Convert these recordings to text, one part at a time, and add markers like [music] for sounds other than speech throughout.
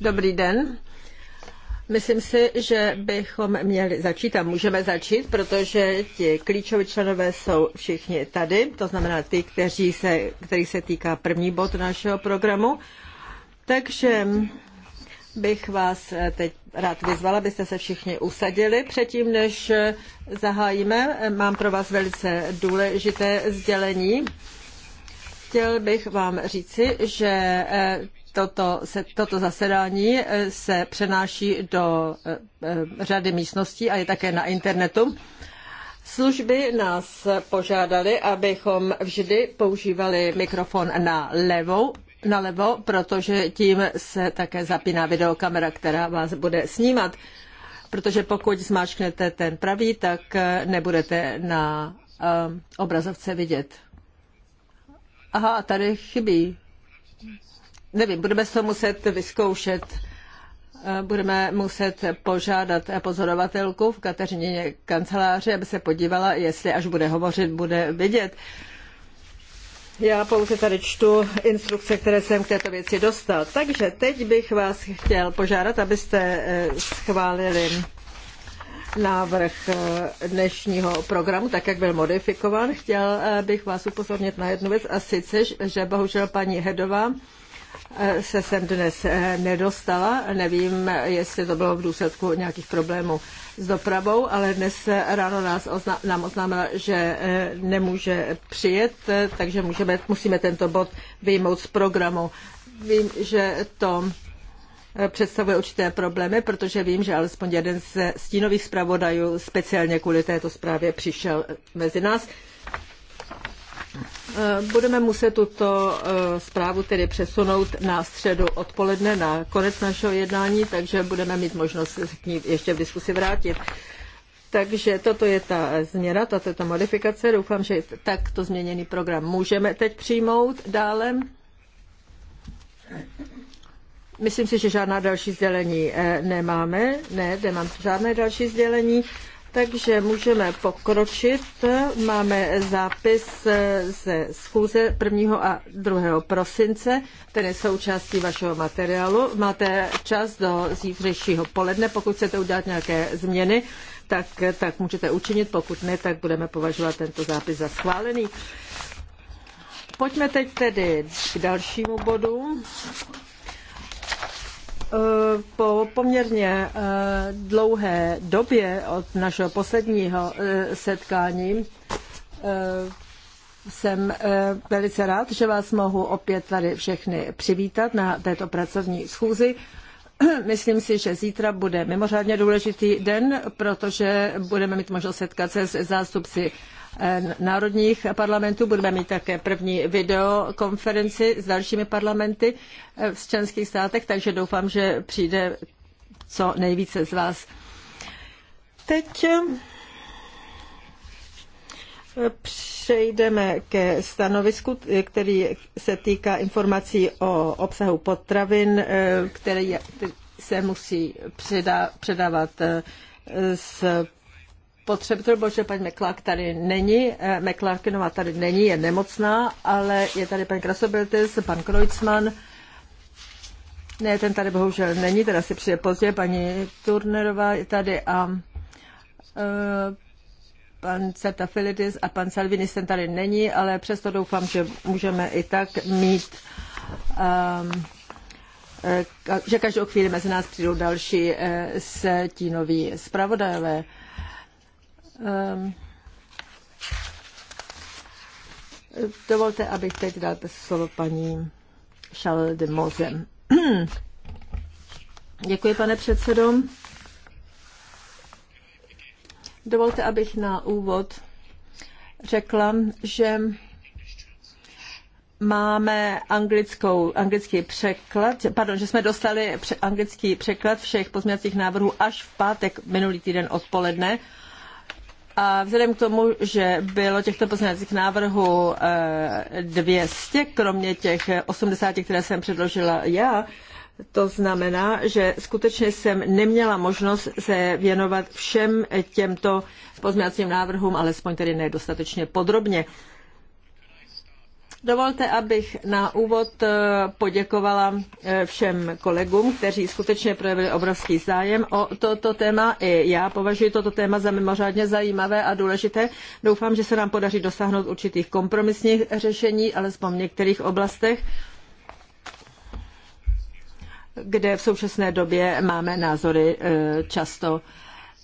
Dobrý den. Myslím si, že bychom měli začít a můžeme začít, protože ti klíčoví členové jsou všichni tady, to znamená ty, kteří se, který se týká první bod našeho programu. Takže bych vás eh, teď rád vyzvala, abyste se všichni usadili. Předtím, než eh, zahájíme, mám pro vás velice důležité sdělení. Chtěl bych vám říci, že eh, toto, se, toto zasedání eh, se přenáší do eh, řady místností a je také na internetu. Služby nás požádali, abychom vždy používali mikrofon na levou na levo, protože tím se také zapíná videokamera, která vás bude snímat. Protože pokud zmáčknete ten pravý, tak nebudete na obrazovce vidět. Aha, tady chybí. Nevím, budeme to muset vyzkoušet. Eh, budeme muset požádat pozorovatelku v Kateřině kanceláři, aby se podívala, jestli až bude hovořit, bude vidět. Já pouze tady čtu instrukce, které jsem k této věci dostal. Takže teď bych vás chtěl požádat, abyste eh, schválili návrh eh, dnešního programu, tak jak byl modifikován. Chtěl eh, bych vás upozornit na jednu věc a sice, že bohužel paní Hedová eh, se sem dnes nedostala. Nevím, jestli to bylo v důsledku nějakých problémů s dopravou, ale dnes ráno nás ozna- nám oznámila, že nemůže přijet, takže můžeme, musíme tento bod vyjmout z programu. Vím, že to představuje určité problémy, protože vím, že alespoň jeden ze stínových zpravodajů speciálně kvůli této zprávě přišel mezi nás. Eh, budeme muset tuto eh, zprávu tedy přesunout na středu odpoledne, na konec našeho jednání, takže budeme mít možnost se k ní ještě v diskusi vrátit. Takže toto je ta změna, tato je ta modifikace. Doufám, že takto změněný program můžeme teď přijmout dále. Myslím si, že žádná další sdělení eh, nemáme. Ne, nemám žádné další sdělení. Takže můžeme pokročit. Máme zápis eh, ze schůze 1. a 2. prosince, ten je součástí vašeho materiálu. Máte čas do zítřejšího poledne, pokud chcete udělat nějaké změny, tak, eh, tak můžete učinit, pokud ne, tak budeme považovat tento zápis za schválený. Pojďme teď tedy k dalšímu bodu. Eh, po poměrně eh, dlouhé době od našeho posledního eh, setkání jsem velice rád, že vás mohu opět tady všechny přivítat na této pracovní schůzi. [clears throat] Myslím si, že zítra bude mimořádně důležitý den, protože budeme mít možnost setkat se s zástupci Eh, národních parlamentů. Budeme mít také první videokonferenci s dalšími parlamenty eh, v členských státech, takže doufám, že přijde co nejvíce z vás. Teď eh, Přejdeme ke stanovisku, který se týká informací o obsahu potravin, které se musí předávat z potřebitel, protože paní McClark tady není, eh, McClarkinová tady není, je nemocná, ale je tady pan Krasobertis, pan Kreuzmann. ne, ten tady bohužel není, teda si přijde pozdě, paní Turnerová je tady a uh, pan Certafilidis a pan Salvini ten tady není, ale přesto doufám, že můžeme i tak mít um, že každou chvíli mezi nás přijdou další stínoví zpravodajové. Ehm, dovolte, abych teď dal slovo paní Charles de Mozem. [clears throat] Děkuji, pane předsedo. Dovolte, abych na úvod řekla, že máme anglickou, anglický překlad, pardon, že jsme dostali anglický překlad všech pozměňovacích návrhů až v pátek minulý týden odpoledne. Uh, a vzhledem k tomu, že bylo těchto poslaneckých návrhů 200, eh, kromě těch 80, které jsem předložila já, to znamená, že skutečně jsem neměla možnost se věnovat všem těmto pozměňovacím návrhům, alespoň tedy nedostatečně podrobně. Dovolte, abych na úvod eh, poděkovala eh, všem kolegům, kteří skutečně projevili obrovský zájem o toto téma. I já považuji toto téma za mimořádně zajímavé a důležité. Doufám, že se nám podaří dosáhnout určitých kompromisních řešení, alespoň v některých oblastech kde v současné době máme názory eh, často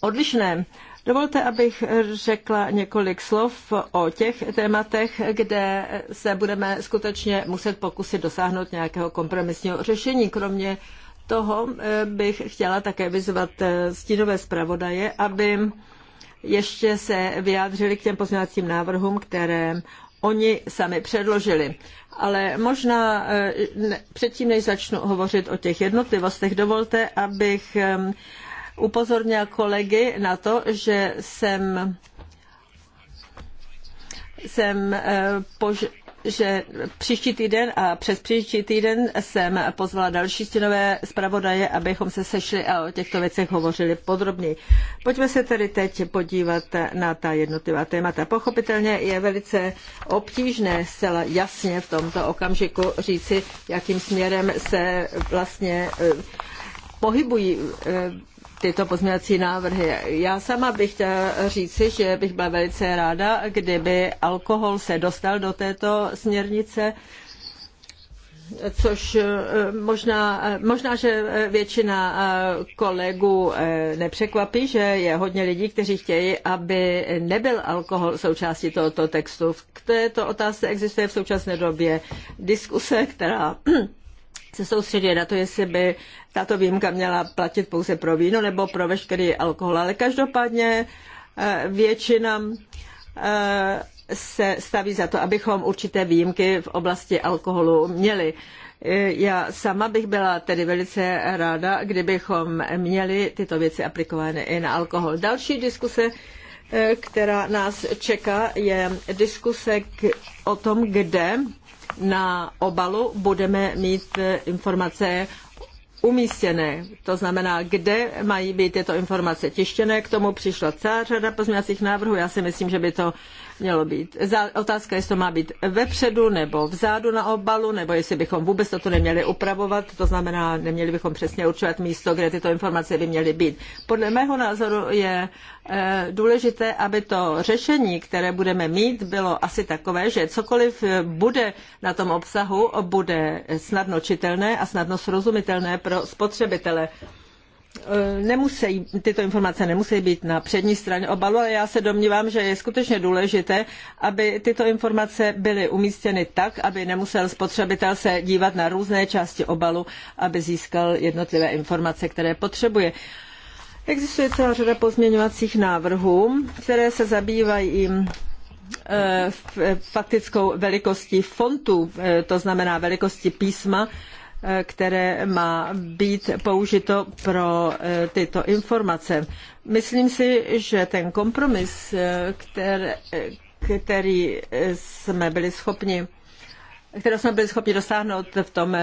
odlišné. Dovolte, abych řekla několik slov o těch tématech, kde se budeme skutečně muset pokusit dosáhnout nějakého kompromisního řešení. Kromě toho eh, bych chtěla také vyzvat eh, stínové zpravodaje, aby ještě se vyjádřili k těm pozměňovacím návrhům, které oni sami předložili. Ale možná eh, předtím, než začnu hovořit o těch jednotlivostech, dovolte, abych upozornila kolegy na to, že jsem, jsem eh, pož- že příští týden a přes příští týden jsem pozvala další stěnové zpravodaje, abychom se sešli a o těchto věcech hovořili podrobněji. Pojďme se tedy teď podívat na ta jednotlivá témata. Pochopitelně je velice obtížné zcela jasně v tomto okamžiku říci, jakým směrem se vlastně eh, pohybují eh, tyto pozměňovací návrhy. Já sama bych chtěla říci, že bych byla velice ráda, kdyby alkohol se dostal do této směrnice, což eh, možná, eh, možná, že eh, většina kolegů nepřekvapí, že je hodně lidí, kteří chtějí, aby nebyl alkohol součástí tohoto textu. K této otázce existuje v současné době diskuse, která se soustředí na to, jestli by tato výjimka měla platit pouze pro víno nebo pro veškerý alkohol. Ale každopádně eh, většina eh, se staví za to, abychom určité výjimky v oblasti alkoholu měli. Eh, já sama bych byla tedy velice ráda, kdybychom měli tyto věci aplikovány i na alkohol. Další diskuse, která nás čeká, je diskuse o tom, kde na obalu budeme mít e, informace umístěné. To znamená, kde mají být tyto informace tištěné. K tomu přišla celá řada pozměňovacích návrhů. Já si myslím, že by to mělo být. Otázka, jestli to má být vepředu nebo vzadu na obalu, nebo jestli bychom vůbec toto neměli upravovat, to znamená, neměli bychom přesně určovat místo, kde tyto informace by měly být. Podle mého názoru je eh, důležité, aby to řešení, které budeme mít, bylo asi takové, že cokoliv bude na tom obsahu, bude snadno čitelné a snadno srozumitelné pro spotřebitele. Eh, nemusí, tyto informace nemusí být na přední straně obalu, ale já se domnívám, že je skutečně důležité, aby tyto informace byly umístěny tak, aby nemusel spotřebitel se dívat na různé části obalu, aby získal jednotlivé informace, které potřebuje. Existuje celá řada pozměňovacích návrhů, které se zabývají eh, faktickou velikostí fontu, eh, to znamená velikostí písma, které má být použito pro eh, tyto informace. Myslím si, že ten kompromis, eh, který, který eh, jsme byli schopni které jsme byli schopni dosáhnout v tom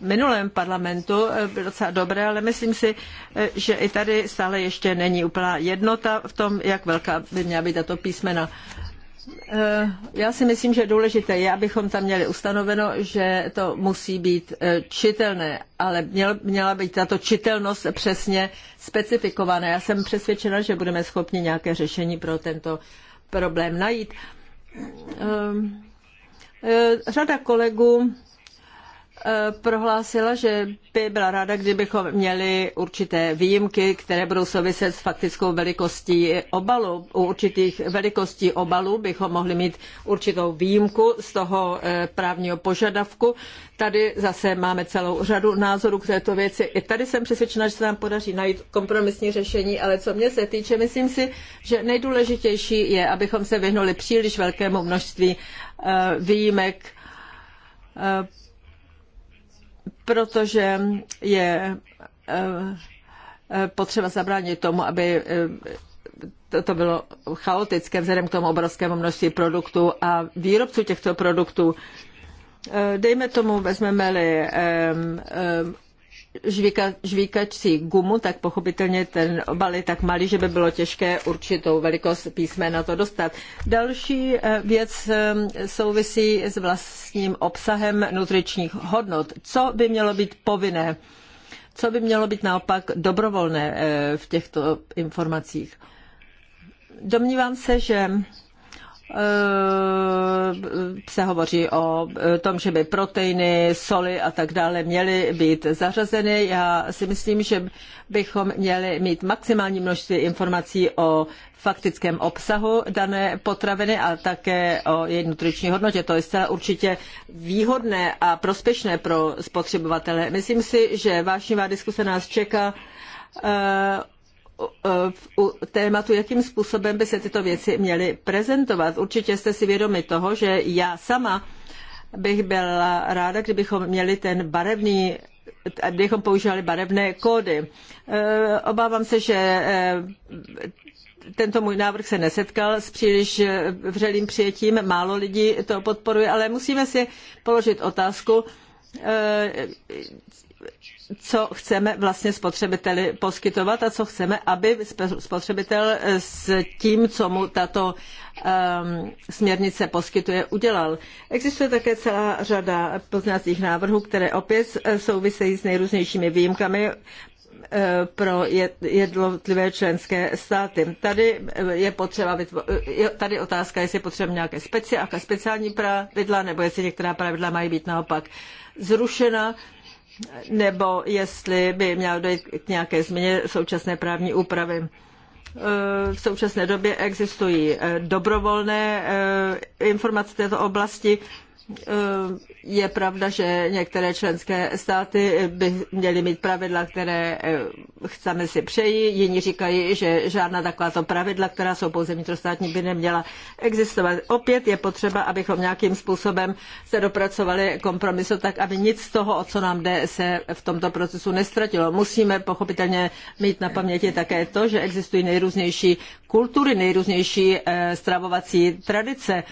minulém parlamentu, bylo docela dobré, ale myslím si, že i tady stále ještě není úplná jednota v tom, jak velká by měla být tato písmena. Eh, já si myslím, že důležité je, abychom tam měli ustanoveno, že to musí být eh, čitelné, ale měla být tato čitelnost přesně specifikovaná. Já jsem přesvědčena, že budeme schopni nějaké řešení pro tento problém najít. Eh, řada kolegů Eh, prohlásila, že by byla ráda, kdybychom měli určité výjimky, které budou souviset s faktickou velikostí obalu. U určitých velikostí obalu bychom mohli mít určitou výjimku z toho eh, právního požadavku. Tady zase máme celou řadu názorů k této věci. I tady jsem přesvědčena, že se nám podaří najít kompromisní řešení, ale co mě se týče, myslím si, že nejdůležitější je, abychom se vyhnuli příliš velkému množství eh, výjimek protože je eh, eh, potřeba zabránit tomu, aby eh, to bylo chaotické vzhledem k tomu obrovskému množství produktů a výrobců těchto produktů. Dejme tomu, vezmeme-li žvíka, gumu, tak pochopitelně ten obal je tak malý, že by bylo těžké určitou velikost písme na to dostat. Další eh, věc eh, souvisí s vlastním obsahem nutričních hodnot. Co by mělo být povinné? Co by mělo být naopak dobrovolné eh, v těchto informacích? Domnívám se, že Eh, se hovoří o eh, tom, že by proteiny, soli a tak dále měly být zařazeny. Já si myslím, že bychom měli mít maximální množství informací o faktickém obsahu dané potraviny a také o její nutriční hodnotě. To je zcela určitě výhodné a prospěšné pro spotřebovatele. Myslím si, že vášnivá diskuse nás čeká eh, u tématu, jakým způsobem by se tyto věci měly prezentovat. Určitě jste si vědomi toho, že já sama bych byla ráda, kdybychom měli ten barevný kdybychom používali barevné kódy. E, obávám se, že e, tento můj návrh se nesetkal s příliš vřelým přijetím, málo lidí to podporuje, ale musíme si položit otázku, e, co chceme vlastně spotřebiteli poskytovat a co chceme, aby spotřebitel s tím, co mu tato um, směrnice poskytuje, udělal. Existuje také celá řada poznacích návrhů, které opět eh, souvisejí s nejrůznějšími výjimkami eh, pro jednotlivé členské státy. Tady eh, je potřeba, tady otázka, jestli je potřeba nějaké speciální pravidla, nebo jestli některá pravidla mají být naopak zrušena nebo jestli by mělo dojít k nějaké změně současné právní úpravy. E, v současné době existují e, dobrovolné e, informace v této oblasti. Eh, je pravda, že některé členské státy by měly mít pravidla, které eh, chceme si přeji. Jiní říkají, že žádná takováto pravidla, která jsou pouze vnitrostátní, by neměla existovat. Opět je potřeba, abychom nějakým způsobem se dopracovali kompromisu tak, aby nic z toho, o co nám jde, se v tomto procesu nestratilo. Musíme pochopitelně mít na paměti také to, že existují nejrůznější kultury, nejrůznější eh, stravovací tradice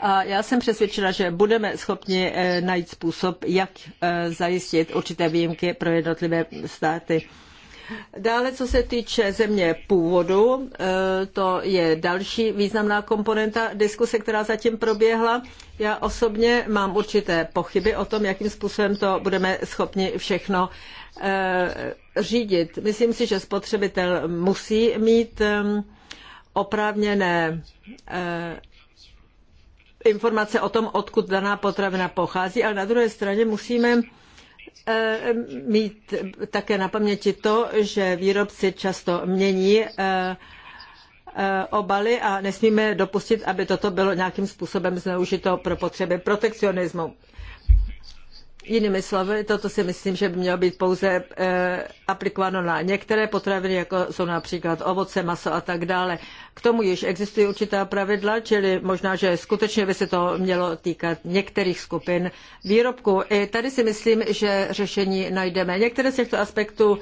a já jsem přesvědčena, že budeme schopni eh, najít způsob, jak eh, zajistit určité výjimky pro jednotlivé státy. Dále, co se týče země původu, eh, to je další významná komponenta diskuse, která zatím proběhla. Já osobně mám určité pochyby o tom, jakým způsobem to budeme schopni všechno řídit. Myslím si, že spotřebitel musí mít oprávněné informace o tom, odkud daná potravina pochází, ale na druhé straně musíme eh, mít také na paměti to, že výrobci často mění eh, eh, obaly a nesmíme dopustit, aby toto bylo nějakým způsobem zneužito pro potřeby protekcionismu. Jinými slovy, toto si myslím, že by mělo být pouze eh, aplikováno na některé potraviny, jako jsou například ovoce, maso a tak dále. K tomu již existují určitá pravidla, čili možná, že skutečně by se to mělo týkat některých skupin výrobků. I tady si myslím, že řešení najdeme. Některé z těchto aspektů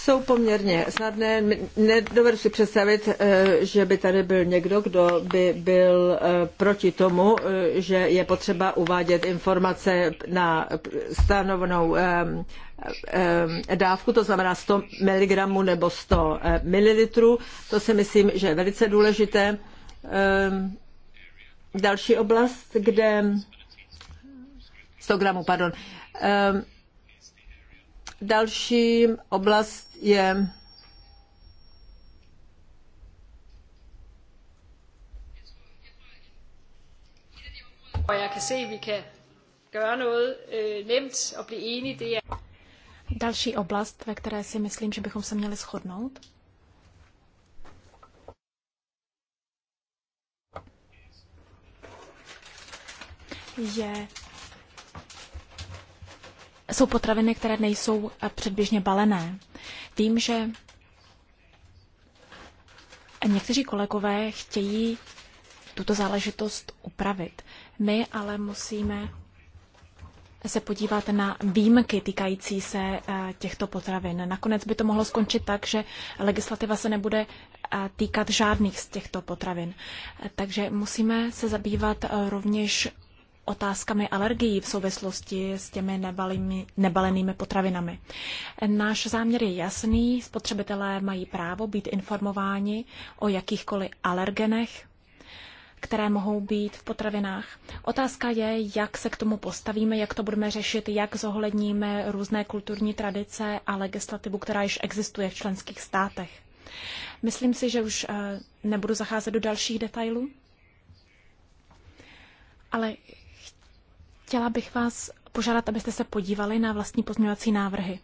jsou poměrně snadné. Nedovedu si představit, eh, že by tady byl někdo, kdo by byl eh, proti tomu, eh, že je potřeba uvádět informace na stanovenou dávku, to znamená 100 mg nebo 100 ml. To si myslím, že je velice důležité. Další oblast, kde 100 gramů, pardon. Další oblast je hvor jeg kan se, at vi kan gøre noget øh, nemt og blive enige, det er... Další oblast, ve které si myslím, že bychom se měli shodnout, je jsou potraviny, které nejsou eh, předběžně balené. Vím, že někteří kolegové chtějí tuto záležitost upravit. My ale musíme se podívat na výjimky týkající se eh, těchto potravin. Nakonec by to mohlo skončit tak, že legislativa se nebude eh, týkat žádných z těchto potravin. Takže musíme se zabývat rovněž otázkami alergií v souvislosti s těmi nebalými, nebalenými potravinami. Náš záměr je jasný, spotřebitelé mají právo být informováni o jakýchkoliv alergenech, které mohou být v potravinách. Otázka je, jak se k tomu postavíme, jak to budeme řešit, jak zohledníme různé kulturní tradice a legislativu, která již existuje v členských státech. Myslím si, že už eh, nebudu zacházet do dalších detailů, ale Chtěla bych vás požádat, abyste se podívali na vlastní pozměňovací návrhy.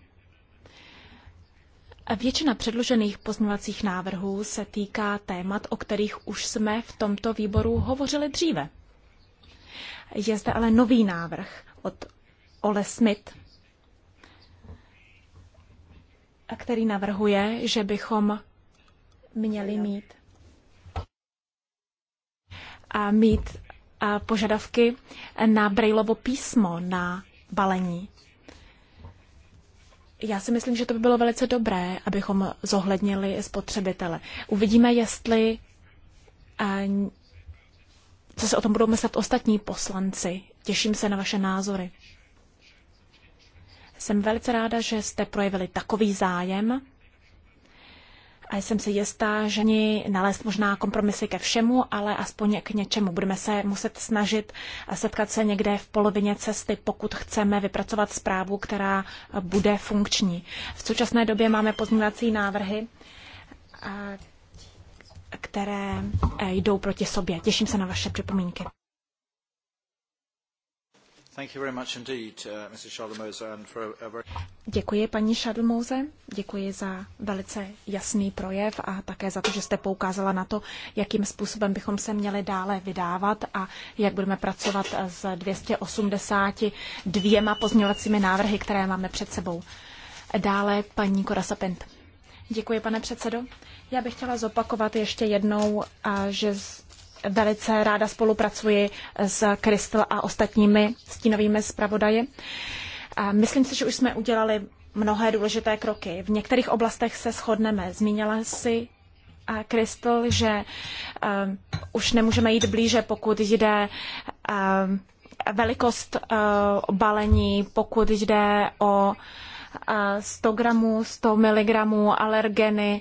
Většina předložených pozměňovacích návrhů se týká témat, o kterých už jsme v tomto výboru hovořili dříve. Je zde ale nový návrh od Ole Smith, a který navrhuje, že bychom měli mít a mít požadavky na Braillovo písmo na balení. Já si myslím, že to by bylo velice dobré, abychom zohlednili spotřebitele. Uvidíme, jestli eh, co se o tom budou myslet ostatní poslanci. Těším se na vaše názory. Jsem velice ráda, že jste projevili takový zájem a jsem si jistá, že ní nalézt možná kompromisy ke všemu, ale aspoň k něčemu. Budeme se muset snažit setkat se někde v polovině cesty, pokud chceme vypracovat zprávu, která bude funkční. V současné době máme pozměňovací návrhy, které eh, jdou proti sobě. Těším se na vaše připomínky. Uh, Děkuji, paní Šadlmouze. Děkuji za velice jasný projev a také za to, že jste poukázala na to, jakým způsobem bychom se měli dále vydávat a jak budeme pracovat s 282 pozměňovacími návrhy, které máme před sebou. Dále paní Korasapent. Děkuji, pane předsedo. Já bych chtěla zopakovat ještě jednou, že velice ráda spolupracuji s Kristel a ostatními stínovými zpravodaji. Myslím si, že už jsme udělali mnohé důležité kroky. V některých oblastech se shodneme. Zmínila si a že um, už nemůžeme jít blíže, pokud jde o um, velikost uh, balení, pokud jde o uh, 100 gramů, 100 miligramů alergeny. Uh,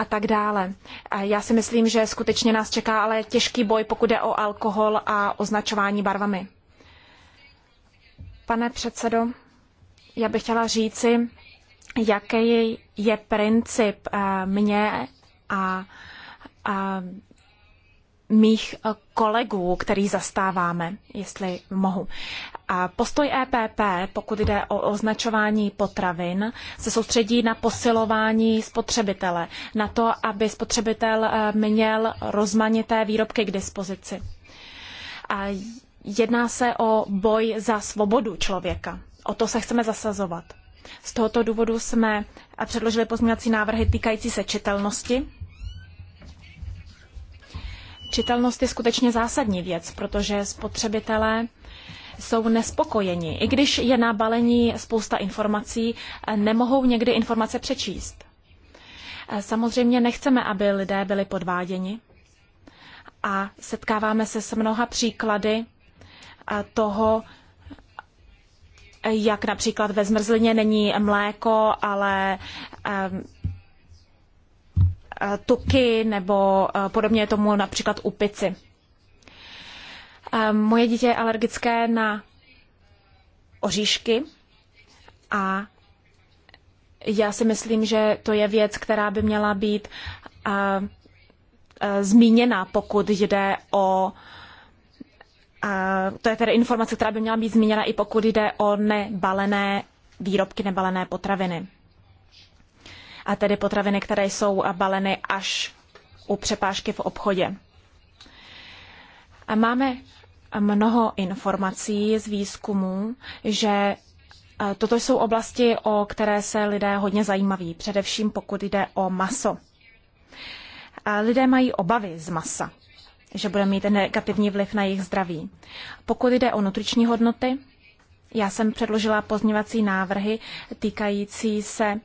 a tak dále. Já si myslím, že skutečně nás čeká ale těžký boj, pokud jde o alkohol a označování barvami. Pane předsedo, já bych chtěla říci, jaký je princip eh, mě a, a mých eh, kolegů, který zastáváme, jestli mohu. Postoj EPP, pokud jde o označování potravin, se soustředí na posilování spotřebitele, na to, aby spotřebitel eh, měl rozmanité výrobky k dispozici. A jedná se o boj za svobodu člověka. O to se chceme zasazovat. Z tohoto důvodu jsme předložili pozměňovací návrhy týkající se čitelnosti. Čitelnost je skutečně zásadní věc, protože spotřebitelé jsou nespokojeni. I když je na balení spousta informací, eh, nemohou někdy informace přečíst. Eh, samozřejmě nechceme, aby lidé byli podváděni. A setkáváme se s mnoha příklady eh, toho, jak například ve zmrzlině není mléko, ale ehm, tuky nebo podobně tomu například u pici. Moje dítě je alergické na oříšky a já si myslím, že to je věc, která by měla být zmíněna, pokud jde o. To je tedy informace, která by měla být zmíněna i pokud jde o nebalené výrobky, nebalené potraviny. A tedy potraviny, které jsou baleny až u přepážky v obchodě. A máme mnoho informací z výzkumu, že e, toto jsou oblasti, o které se lidé hodně zajímaví, především pokud jde o maso. Lidé mají obavy z masa, že bude mít negativní vliv na jejich zdraví. Pokud jde o nutriční hodnoty, já jsem předložila pozměvací návrhy týkající se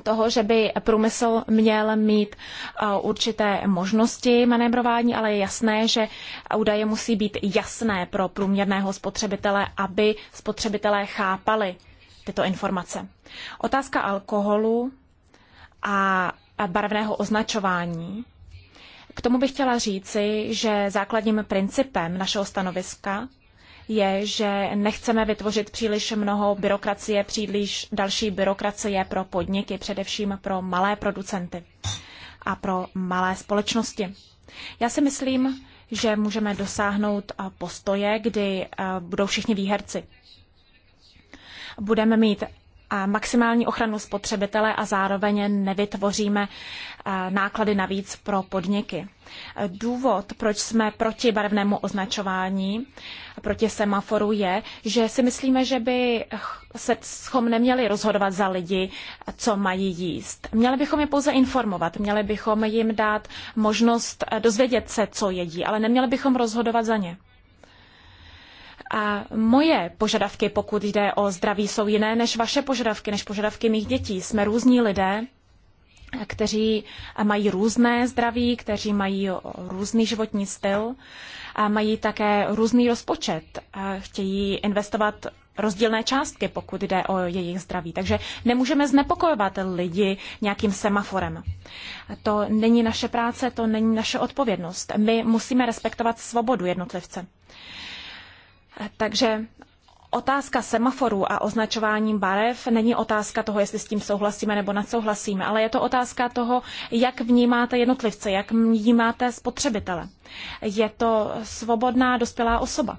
toho, že by průmysl měl mít eh, určité možnosti manévrování, ale je jasné, že údaje musí být jasné pro průměrného spotřebitele, aby spotřebitelé chápali tyto informace. Otázka alkoholu a barevného označování. K tomu bych chtěla říci, že základním principem našeho stanoviska je, že nechceme vytvořit příliš mnoho byrokracie, příliš další byrokracie pro podniky, především pro malé producenty a pro malé společnosti. Já si myslím, že můžeme dosáhnout postoje, kdy budou všichni výherci. Budeme mít maximální ochranu spotřebitele a zároveň nevytvoříme náklady navíc pro podniky. Důvod, proč jsme proti barevnému označování, proti semaforu je, že si myslíme, že by se schom neměli rozhodovat za lidi, co mají jíst. Měli bychom je pouze informovat, měli bychom jim dát možnost eh, dozvědět se, co jedí, ale neměli bychom rozhodovat za ně. A moje požadavky, pokud jde o zdraví, jsou jiné než vaše požadavky, než požadavky mých dětí. Jsme různí lidé, kteří mají různé zdraví, kteří mají různý životní styl, a mají také různý rozpočet, a chtějí investovat rozdílné částky, pokud jde o jejich zdraví. Takže nemůžeme znepokojovat lidi nějakým semaforem. To není naše práce, to není naše odpovědnost. My musíme respektovat svobodu jednotlivce. Takže Otázka semaforů a označováním barev není otázka toho, jestli s tím souhlasíme nebo nesouhlasíme, ale je to otázka toho, jak vnímáte jednotlivce, jak vnímáte spotřebitele. Je to svobodná dospělá osoba.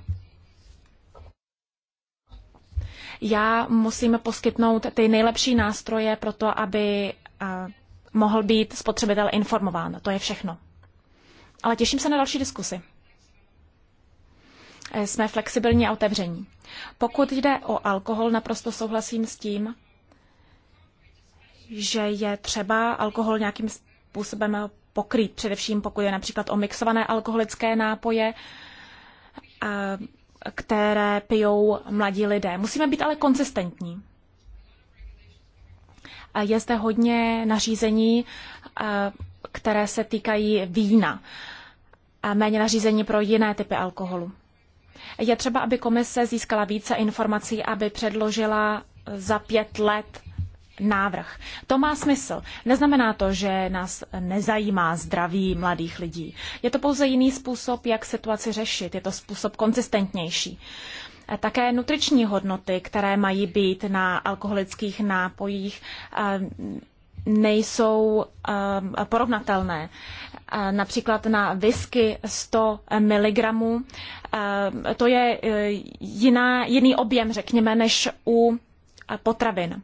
Já musím poskytnout ty nejlepší nástroje pro to, aby eh, mohl být spotřebitel informován. To je všechno. Ale těším se na další diskusy. Eh, jsme flexibilní a otevření. Pokud jde o alkohol, naprosto souhlasím s tím, že je třeba alkohol nějakým způsobem pokrýt, především pokud je například o mixované alkoholické nápoje, které pijou mladí lidé. Musíme být ale konzistentní. Je zde hodně nařízení, které se týkají vína a méně nařízení pro jiné typy alkoholu. Je třeba, aby komise získala více informací, aby předložila za pět let návrh. To má smysl. Neznamená to, že nás nezajímá zdraví mladých lidí. Je to pouze jiný způsob, jak situaci řešit. Je to způsob konzistentnější. Také nutriční hodnoty, které mají být na alkoholických nápojích, nejsou eh, porovnatelné. Eh, například na whisky 100 mg, eh, to je jiná, jiný objem, řekněme, než u potravin.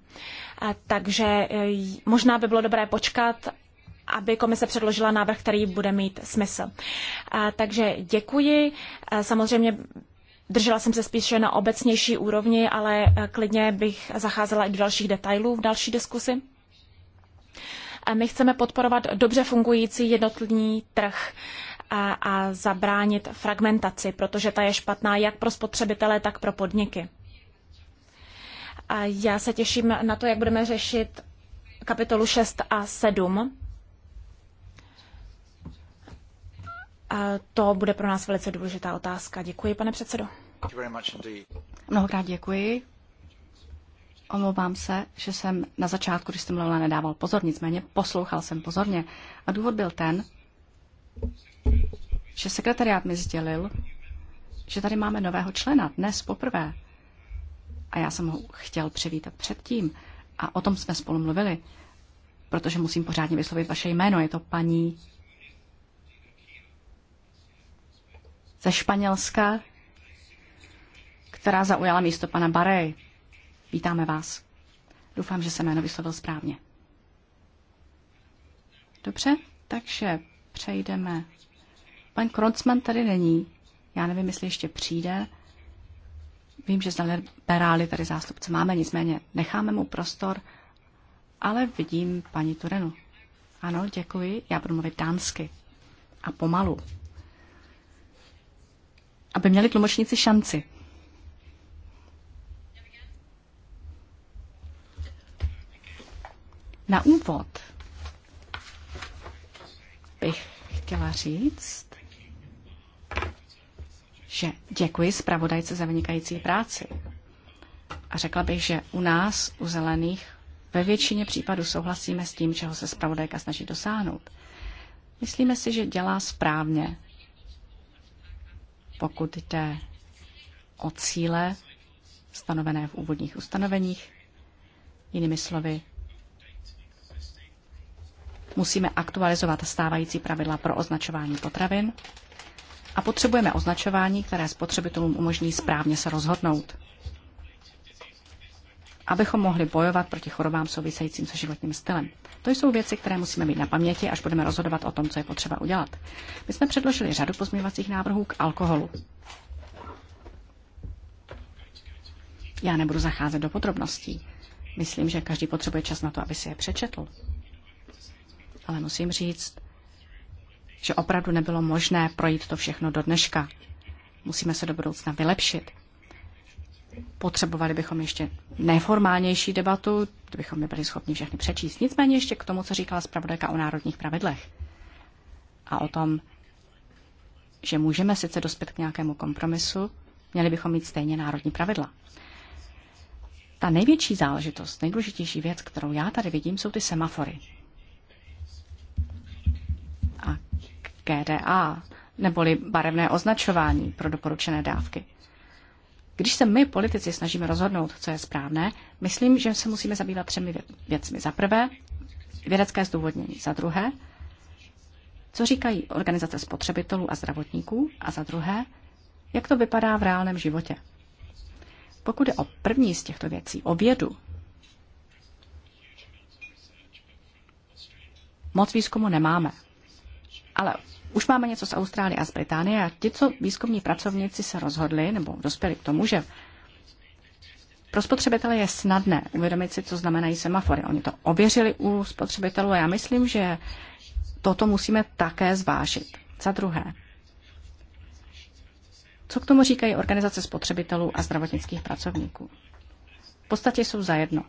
Takže možná by bylo dobré počkat, aby komise předložila návrh, který bude mít smysl. Takže děkuji. Samozřejmě Držela jsem se spíše na obecnější úrovni, ale klidně bych zacházela i do dalších detailů v další diskusi. My chceme podporovat dobře fungující jednotlivý trh a, a zabránit fragmentaci, protože ta je špatná jak pro spotřebitele, tak pro podniky. A já se těším na to, jak budeme řešit kapitolu 6 a 7. A to bude pro nás velice důležitá otázka. Děkuji, pane předsedo. Mnohokrát děkuji. Omlouvám se, že jsem na začátku, když jsem mluvila, nedával pozor, nicméně poslouchal jsem pozorně. A důvod byl ten, že sekretariát mi sdělil, že tady máme nového člena dnes poprvé. A já jsem ho chtěl přivítat předtím. A o tom jsme spolu mluvili, protože musím pořádně vyslovit vaše jméno. Je to paní ze Španělska, která zaujala místo pana Barej. Vítáme vás. Doufám, že se jméno vyslovil správně. Dobře, takže přejdeme. Pan Kroncman tady není. Já nevím, jestli ještě přijde. Vím, že znali beráli tady zástupce máme, nicméně necháme mu prostor, ale vidím paní Turenu. Ano, děkuji, já budu mluvit dánsky. A pomalu. Aby měli tlumočníci šanci. Na úvod bych chtěla říct, že děkuji zpravodajce za vynikající práci. A řekla bych, že u nás, u zelených, ve většině případů souhlasíme s tím, čeho se zpravodajka snaží dosáhnout. Myslíme si, že dělá správně, pokud jde o cíle stanovené v úvodních ustanoveních, jinými slovy, Musíme aktualizovat stávající pravidla pro označování potravin a potřebujeme označování, které spotřebitelům umožní správně se rozhodnout. Abychom mohli bojovat proti chorobám souvisejícím se životním stylem. To jsou věci, které musíme mít na paměti, až budeme rozhodovat o tom, co je potřeba udělat. My jsme předložili řadu pozměňovacích návrhů k alkoholu. Já nebudu zacházet do podrobností. Myslím, že každý potřebuje čas na to, aby si je přečetl ale musím říct, že opravdu nebylo možné projít to všechno do dneška. Musíme se do budoucna vylepšit. Potřebovali bychom ještě neformálnější debatu, kdybychom nebyli schopni všechny přečíst. Nicméně ještě k tomu, co říkala zpravodajka o národních pravidlech a o tom, že můžeme sice dospět k nějakému kompromisu, měli bychom mít stejně národní pravidla. Ta největší záležitost, nejdůležitější věc, kterou já tady vidím, jsou ty semafory. GDA, neboli barevné označování pro doporučené dávky. Když se my, politici, snažíme rozhodnout, co je správné, myslím, že se musíme zabývat třemi věcmi. Za prvé, vědecké zdůvodnění. Za druhé, co říkají organizace spotřebitelů a zdravotníků. A za druhé, jak to vypadá v reálném životě. Pokud je o první z těchto věcí, o vědu, moc výzkumu nemáme. Ale už máme něco z Austrálie a z Británie a ti, co výzkumní pracovníci se rozhodli nebo dospěli k tomu, že pro spotřebitele je snadné uvědomit si, co znamenají semafory. Oni to ověřili u spotřebitelů a já myslím, že toto musíme také zvážit. Za druhé, co k tomu říkají organizace spotřebitelů a zdravotnických pracovníků? V podstatě jsou zajedno.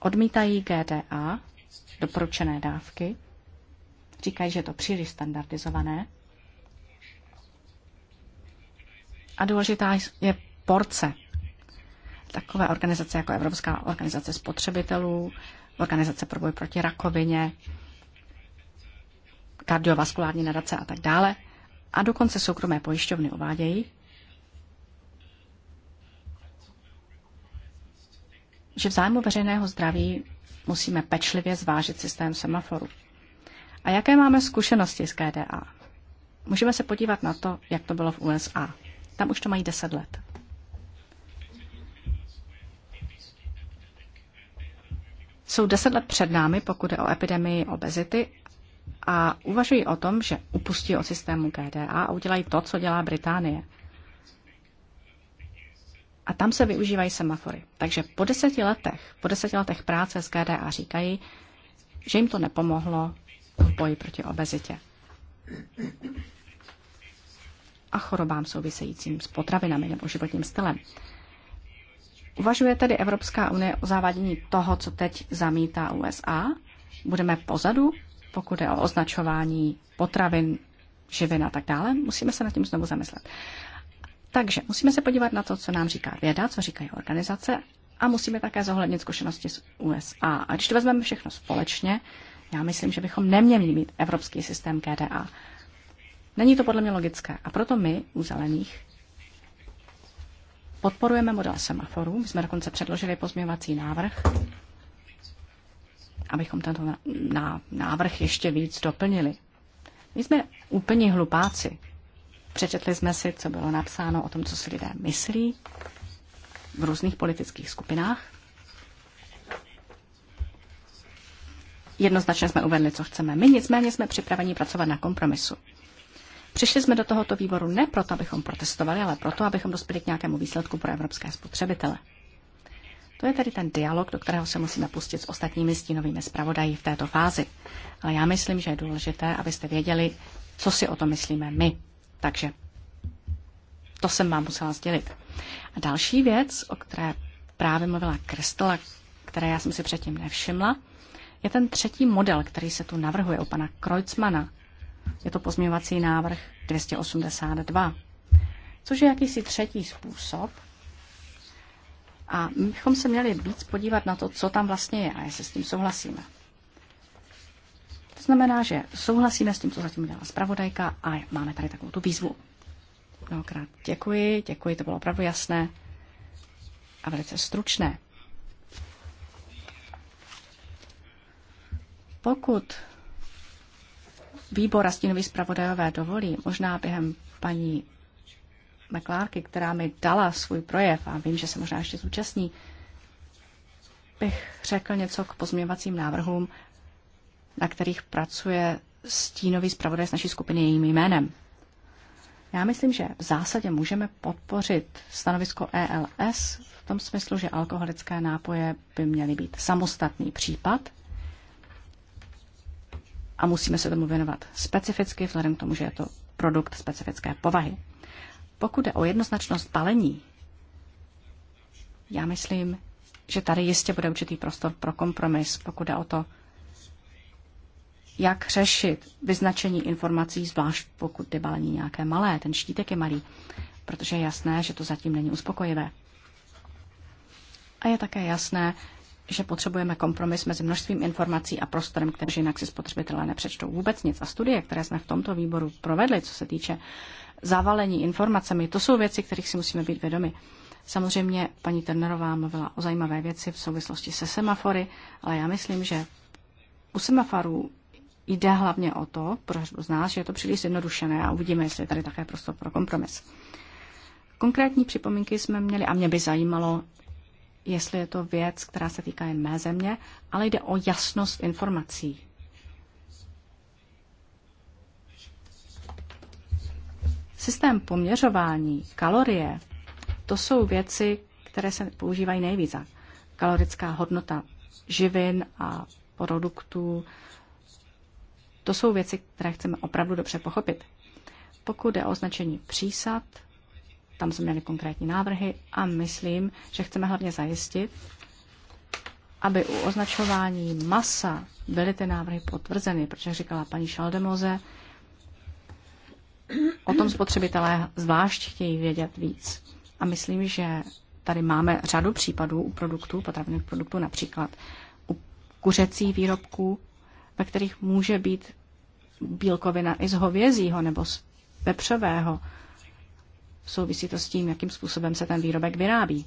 Odmítají GDA, doporučené dávky, Říkají, že je to příliš standardizované. A důležitá je porce. Takové organizace jako Evropská organizace spotřebitelů, Organizace pro boj proti rakovině, kardiovaskulární nadace a tak dále. A dokonce soukromé pojišťovny uvádějí, že v zájmu veřejného zdraví musíme pečlivě zvážit systém semaforu. A jaké máme zkušenosti s GDA? Můžeme se podívat na to, jak to bylo v USA. Tam už to mají 10 let. Jsou 10 let před námi, pokud je o epidemii obezity a uvažují o tom, že upustí od systému GDA a udělají to, co dělá Británie. A tam se využívají semafory. Takže po deseti letech, po deseti letech práce s GDA říkají, že jim to nepomohlo, v boji proti obezitě a chorobám souvisejícím s potravinami nebo životním stylem. Uvažuje tedy Evropská unie o závadění toho, co teď zamítá USA? Budeme pozadu, pokud je o označování potravin, živin a tak dále? Musíme se nad tím znovu zamyslet. Takže musíme se podívat na to, co nám říká věda, co říkají organizace a musíme také zohlednit zkušenosti z USA. A když to vezmeme všechno společně, já myslím, že bychom neměli mít evropský systém KDA. Není to podle mě logické. A proto my u zelených podporujeme model semaforu. My jsme dokonce předložili pozměňovací návrh, abychom tento návrh ještě víc doplnili. My jsme úplně hlupáci. Přečetli jsme si, co bylo napsáno o tom, co si lidé myslí v různých politických skupinách. Jednoznačně jsme uvedli, co chceme. My nicméně jsme připraveni pracovat na kompromisu. Přišli jsme do tohoto výboru ne proto, abychom protestovali, ale proto, abychom dospěli k nějakému výsledku pro evropské spotřebitele. To je tedy ten dialog, do kterého se musíme pustit s ostatními stínovými zpravodají v této fázi. Ale já myslím, že je důležité, abyste věděli, co si o tom myslíme my. Takže to jsem vám musela sdělit. A další věc, o které právě mluvila Kristela, které já jsem si předtím nevšimla, je ten třetí model, který se tu navrhuje u pana Kreutzmana. Je to pozměňovací návrh 282, což je jakýsi třetí způsob. A my bychom se měli víc podívat na to, co tam vlastně je a jestli s tím souhlasíme. To znamená, že souhlasíme s tím, co zatím udělala zpravodajka a máme tady takovou tu výzvu. Mnohokrát děkuji, děkuji, to bylo opravdu jasné a velice stručné. Pokud výbor a stínový zpravodajové dovolí, možná během paní McClarky, která mi dala svůj projev a vím, že se možná ještě zúčastní, bych řekl něco k pozměňovacím návrhům, na kterých pracuje stínový zpravodaj z naší skupiny jejím jménem. Já myslím, že v zásadě můžeme podpořit stanovisko ELS v tom smyslu, že alkoholické nápoje by měly být samostatný případ a musíme se tomu věnovat specificky, vzhledem k tomu, že je to produkt specifické povahy. Pokud je o jednoznačnost balení, já myslím, že tady jistě bude určitý prostor pro kompromis, pokud je o to, jak řešit vyznačení informací, zvlášť pokud je balení nějaké malé, ten štítek je malý, protože je jasné, že to zatím není uspokojivé. A je také jasné, že potřebujeme kompromis mezi množstvím informací a prostorem, který jinak si spotřebitelé nepřečtou vůbec nic. A studie, které jsme v tomto výboru provedli, co se týče zavalení informacemi, to jsou věci, kterých si musíme být vědomi. Samozřejmě paní Ternerová mluvila o zajímavé věci v souvislosti se semafory, ale já myslím, že u semaforů jde hlavně o to, pro z nás, že je to příliš jednodušené a uvidíme, jestli je tady také prostor pro kompromis. Konkrétní připomínky jsme měli a mě by zajímalo, jestli je to věc, která se týká jen mé země, ale jde o jasnost informací. Systém poměřování, kalorie, to jsou věci, které se používají nejvíce. Kalorická hodnota živin a produktů, to jsou věci, které chceme opravdu dobře pochopit. Pokud je o označení přísad, tam jsme měli konkrétní návrhy a myslím, že chceme hlavně zajistit, aby u označování masa byly ty návrhy potvrzeny, protože říkala paní Šaldemoze, o tom spotřebitelé zvlášť chtějí vědět víc. A myslím, že tady máme řadu případů u produktů, potravinových produktů například, u kuřecích výrobků, ve kterých může být bílkovina i z hovězího nebo z pepřového, Souvisí to s tím, jakým způsobem se ten výrobek vyrábí.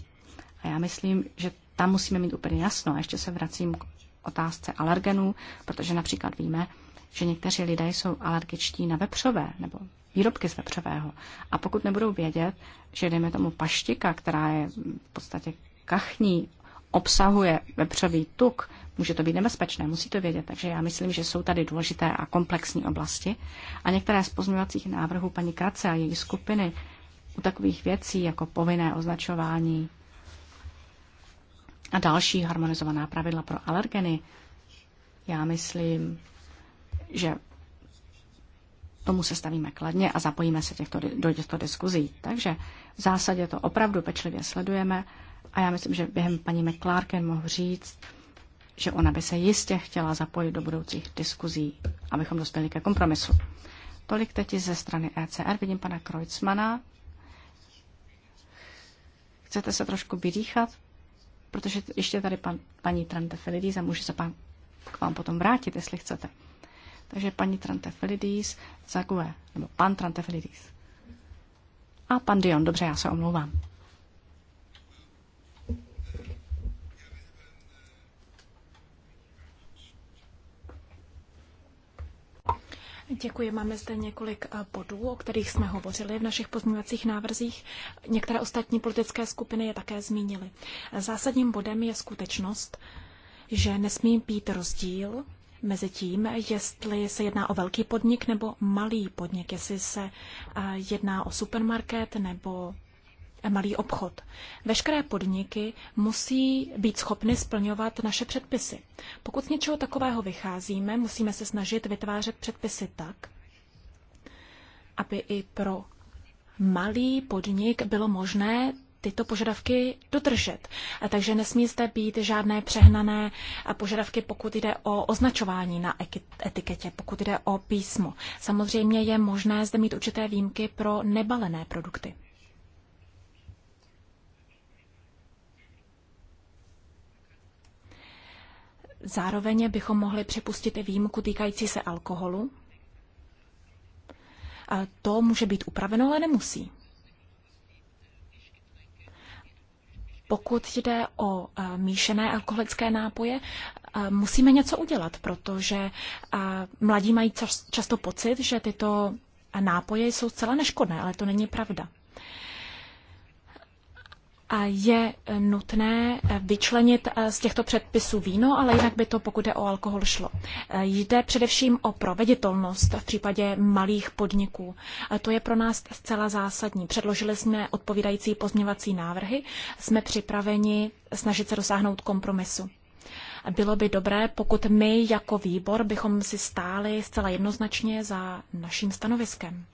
A já myslím, že tam musíme mít úplně jasno. A ještě se vracím k otázce alergenů, protože například víme, že někteří lidé jsou alergičtí na vepřové nebo výrobky z vepřového. A pokud nebudou vědět, že dejme tomu paštika, která je v podstatě kachní, obsahuje vepřový tuk, může to být nebezpečné, musí to vědět. Takže já myslím, že jsou tady důležité a komplexní oblasti. A některé z pozměňovacích návrhů paní Krace a její skupiny u takových věcí, jako povinné označování a další harmonizovaná pravidla pro alergeny, já myslím, že tomu se stavíme kladně a zapojíme se těchto, do těchto diskuzí. Takže v zásadě to opravdu pečlivě sledujeme a já myslím, že během paní McClarken mohu říct, že ona by se jistě chtěla zapojit do budoucích diskuzí, abychom dospěli ke kompromisu. Tolik teď ze strany ECR. Vidím pana Kreutzmana. Chcete se trošku vydýchat? Protože ještě tady pan, paní Trantefelidis a může se pan, k vám potom vrátit, jestli chcete. Takže paní Trantefelidis za GUE, nebo pan Trantefelidis. A pan Dion, dobře, já se omlouvám. Děkuji. Máme zde několik eh, bodů, o kterých jsme hovořili v našich pozměňovacích návrzích. Některé ostatní politické skupiny je také zmínily. Zásadním bodem je skutečnost, že nesmí být rozdíl mezi tím, jestli se jedná o velký podnik nebo malý podnik, jestli se eh, jedná o supermarket nebo malý obchod. Veškeré podniky musí být schopny splňovat naše předpisy. Pokud z něčeho takového vycházíme, musíme se snažit vytvářet předpisy tak, aby i pro malý podnik bylo možné tyto požadavky dodržet. A takže nesmí zde být žádné přehnané požadavky, pokud jde o označování na etiketě, pokud jde o písmo. Samozřejmě je možné zde mít určité výjimky pro nebalené produkty. Zároveň bychom mohli připustit i výjimku týkající se alkoholu. A to může být upraveno, ale nemusí. Pokud jde o e, míšené alkoholické nápoje, e, musíme něco udělat, protože e, mladí mají často pocit, že tyto nápoje jsou zcela neškodné, ale to není pravda je eh, nutné eh, vyčlenit eh, z těchto předpisů víno, ale jinak by to, pokud je o alkohol, šlo. Jde především o proveditelnost v případě malých podniků. To je pro nás zcela zásadní. Předložili jsme odpovídající pozměvací návrhy, jsme připraveni snažit se dosáhnout kompromisu. Bylo by dobré, pokud my jako výbor bychom si stáli zcela jednoznačně za naším stanoviskem.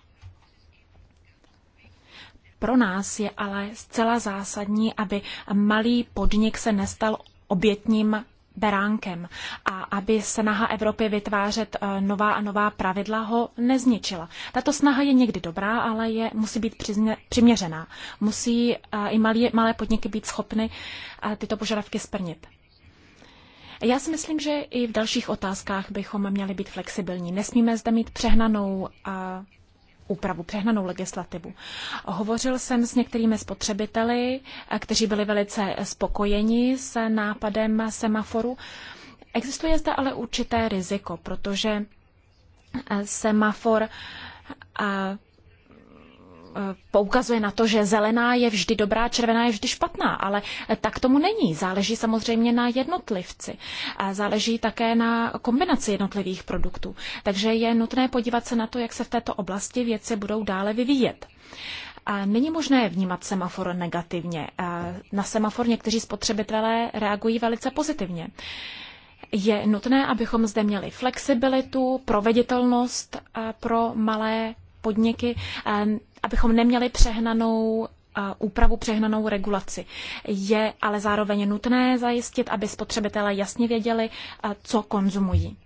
Pro nás je ale zcela zásadní, aby malý podnik se nestal obětním beránkem a aby snaha Evropy vytvářet eh, nová a nová pravidla ho nezničila. Tato snaha je někdy dobrá, ale je, musí být přiměřená. Musí eh, i malé, malé podniky být schopny eh, tyto požadavky splnit. Já si myslím, že i v dalších otázkách bychom měli být flexibilní. Nesmíme zde mít přehnanou úpravu, přehnanou legislativu. Hovořil jsem s některými spotřebiteli, eh, kteří byli velice spokojeni s nápadem semaforu. Existuje zde ale určité riziko, protože eh, semafor a eh, Eh, poukazuje na to, že zelená je vždy dobrá, červená je vždy špatná, ale eh, tak tomu není. Záleží samozřejmě na jednotlivci a záleží také na kombinaci jednotlivých produktů. Takže je nutné podívat se na to, jak se v této oblasti věci budou dále vyvíjet. A není možné vnímat semafor negativně. Na semafor někteří spotřebitelé reagují velice pozitivně. Je nutné, abychom zde měli flexibilitu, proveditelnost pro malé podniky, abychom neměli přehnanou eh, úpravu přehnanou regulaci. Je ale zároveň nutné zajistit, aby spotřebitelé jasně věděli, eh, co konzumují.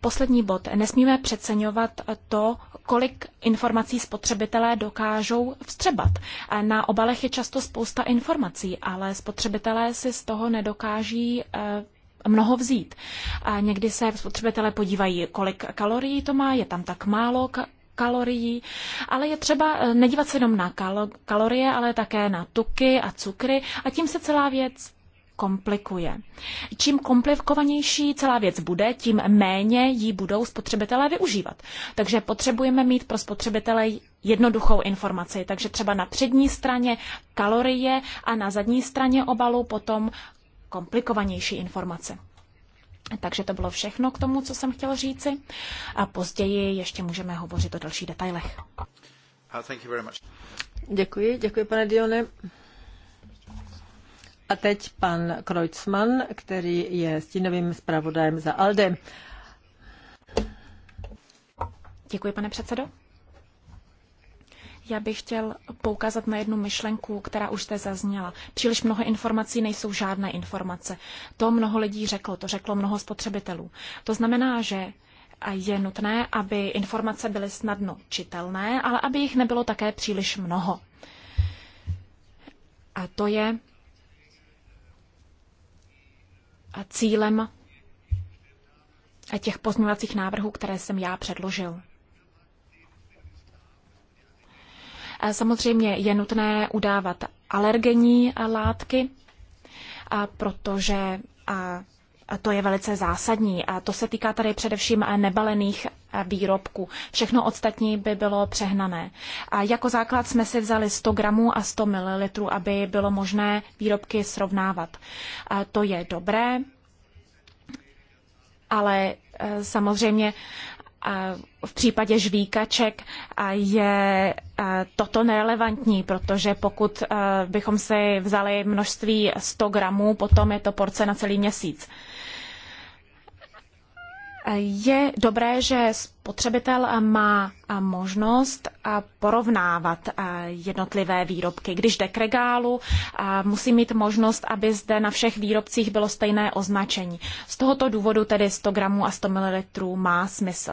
Poslední bod. Nesmíme přeceňovat eh, to, kolik informací spotřebitelé dokážou vstřebat. Na obalech je často spousta informací, ale spotřebitelé si z toho nedokáží mnoho vzít. A někdy se spotřebitelé podívají, kolik kalorií to má, je tam tak málo kalorií, ale je třeba eh, nedívat se jenom na kalorie, ale také na tuky a cukry a tím se celá věc komplikuje. Čím komplikovanější celá věc bude, tím méně ji budou spotřebitelé využívat. Takže potřebujeme mít pro spotřebitele jednoduchou informaci. Takže třeba na přední straně kalorie a na zadní straně obalu potom komplikovanější informace. Takže to bylo všechno k tomu, co jsem chtěl říci. A později ještě můžeme hovořit o dalších detailech. Uh, děkuji, děkuji pane Dione. A teď pan Kreutzmann, který je stínovým zpravodajem za ALDE. Děkuji, pane předsedo. Já bych chtěl poukázat na jednu myšlenku, která už zde zazněla. Příliš mnoho informací nejsou žádné informace. To mnoho lidí řeklo, to řeklo mnoho spotřebitelů. To znamená, že je nutné, aby informace byly snadno čitelné, ale aby jich nebylo také příliš mnoho. A to je cílem těch pozměňovacích návrhů, které jsem já předložil. Samozřejmě je nutné udávat alergenní látky, protože to je velice zásadní. A to se týká tady především nebalených výrobků. Všechno ostatní by bylo přehnané. A jako základ jsme si vzali 100 gramů a 100 ml, aby bylo možné výrobky srovnávat. A to je dobré, ale e, samozřejmě v případě žvíkaček je toto nerelevantní, protože pokud bychom si vzali množství 100 gramů, potom je to porce na celý měsíc. Je dobré, že spotřebitel má možnost porovnávat jednotlivé výrobky. Když jde k regálu, musí mít možnost, aby zde na všech výrobcích bylo stejné označení. Z tohoto důvodu tedy 100 gramů a 100 ml má smysl.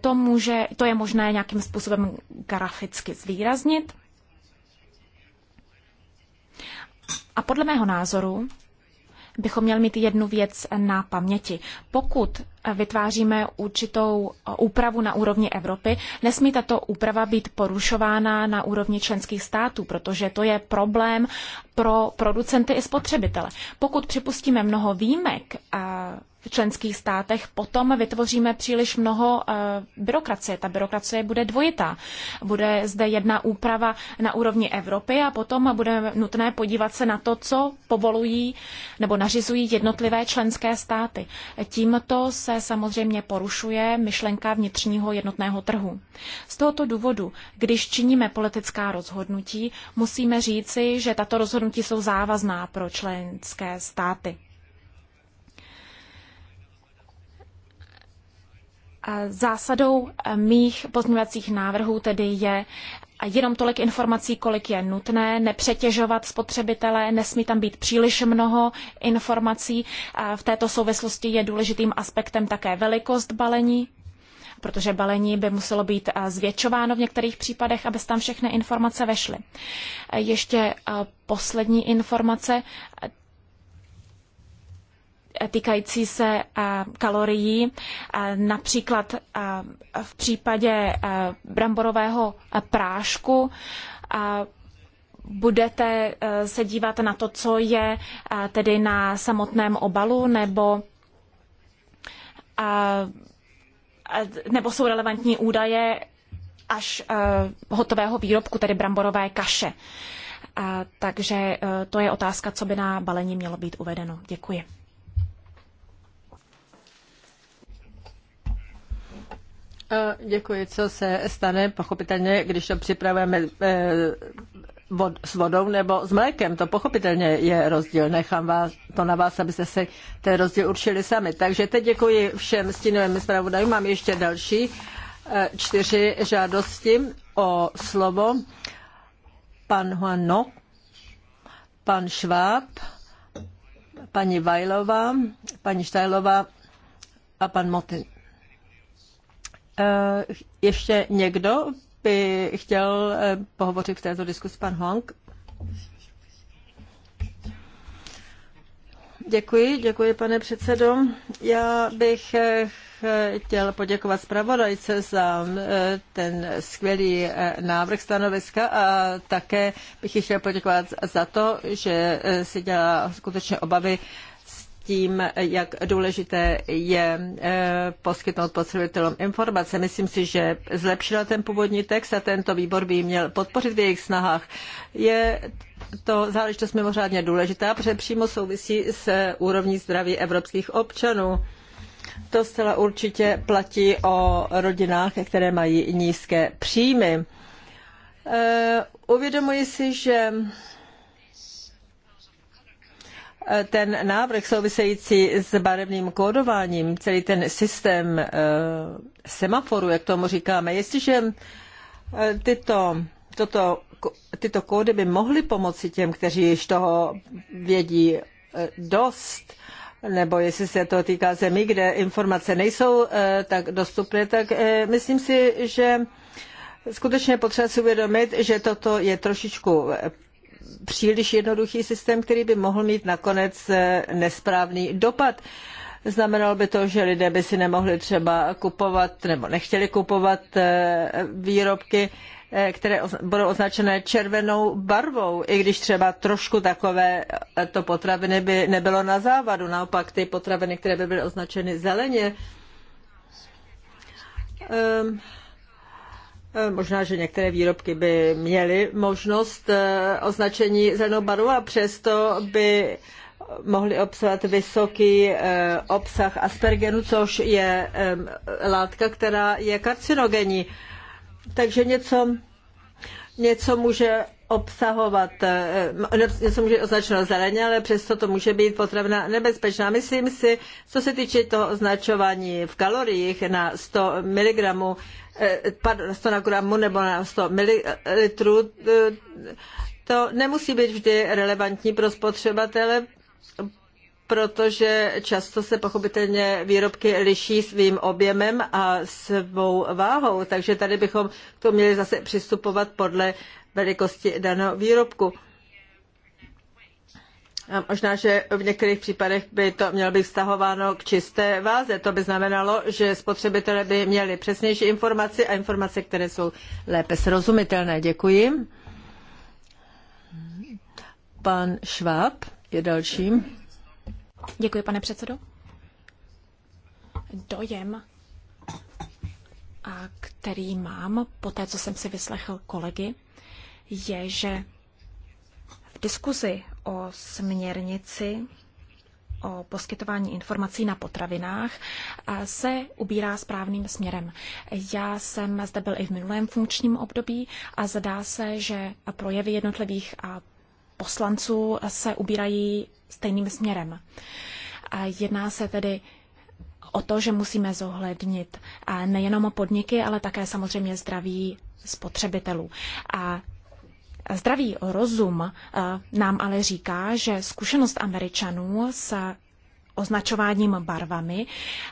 To, může, to je možné nějakým způsobem graficky zvýraznit. A podle mého názoru bychom měli mít jednu věc na paměti. Pokud vytváříme určitou úpravu na úrovni Evropy, nesmí tato úprava být porušována na úrovni členských států, protože to je problém pro producenty i spotřebitele. Pokud připustíme mnoho výjimek v členských státech, potom vytvoříme příliš mnoho byrokracie. Ta byrokracie bude dvojitá. Bude zde jedna úprava na úrovni Evropy a potom bude nutné podívat se na to, co povolují nebo nařizují jednotlivé členské státy. Tímto se se samozřejmě porušuje myšlenka vnitřního jednotného trhu. Z tohoto důvodu, když činíme politická rozhodnutí, musíme říci, že tato rozhodnutí jsou závazná pro členské státy. Zásadou mých pozměňovacích návrhů tedy je jenom tolik informací, kolik je nutné, nepřetěžovat spotřebitele, nesmí tam být příliš mnoho informací. V této souvislosti je důležitým aspektem také velikost balení, protože balení by muselo být zvětšováno v některých případech, aby tam všechny informace vešly. Ještě poslední informace týkající se eh, kalorií. Eh, například eh, v případě bramborového prášku budete se dívat na to, co je tedy na samotném obalu nebo nebo jsou relevantní údaje až hotového výrobku, tedy bramborové kaše. takže to je otázka, co by na balení mělo být uvedeno. Děkuji. Děkuji. Co se stane, pochopitelně, když to připravujeme eh, vod, s vodou nebo s mlékem? To pochopitelně je rozdíl. Nechám vás, to na vás, abyste se ten rozdíl určili sami. Takže teď děkuji všem stínovým zpravodajům. Mám ještě další eh, čtyři žádosti o slovo. Pan Huano, pan Šváb, paní Vajlova, paní Štajlova a pan Motin. Eh, ještě někdo by chtěl eh, pohovořit v této diskusi, pan Hong? Děkuji, děkuji pane předsedo. Já bych eh, chtěl poděkovat zpravodajce za ten skvělý návrh stanoviska a také bych chtěl poděkovat za to, že si dělá skutečně obavy tím, jak důležité je eh, poskytnout potřebitelům informace. Myslím si, že zlepšila ten původní text a tento výbor by měl podpořit v jejich snahách. Je to záležitost mimořádně důležitá, protože přímo souvisí s úrovní zdraví evropských občanů. To zcela určitě platí o rodinách, které mají nízké příjmy. Eh, uvědomuji si, že Eh, ten návrh související s barevným kódováním, celý ten systém eh, semaforu, jak tomu říkáme, jestliže eh, tyto, toto, tyto kódy by mohly pomoci těm, kteří již toho vědí dost, nebo jestli se to týká zemí, kde informace nejsou tak dostupné, tak myslím si, že skutečně potřeba si uvědomit, že toto je trošičku příliš jednoduchý systém, který by mohl mít nakonec eh, nesprávný dopad. Znamenalo by to, že lidé by si nemohli třeba kupovat nebo nechtěli kupovat eh, výrobky, eh, které budou označené červenou barvou, i když třeba trošku takové to potraviny by nebylo na závadu. Naopak ty potraviny, které by byly označeny zeleně, ehm, Eh, možná, že některé výrobky by měly možnost eh, označení zelenou barvu a přesto by mohly obsahovat vysoký eh, obsah aspergenu, což je látka, která je karcinogenní. Takže něco, něco může obsahovat, něco může označeno zeleně, ale přesto to může být potravina nebezpečná. Myslím si, co se týče toho označování v kaloriích na 100 mg, Eh, na 100 gramů nebo na 100 mililitrů, eh, to nemusí být vždy relevantní pro spotřebatele, protože často se pochopitelně výrobky liší svým objemem a svou váhou, takže tady bychom to měli zase přistupovat podle velikosti daného výrobku. A možná, že v některých případech by to mělo být vztahováno k čisté váze. To by znamenalo, že spotřebitelé by měli přesnější informaci a informace, které jsou lépe srozumitelné. Děkuji. Pan Šváb je dalším. Děkuji, pane předsedo. Dojem, který mám po té, co jsem si vyslechl kolegy, je, že v diskuzi o směrnici o poskytování informací na potravinách se ubírá správným směrem. Já jsem zde byl i v minulém funkčním období a zdá se, že projevy jednotlivých poslanců se ubírají stejným směrem. Jedná se tedy o to, že musíme zohlednit nejenom podniky, ale také samozřejmě zdraví spotřebitelů. A Zdravý rozum eh, nám ale říká, že zkušenost Američanů s označováním barvami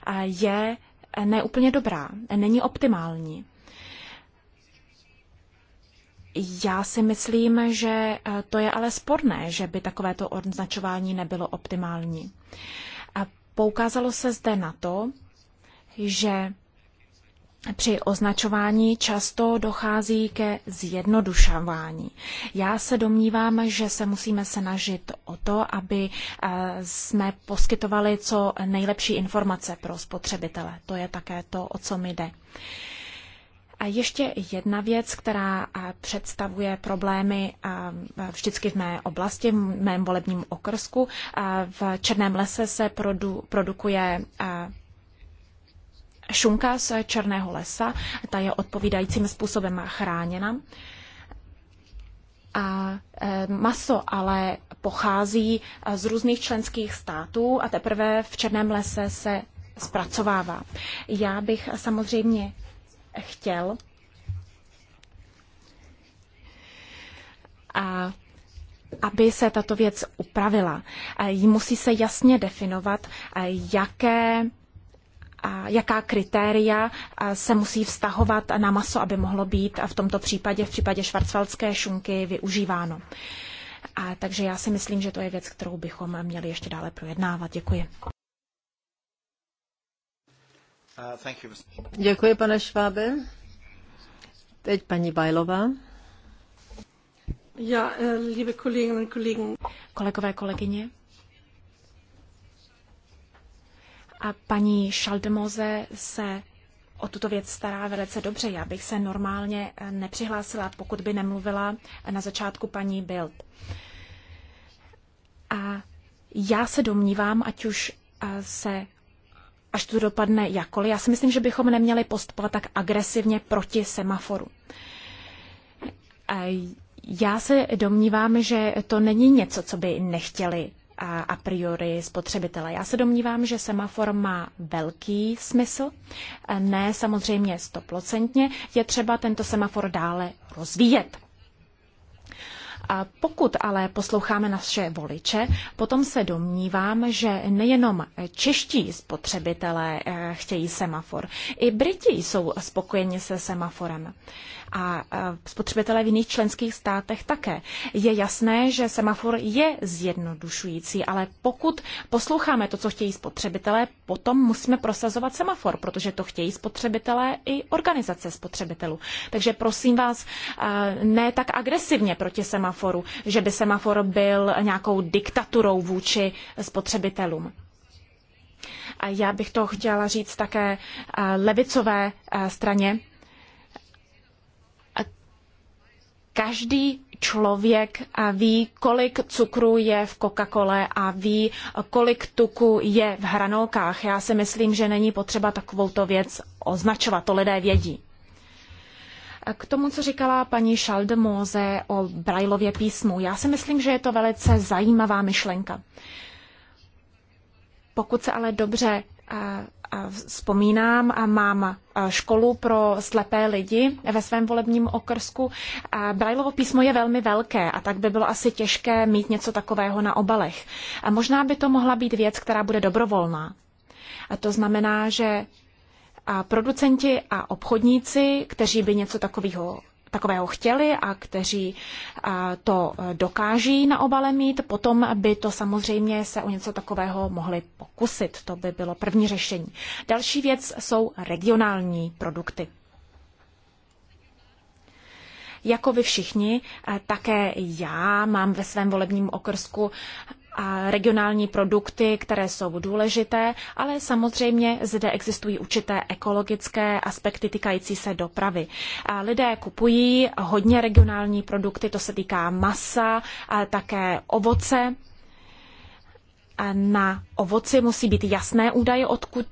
eh, je neúplně dobrá, není optimální. Já si myslím, že eh, to je ale sporné, že by takovéto označování nebylo optimální. poukázalo se zde na to, že při označování často dochází ke zjednodušování. Já se domnívám, že se musíme snažit o to, aby eh, jsme poskytovali co nejlepší informace pro spotřebitele. To je také to, o co mi jde. A ještě jedna věc, která eh, představuje problémy eh, vždycky v mé oblasti, v mém volebním okrsku. V Černém lese se produ, produkuje šunka z černého lesa, ta je odpovídajícím způsobem chráněna. A e, maso ale pochází z různých členských států a teprve v černém lese se zpracovává. Já bych samozřejmě chtěl a aby se tato věc upravila. Musí se jasně definovat, jaké jaká kritéria se musí vztahovat na maso, aby mohlo být v tomto případě, v případě švarcvaldské šunky, využíváno. A, takže já si myslím, že to je věc, kterou bychom měli ještě dále projednávat. Děkuji. Děkuji, pane Švábe. Teď paní Bajlová. Já, eh, liebe Kolleginnen und Kollegen. Kolegové, kolegyně. A paní Šaldemoze se o tuto věc stará velice dobře. Já bych se normálně eh, nepřihlásila, pokud by nemluvila na začátku paní Bild. A já se domnívám, ať už eh, se až to dopadne jakkoliv. já si myslím, že bychom neměli postupovat tak agresivně proti semaforu. Eh, já se domnívám, že to není něco, co by nechtěli a priori spotřebitele. Já se domnívám, že semafor má velký smysl, ne samozřejmě stoprocentně, je třeba tento semafor dále rozvíjet. A pokud ale posloucháme naše voliče, potom se domnívám, že nejenom čeští spotřebitelé eh, chtějí semafor, i Briti jsou spokojeni se semaforem. A eh, spotřebitelé v jiných členských státech také. Je jasné, že semafor je zjednodušující, ale pokud posloucháme to, co chtějí spotřebitelé, potom musíme prosazovat semafor, protože to chtějí spotřebitelé i organizace spotřebitelů. Takže prosím vás, eh, ne tak agresivně proti semaforu, semaforu, že by semafor byl nějakou diktaturou vůči spotřebitelům. A já bych to chtěla říct také eh, levicové eh, straně. Každý člověk eh, ví, kolik cukru je v Coca-Cole a ví, kolik tuku je v hranolkách. Já si myslím, že není potřeba takovouto věc označovat, to lidé vědí. K tomu, co říkala paní Šaldemóze o Brajlově písmu, já si myslím, že je to velice zajímavá myšlenka. Pokud se ale dobře eh, eh, vzpomínám, a mám eh, školu pro slepé lidi ve svém volebním okrsku. Brajlovo písmo je velmi velké a tak by bylo asi těžké mít něco takového na obalech. A možná by to mohla být věc, která bude dobrovolná. A to znamená, že a producenti a obchodníci, kteří by něco takového takového chtěli a kteří to e, dokáží na obale mít, potom by to samozřejmě se o něco takového mohli pokusit. To by bylo první řešení. Další věc jsou regionální produkty. Jako vy všichni, e, také já mám ve svém volebním okrsku a regionální produkty, které jsou důležité, ale samozřejmě zde existují určité ekologické aspekty týkající se dopravy. Lidé kupují hodně regionální produkty, to se týká masa, také ovoce. Na ovoci musí být jasné údaje, odkud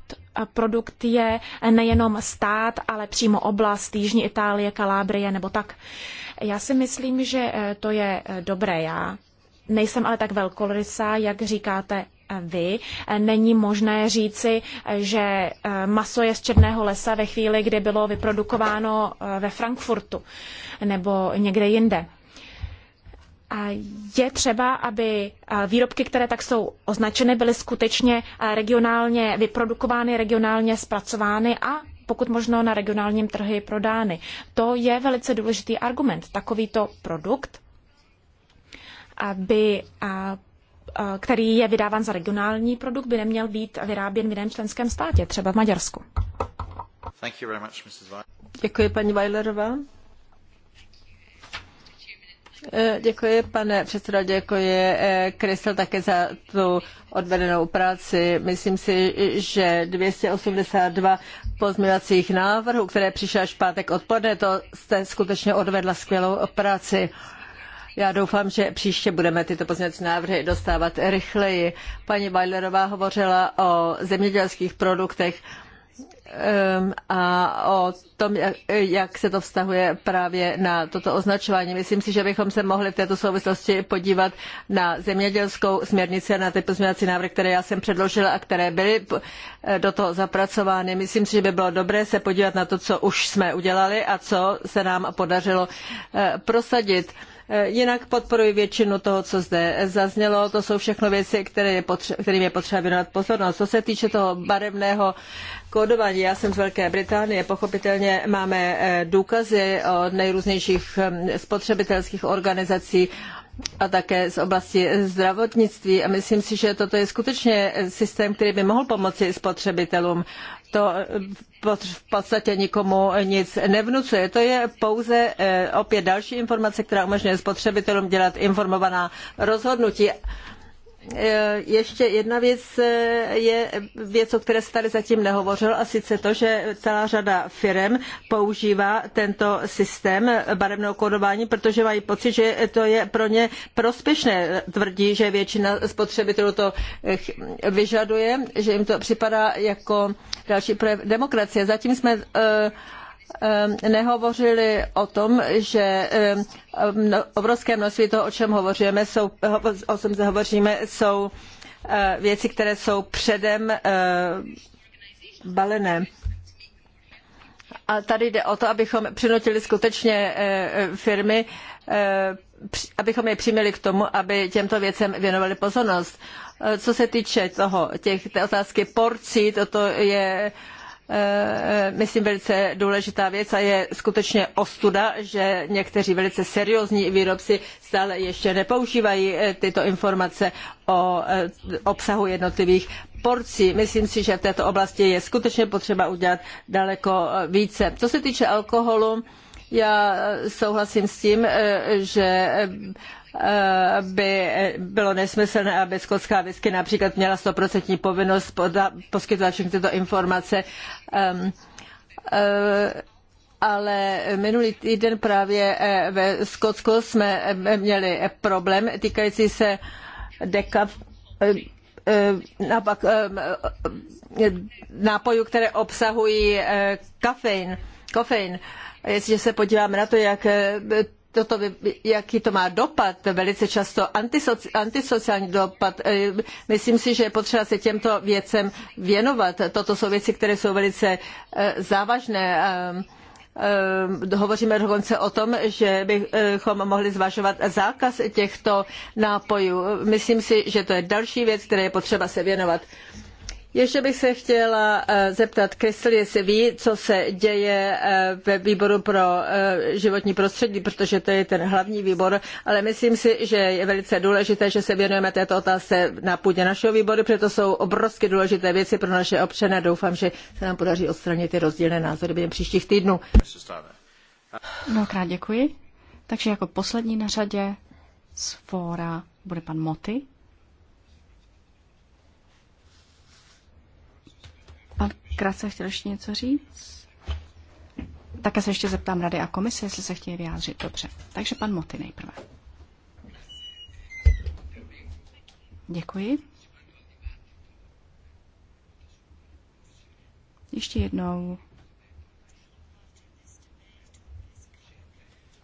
produkt je nejenom stát, ale přímo oblast Jižní Itálie, Kalábrie nebo tak. Já si myslím, že eh, to je eh, dobré. Já Nejsem ale tak velkorysá, jak říkáte eh, vy. Eh, není možné říci, eh, že maso je z černého lesa ve chvíli, kdy bylo vyprodukováno ve Frankfurtu nebo někde jinde. A je třeba, aby výrobky, které tak jsou označeny, byly skutečně regionálně vyprodukovány, regionálně zpracovány a pokud možno na regionálním trhy prodány. To je velice důležitý argument. Takovýto produkt by který je vydáván za regionální produkt, by neměl být vyráběn v jiném členském státě, třeba v Maďarsku. Much, Děkuji, paní Weilerová. E, děkuji, pane předsedo, děkuji e, Krysel také za tu odvedenou práci. Myslím si, že 282 pozměňovacích návrhů, které přišly až v pátek odpoledne, to jste skutečně odvedla skvělou práci. Já doufám, že příště budeme tyto pozměňovací návrhy dostávat rychleji. Paní Bajlerová hovořila o zemědělských produktech um, a o tom, jak se to vztahuje právě na toto označování. Myslím si, že bychom se mohli v této souvislosti podívat na zemědělskou směrnici a na ty pozměňovací návrhy, které já jsem předložila a které byly eh, do toho zapracovány. Myslím si, že by bylo dobré se podívat na to, co už jsme udělali a co se nám podařilo eh, prosadit. Eh, jinak podporuji většinu toho, co zde zaznělo. To jsou všechno věci, které je potře- kterým je potřeba věnovat pozornost. Co se týče toho barevného kódování, já jsem z Velké Británie, pochopitelně máme eh, důkazy od nejrůznějších eh, spotřebitelských organizací, a také z oblasti zdravotnictví a myslím si, že toto je skutečně systém, který by mohl pomoci spotřebitelům. To v podstatě nikomu nic nevnucuje. To je pouze eh, opět další informace, která umožňuje spotřebitelům dělat informovaná rozhodnutí. Eh, ještě jedna věc eh, je věc, o které se tady zatím nehovořil, a sice to, že celá řada firm používá tento systém barevného kódování, protože mají pocit, že to je pro ně prospěšné. Tvrdí, že většina spotřebitelů to eh, vyžaduje, že jim to připadá jako další projev demokracie. Zatím jsme Ehm, nehovořili o tom, že ehm, obrovské množství toho, o čem hovoříme, jsou, o čem hovoříme, jsou eh, věci, které jsou předem eh, balené. A tady jde o to, abychom přinutili skutečně eh, firmy, abychom je přiměli k tomu, aby těmto věcem věnovali pozornost. Co se týče toho, těch, té otázky porcí, toto je uh, Eh, eh, myslím, velice důležitá věc a je skutečně ostuda, že někteří velice seriózní výrobci stále ještě nepoužívají eh, tyto informace o obsahu jednotlivých porcí. Myslím si, že v této oblasti je skutečně potřeba udělat daleko více. Co se týče alkoholu, já souhlasím s tím, že Eh, by eh, bylo nesmyslné, aby skotská whisky například měla stoprocentní povinnost poskytovat všechny tyto informace. Ehm, eh, ale minulý týden právě ve Skotsku jsme měli problém týkající se deka napak, nápojů, které obsahují kafein. kofein. Jestliže se podíváme na to, jak toto, jaký to má dopad, velice často antisoci, antisociální dopad. E, myslím si, že je potřeba se těmto věcem věnovat. Toto jsou věci, které jsou velice e, závažné. E, hovoříme dokonce o tom, že bychom mohli zvažovat zákaz těchto nápojů. Myslím si, že to je další věc, které je potřeba se věnovat. Ještě bych se chtěla eh, zeptat, Krysl, jestli ví, co se děje eh, ve výboru pro eh, životní prostředí, protože to je ten hlavní výbor, ale myslím si, že je velice důležité, že se věnujeme této otázce na půdě našeho výboru, protože to jsou obrovsky důležité věci pro naše občany a doufám, že se nám podaří odstranit ty rozdílné názory během příštích týdnů. Mnohokrát děkuji. Takže jako poslední na řadě z fóra bude pan Moty. Krátce chtěl ještě něco říct? Také se ještě zeptám Rady a komise, jestli se chtějí vyjádřit. Dobře. Takže pan Moty nejprve. Děkuji. Ještě jednou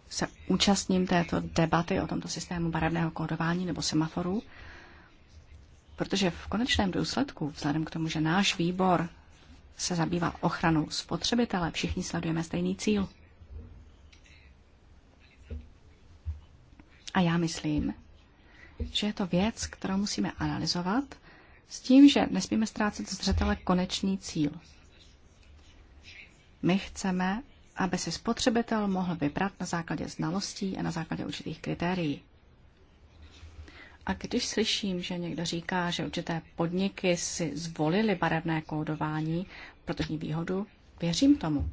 se účastním této debaty o tomto systému barevného kódování nebo semaforu, protože v konečném důsledku, vzhledem k tomu, že náš výbor se zabývá ochranou spotřebitele. Všichni sledujeme stejný cíl. A já myslím, že je to věc, kterou musíme analyzovat, s tím, že nesmíme ztrácet zřetele konečný cíl. My chceme, aby si spotřebitel mohl vybrat na základě znalostí a na základě určitých kritérií. A když slyším, že někdo říká, že určité podniky si zvolili barevné kódování, pro protože výhodu, věřím tomu.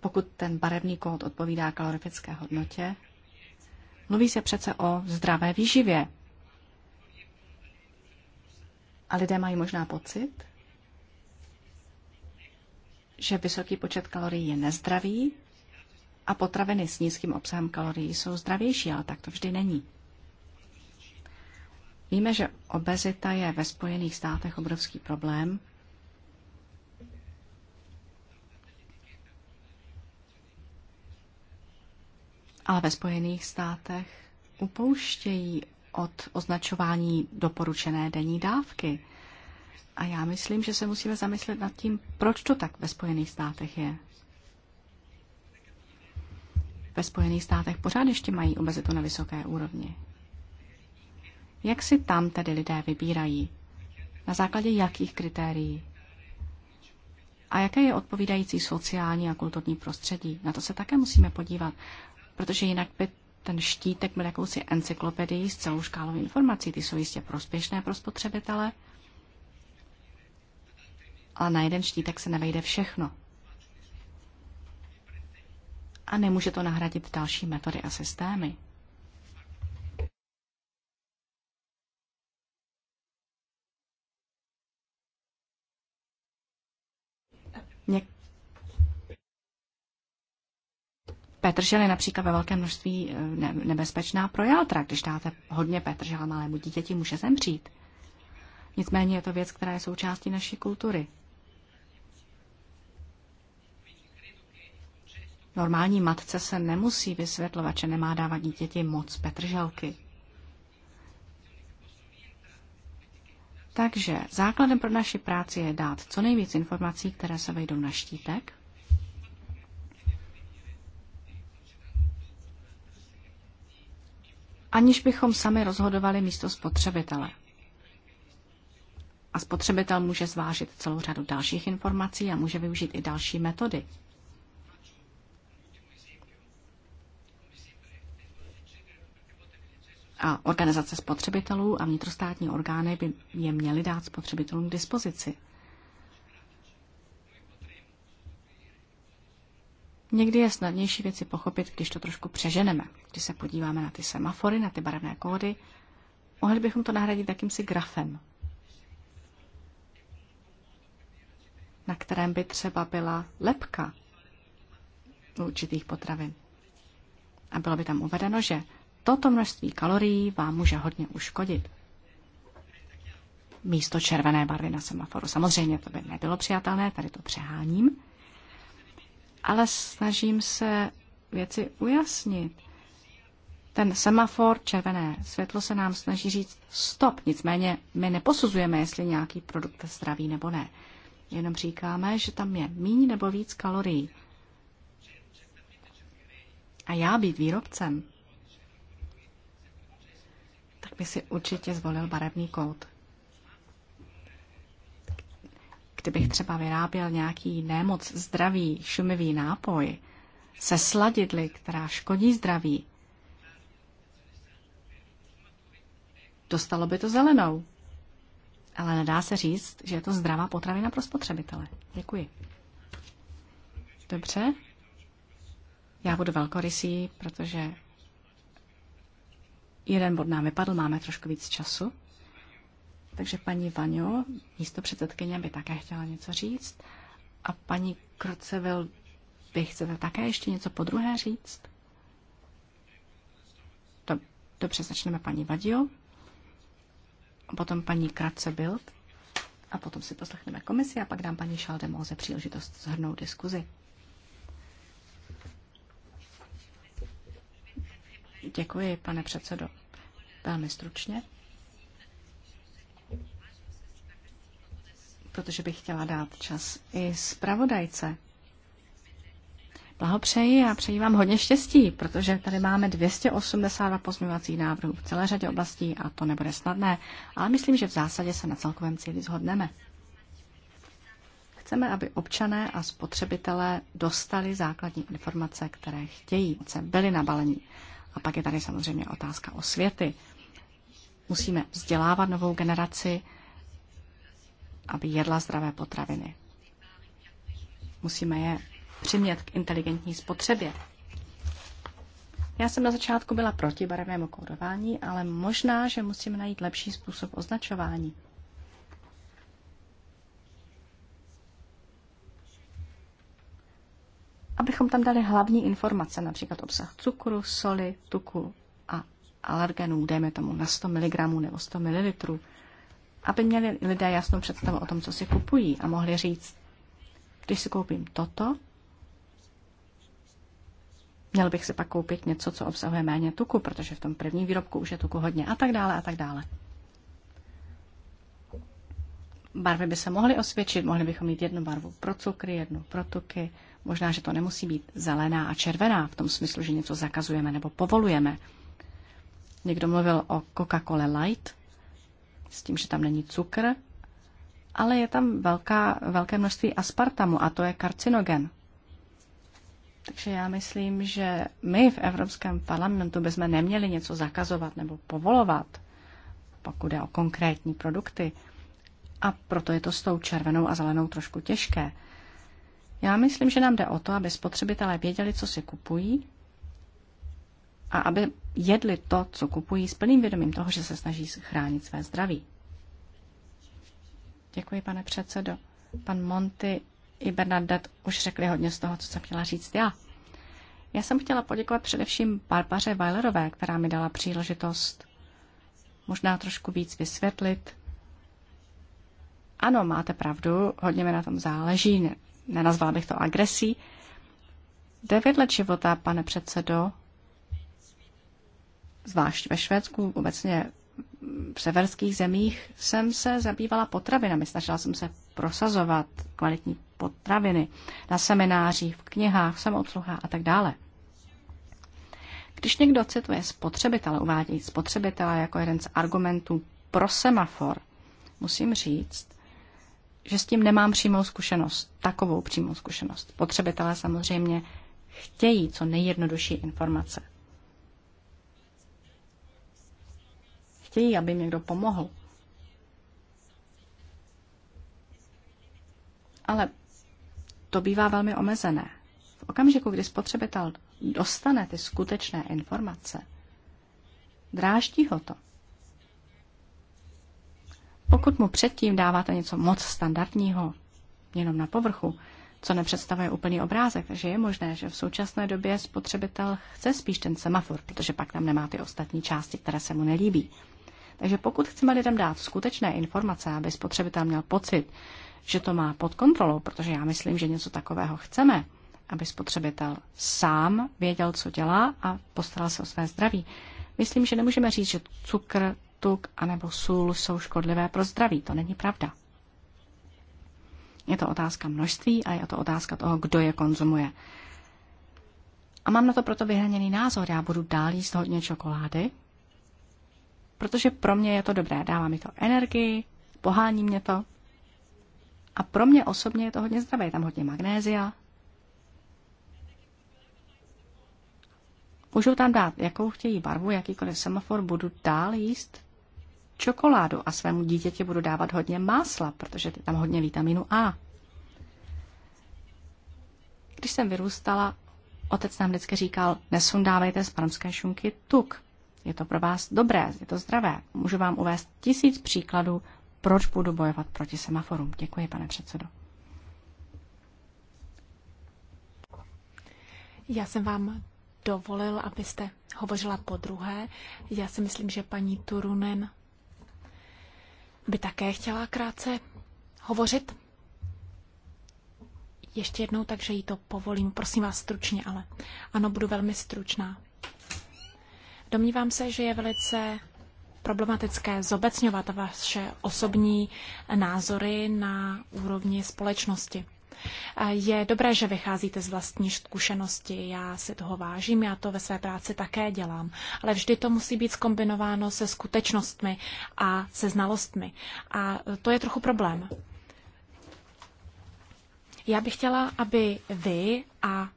Pokud ten barevný kód odpovídá kalorifické hodnotě, mluví se přece o zdravé výživě. A lidé mají možná pocit, že vysoký počet kalorií je nezdravý a potraviny s nízkým obsahem kalorií jsou zdravější, ale tak to vždy není. Víme, že obezita je ve Spojených státech obrovský problém. Ale ve Spojených státech upouštějí od označování doporučené denní dávky a já myslím, že se musíme zamyslet nad tím, proč to tak ve Spojených státech je. Ve Spojených státech pořád ještě mají obezitu na vysoké úrovni. Jak si tam tedy lidé vybírají? Na základě jakých kritérií? A jaké je odpovídající sociální a kulturní prostředí? Na to se také musíme podívat, protože jinak by ten štítek byl jakousi encyklopedii s celou škálou informací. Ty jsou jistě prospěšné pro spotřebitele, ale na jeden štítek se nevejde všechno. A nemůže to nahradit další metody a systémy. Něk- Petržel je například ve velkém množství eh, nebezpečná pro játra. Když dáte hodně petržel malému dítěti, může zemřít. Nicméně je to věc, která je součástí naší kultury. Normální matce se nemusí vysvětlovat, že nemá dávat dítěti moc petrželky. Takže základem pro naši práci je dát co nejvíc informací, které se vejdou na štítek. Aniž bychom sami rozhodovali místo spotřebitele. A spotřebitel může zvážit celou řadu dalších informací a může využít i další metody, a organizace spotřebitelů a vnitrostátní orgány by je měly dát spotřebitelům k dispozici. Někdy je snadnější věci pochopit, když to trošku přeženeme. Když se podíváme na ty semafory, na ty barevné kódy, mohli bychom to nahradit jakýmsi grafem, na kterém by třeba byla lepka určitých potravin. A bylo by tam uvedeno, že toto množství kalorií vám může hodně uškodit. Místo červené barvy na semaforu. Samozřejmě to by nebylo přijatelné, tady to přeháním, ale snažím se věci ujasnit. Ten semafor, červené světlo se nám snaží říct stop, nicméně my neposuzujeme, jestli nějaký produkt je zdravý nebo ne. Jenom říkáme, že tam je míň nebo víc kalorií. A já být výrobcem by si určitě zvolil barevný kód. Kdybych třeba vyráběl nějaký nemoc zdravý šumivý nápoj se sladidly, která škodí zdraví, dostalo by to zelenou. Ale nedá se říct, že je to zdravá potravina pro spotřebitele. Děkuji. Dobře. Já budu velkorysý, protože Jeden bod nám vypadl, máme trošku víc času. Takže paní Vaňo, místo předsedkyně, by také chtěla něco říct. A paní Krocevil, vy chcete také ještě něco po druhé říct? Dobře, začneme paní Vadio, a potom paní Kratce Bild, a potom si poslechneme komisi a pak dám paní Šaldemoze příležitost zhrnout diskuzi. Děkuji, pane předsedo. Velmi stručně. Protože bych chtěla dát čas i zpravodajce. Blahopřeji a přeji vám hodně štěstí, protože tady máme 282 pozměňovacích návrhů v celé řadě oblastí a to nebude snadné, ale myslím, že v zásadě se na celkovém cíli zhodneme. Chceme, aby občané a spotřebitelé dostali základní informace, které chtějí, se byly nabalení. A pak je tady samozřejmě otázka osvěty. Musíme vzdělávat novou generaci, aby jedla zdravé potraviny. Musíme je přimět k inteligentní spotřebě. Já jsem na začátku byla proti barevnému kódování, ale možná, že musíme najít lepší způsob označování. abychom tam dali hlavní informace, například obsah cukru, soli, tuku a alergenů, dejme tomu na 100 mg nebo 100 ml, aby měli lidé jasnou představu o tom, co si kupují a mohli říct, když si koupím toto, měl bych si pak koupit něco, co obsahuje méně tuku, protože v tom prvním výrobku už je tuku hodně a tak dále a tak dále. Barvy by se mohly osvědčit, mohli bychom mít jednu barvu pro cukry, jednu pro tuky, Možná, že to nemusí být zelená a červená v tom smyslu, že něco zakazujeme nebo povolujeme. Někdo mluvil o Coca-Cola Light, s tím, že tam není cukr, ale je tam velká, velké množství aspartamu a to je karcinogen. Takže já myslím, že my v Evropském parlamentu bychom neměli něco zakazovat nebo povolovat, pokud je o konkrétní produkty. A proto je to s tou červenou a zelenou trošku těžké. Já myslím, že nám jde o to, aby spotřebitelé věděli, co si kupují a aby jedli to, co kupují, s plným vědomím toho, že se snaží chránit své zdraví. Děkuji, pane předsedo. Pan Monty i Bernadette už řekli hodně z toho, co jsem chtěla říct já. Já jsem chtěla poděkovat především Barbaře Weilerové, která mi dala příležitost možná trošku víc vysvětlit. Ano, máte pravdu, hodně mi na tom záleží, nenazval bych to agresí. Devět let života, pane předsedo, zvlášť ve Švédsku, obecně v severských zemích, jsem se zabývala potravinami. Snažila jsem se prosazovat kvalitní potraviny na seminářích, v knihách, v samoobsluhách a tak dále. Když někdo cituje spotřebitele, uvádí spotřebitele jako jeden z argumentů pro semafor, musím říct, že s tím nemám přímou zkušenost, takovou přímou zkušenost. Potřebitelé samozřejmě chtějí co nejjednodušší informace. Chtějí, aby jim někdo pomohl. Ale to bývá velmi omezené. V okamžiku, kdy spotřebitel dostane ty skutečné informace, dráždí ho to. Pokud mu předtím dáváte něco moc standardního, jenom na povrchu, co nepředstavuje úplný obrázek, že je možné, že v současné době spotřebitel chce spíš ten semafor, protože pak tam nemá ty ostatní části, které se mu nelíbí. Takže pokud chceme lidem dát skutečné informace, aby spotřebitel měl pocit, že to má pod kontrolou, protože já myslím, že něco takového chceme, aby spotřebitel sám věděl, co dělá a postaral se o své zdraví. Myslím, že nemůžeme říct, že cukr tuk anebo sůl jsou škodlivé pro zdraví. To není pravda. Je to otázka množství a je to otázka toho, kdo je konzumuje. A mám na to proto vyhraněný názor. Já budu dál jíst hodně čokolády, protože pro mě je to dobré. Dává mi to energii, pohání mě to. A pro mě osobně je to hodně zdravé. Je tam hodně magnézia. Můžu tam dát jakou chtějí barvu, jakýkoliv semafor, budu dál jíst čokoládu a svému dítěti budu dávat hodně másla, protože je tam hodně vitamínu A. Když jsem vyrůstala, otec nám vždycky říkal, nesundávejte z panamské šunky tuk. Je to pro vás dobré, je to zdravé. Můžu vám uvést tisíc příkladů, proč budu bojovat proti semaforům. Děkuji, pane předsedo. Já jsem vám dovolil, abyste hovořila po druhé. Já si myslím, že paní Turunen by také chtěla krátce hovořit. Ještě jednou, takže jí to povolím. Prosím vás stručně, ale ano, budu velmi stručná. Domnívám se, že je velice problematické zobecňovat vaše osobní názory na úrovni společnosti. Je dobré, že vycházíte z vlastní zkušenosti. Já si toho vážím, já to ve své práci také dělám. Ale vždy to musí být skombinováno se skutečnostmi a se znalostmi. A to je trochu problém. Já bych chtěla, aby vy a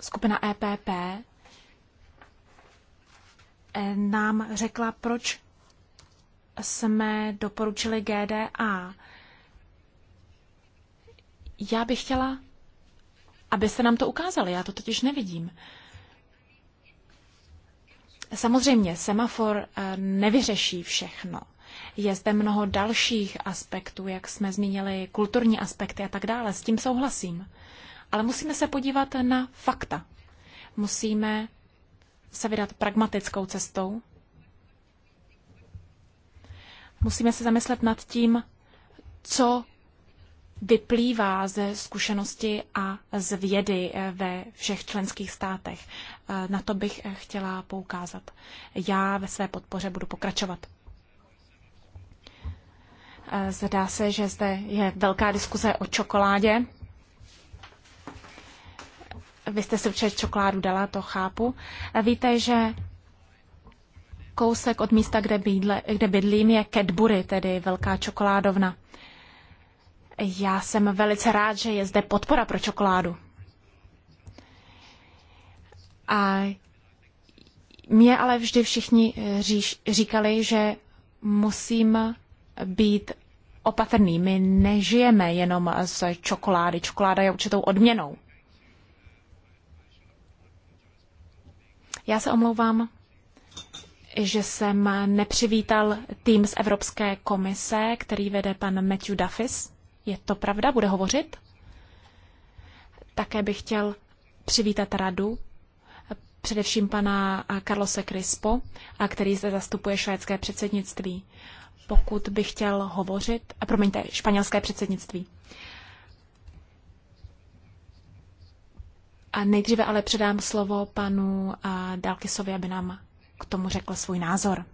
skupina EPP eh, nám řekla, proč jsme doporučili GDA. Já bych chtěla, aby se nám to ukázali, já to totiž nevidím. Samozřejmě, semafor eh, nevyřeší všechno. Je zde mnoho dalších aspektů, jak jsme zmínili, kulturní aspekty a tak dále. S tím souhlasím. Ale musíme se podívat na fakta. Musíme se vydat pragmatickou cestou. Musíme se zamyslet nad tím, co vyplývá ze zkušenosti a z vědy eh, ve všech členských státech. Eh, na to bych eh, chtěla poukázat. Já ve své podpoře budu pokračovat. Zdá se, že zde je velká diskuze o čokoládě. Vy jste si určitě čokoládu dala, to chápu. Víte, že kousek od místa, kde, bydle, kde bydlím, je Cadbury, tedy velká čokoládovna. Já jsem velice rád, že je zde podpora pro čokoládu. A mě ale vždy všichni eh, říš, říkali, že musím být opatrný. My nežijeme jenom z čokolády. Čokoláda je určitou odměnou. Já se omlouvám, že jsem nepřivítal tým z Evropské komise, který vede pan Matthew Duffis. Je to pravda? Bude hovořit? Také bych chtěl přivítat radu, především pana Karlose Crispo, který zde zastupuje švédské předsednictví. Pokud bych chtěl hovořit, a promiňte, španělské předsednictví. A nejdříve ale předám slovo panu Dalkisovi, aby nám k tomu řekl svůj názor.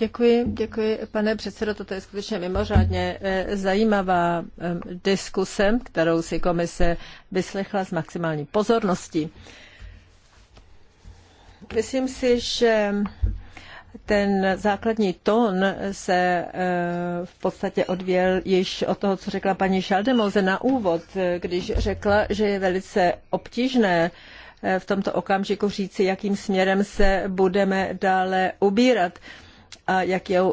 Děkuji, děkuji, pane předsedo. Toto je skutečně mimořádně eh, zajímavá eh, diskuse, kterou si komise vyslechla s maximální pozorností. Myslím si, že ten základní tón se eh, v podstatě odvěl již od toho, co řekla paní Šaldemouze na úvod, když řekla, že je velice obtížné v tomto okamžiku říci, jakým směrem se budeme dále ubírat a jak je e,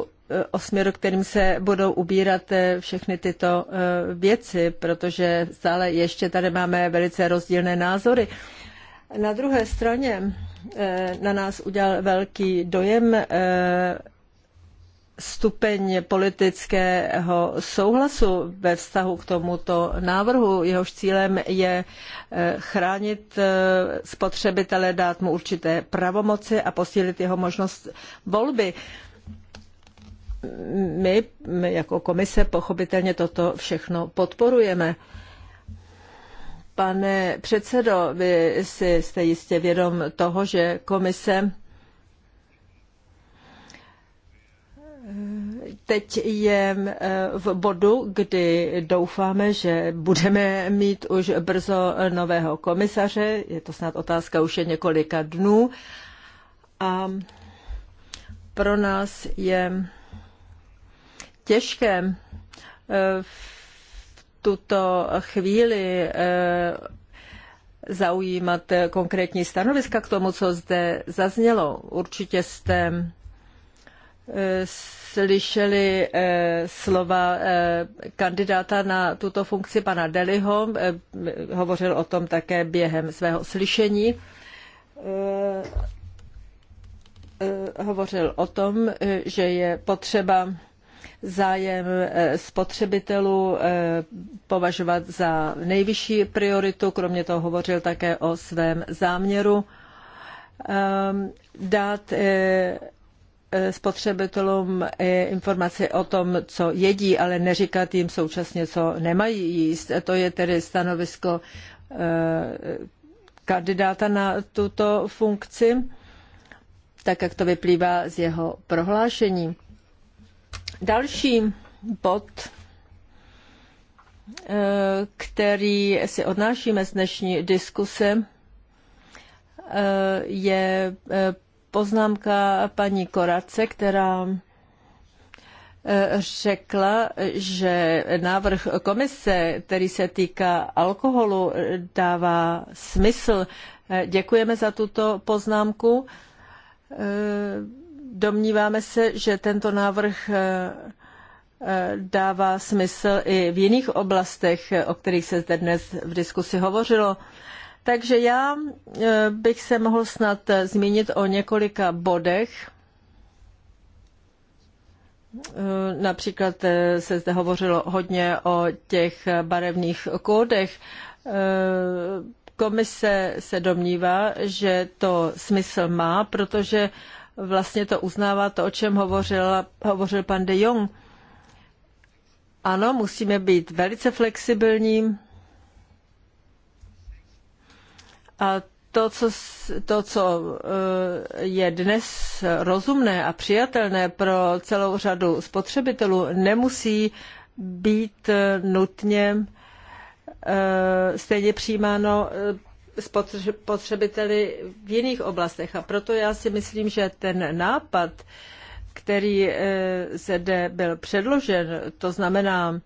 o směru, kterým se budou ubírat e, všechny tyto e, věci, protože stále ještě tady máme velice rozdílné názory. Na druhé straně na nás udělal velký dojem stupeň politického souhlasu ve vztahu k tomuto návrhu. Jehož cílem je chránit spotřebitele, dát mu určité pravomoci a posílit jeho možnost volby my jako komise pochopitelně toto všechno podporujeme. Pane předsedo, vy si jste jistě vědom toho, že komise eh, Teď je eh, v bodu, kdy doufáme, že budeme mít už brzo nového komisaře. Je to snad otázka už je několika dnů. A pro nás je těžké eh, v tuto chvíli eh, zaujímat konkrétní stanoviska k tomu, co zde zaznělo. Určitě jste eh, slyšeli slova kandidáta na tuto funkci, pana Deliho, hovořil o tom také během svého slyšení. Hovořil o tom, že je potřeba zájem eh, spotřebitelů eh, považovat za nejvyšší prioritu. Kromě toho hovořil také o svém záměru ehm, dát eh, spotřebitelům informaci o tom, co jedí, ale neříkat jim současně, co nemají jíst. To je tedy stanovisko kandidáta na tuto funkci, tak jak to vyplývá z jeho prohlášení. Další bod, eh, který si odnášíme z dnešní diskuse, eh, je eh, poznámka paní Korace, která řekla, že návrh komise, který se týká alkoholu, dává smysl. Děkujeme za tuto poznámku. Domníváme se, že tento návrh eh, eh, dává smysl i v jiných oblastech, o kterých se zde dnes v diskusi hovořilo. Takže já eh, bych se mohl snad zmínit o několika bodech. Například se zde hovořilo hodně o těch barevných kódech. Komise se domnívá, že to smysl má, protože vlastně to uznává to, o čem hovořil, hovořil pan de Jong. Ano, musíme být velice flexibilní. A to, co, to, co eh, je dnes rozumné a přijatelné pro celou řadu spotřebitelů, nemusí být nutně eh, stejně přijímáno eh, spotřebiteli v jiných oblastech. A proto já si myslím, že ten nápad, který eh, zde byl předložen, to znamená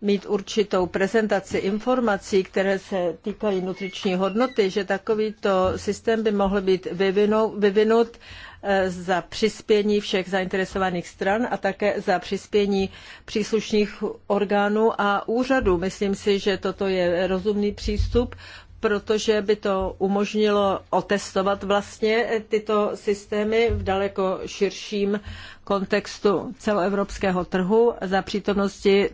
mít určitou prezentaci informací, které se týkají nutriční hodnoty, že takovýto systém by mohl být vyvinut, vyvinut eh, za přispění všech zainteresovaných stran a také za přispění příslušných orgánů a úřadů. Myslím si, že toto je rozumný přístup, protože by to umožnilo otestovat vlastně tyto systémy v daleko širším kontextu celoevropského trhu za přítomnosti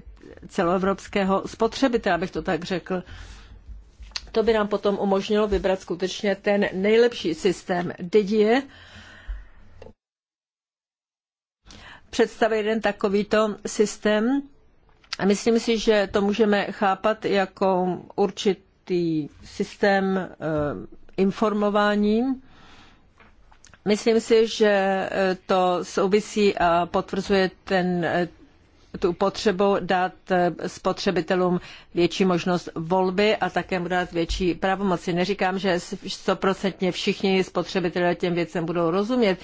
celoevropského spotřebitele, abych to tak řekl. To by nám potom umožnilo vybrat skutečně ten nejlepší systém Didier. Představuje jeden takovýto systém. A myslím si, že to můžeme chápat jako určit určitý systém eh, informování. Myslím si, že eh, to souvisí a potvrzuje ten, eh, tu potřebu dát spotřebitelům větší možnost volby a také mu dát větší pravomoci. Neříkám, že stoprocentně všichni spotřebitelé těm věcem budou rozumět.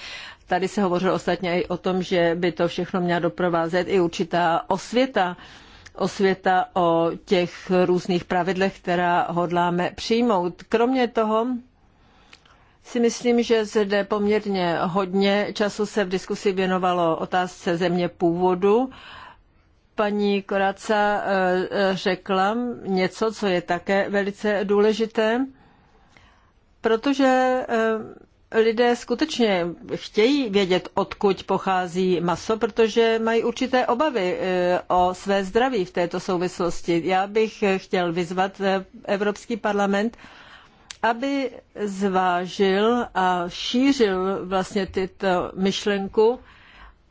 Tady se hovořilo ostatně i o tom, že by to všechno měla doprovázet i určitá osvěta osvěta o těch různých pravidlech, která hodláme přijmout. Kromě toho si myslím, že zde poměrně hodně času se v diskusi věnovalo otázce země původu. Paní Koraca eh, řekla něco, co je také velice důležité, protože eh, lidé skutečně chtějí vědět, odkud pochází maso, protože mají určité obavy eh, o své zdraví v této souvislosti. Já bych chtěl vyzvat eh, Evropský parlament, aby zvážil a šířil vlastně tyto myšlenku,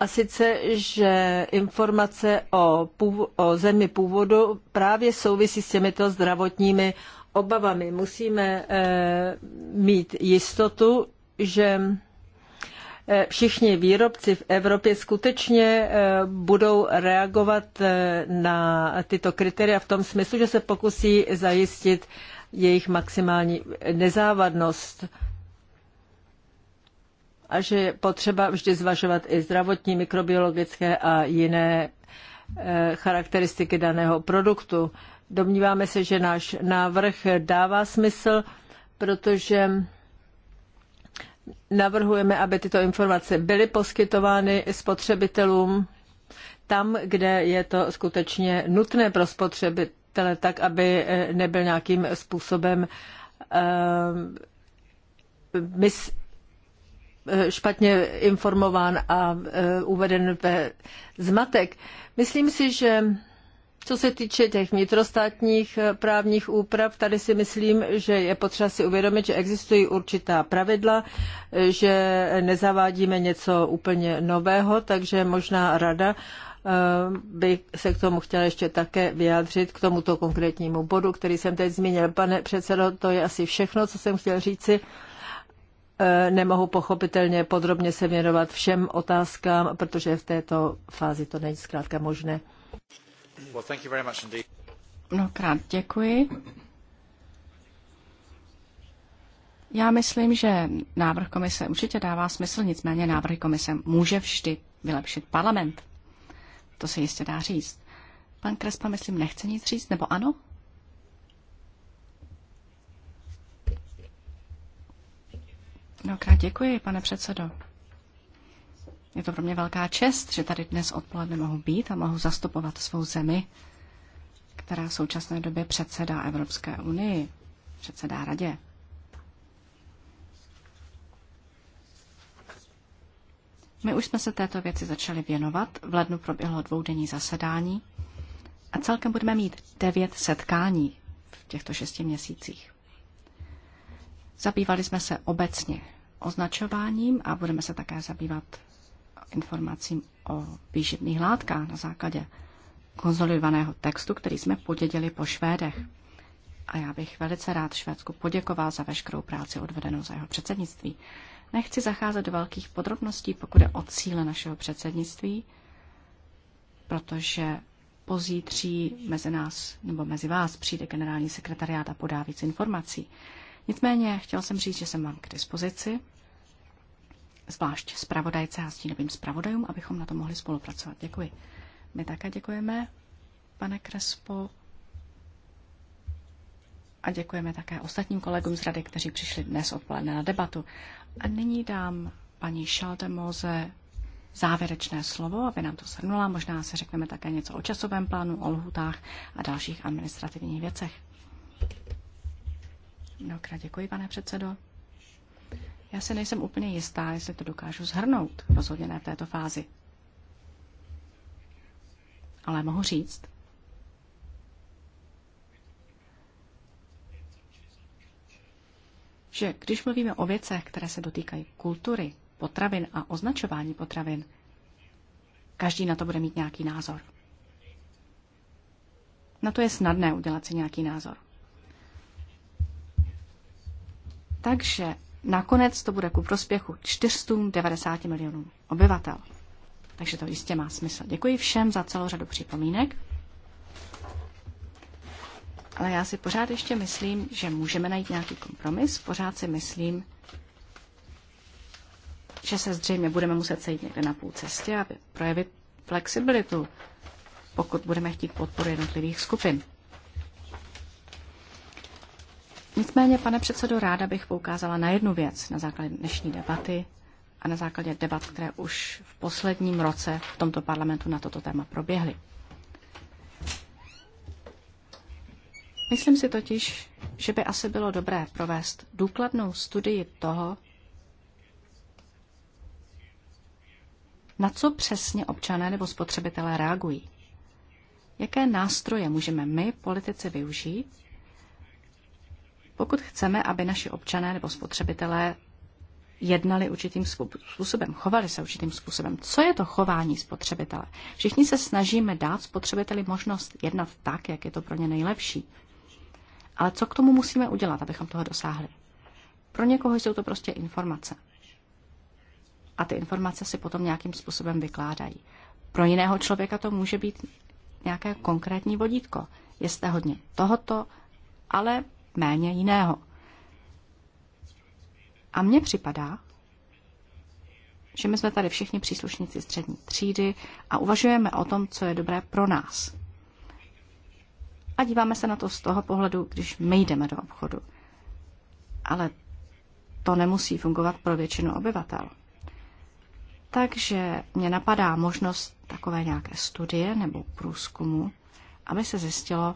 a sice, že informace o, pův- o zemi původu právě souvisí s těmito zdravotními obavami. Musíme eh, mít jistotu, že eh, všichni výrobci v Evropě skutečně eh, budou reagovat eh, na tyto kritéria v tom smyslu, že se pokusí zajistit jejich maximální nezávadnost a že je potřeba vždy zvažovat i zdravotní, mikrobiologické a jiné charakteristiky daného produktu. Domníváme se, že náš návrh dává smysl, protože Navrhujeme, aby tyto informace byly poskytovány spotřebitelům tam, kde je to skutečně nutné pro spotřebitele, tak aby eh, nebyl nějakým způsobem eh, mis, eh, špatně informován a uveden ve zmatek. Myslím si, že co se týče těch vnitrostátních eh, právních úprav, tady si myslím, že je potřeba si uvědomit, že existují určitá pravidla, eh, že nezavádíme něco úplně nového, takže možná rada eh, bych se k tomu chtěla ještě také vyjádřit, k tomuto konkrétnímu bodu, který jsem teď zmínil. Pane předsedo, to je asi všechno, co jsem chtěl říci. Nemohu pochopitelně podrobně se věnovat všem otázkám, protože v této fázi to není zkrátka možné. Mnohokrát děkuji. Já myslím, že návrh komise určitě dává smysl, nicméně návrh komise může vždy vylepšit parlament. To se jistě dá říct. Pan Krespa, myslím, nechce nic říct, nebo ano? Mnohokrát děkuji, pane předsedo. Je to pro mě velká čest, že tady dnes odpoledne mohu být a mohu zastupovat svou zemi, která v současné době předsedá Evropské unii, předsedá radě. My už jsme se této věci začali věnovat. V lednu proběhlo dvoudenní zasedání a celkem budeme mít devět setkání v těchto šesti měsících. Zabývali jsme se obecně označováním a budeme se také zabývat informacím o výživných látkách na základě konzolidovaného textu, který jsme podědili po Švédech. A já bych velice rád Švédsku poděkoval za veškerou práci odvedenou za jeho předsednictví. Nechci zacházet do velkých podrobností, pokud je o cíle našeho předsednictví, protože pozítří mezi nás nebo mezi vás přijde generální sekretariát a podá víc informací. Nicméně chtěl jsem říct, že jsem vám k dispozici zvlášť zpravodajce a stínovým zpravodajům, abychom na to mohli spolupracovat. Děkuji. My také děkujeme, pane Krespo. A děkujeme také ostatním kolegům z rady, kteří přišli dnes odpoledne na debatu. A nyní dám paní Šaldemoze závěrečné slovo, aby nám to shrnula. Možná se řekneme také něco o časovém plánu, o lhutách a dalších administrativních věcech. Mnohokrát děkuji, pane předsedo. Já se nejsem úplně jistá, jestli to dokážu zhrnout, rozhodně ne v této fázi. Ale mohu říct, že když mluvíme o věcech, které se dotýkají kultury, potravin a označování potravin, každý na to bude mít nějaký názor. Na to je snadné udělat si nějaký názor. Takže Nakonec to bude ku prospěchu 490 milionů obyvatel. Takže to jistě má smysl. Děkuji všem za celou řadu připomínek. Ale já si pořád ještě myslím, že můžeme najít nějaký kompromis. Pořád si myslím, že se zřejmě budeme muset sejít někde na půl cestě, aby projevit flexibilitu, pokud budeme chtít podporu jednotlivých skupin. Nicméně, pane předsedo, ráda bych poukázala na jednu věc na základě dnešní debaty a na základě debat, které už v posledním roce v tomto parlamentu na toto téma proběhly. Myslím si totiž, že by asi bylo dobré provést důkladnou studii toho, na co přesně občané nebo spotřebitelé reagují. Jaké nástroje můžeme my, politici, využít, pokud chceme, aby naši občané nebo spotřebitelé jednali určitým způsobem, chovali se určitým způsobem. Co je to chování spotřebitele? Všichni se snažíme dát spotřebiteli možnost jednat tak, jak je to pro ně nejlepší. Ale co k tomu musíme udělat, abychom toho dosáhli? Pro někoho jsou to prostě informace. A ty informace si potom nějakým způsobem vykládají. Pro jiného člověka to může být nějaké konkrétní vodítko. Jste hodně tohoto, ale méně jiného. A mně připadá, že my jsme tady všichni příslušníci střední třídy a uvažujeme o tom, co je dobré pro nás. A díváme se na to z toho pohledu, když my jdeme do obchodu. Ale to nemusí fungovat pro většinu obyvatel. Takže mě napadá možnost takové nějaké studie nebo průzkumu, aby se zjistilo,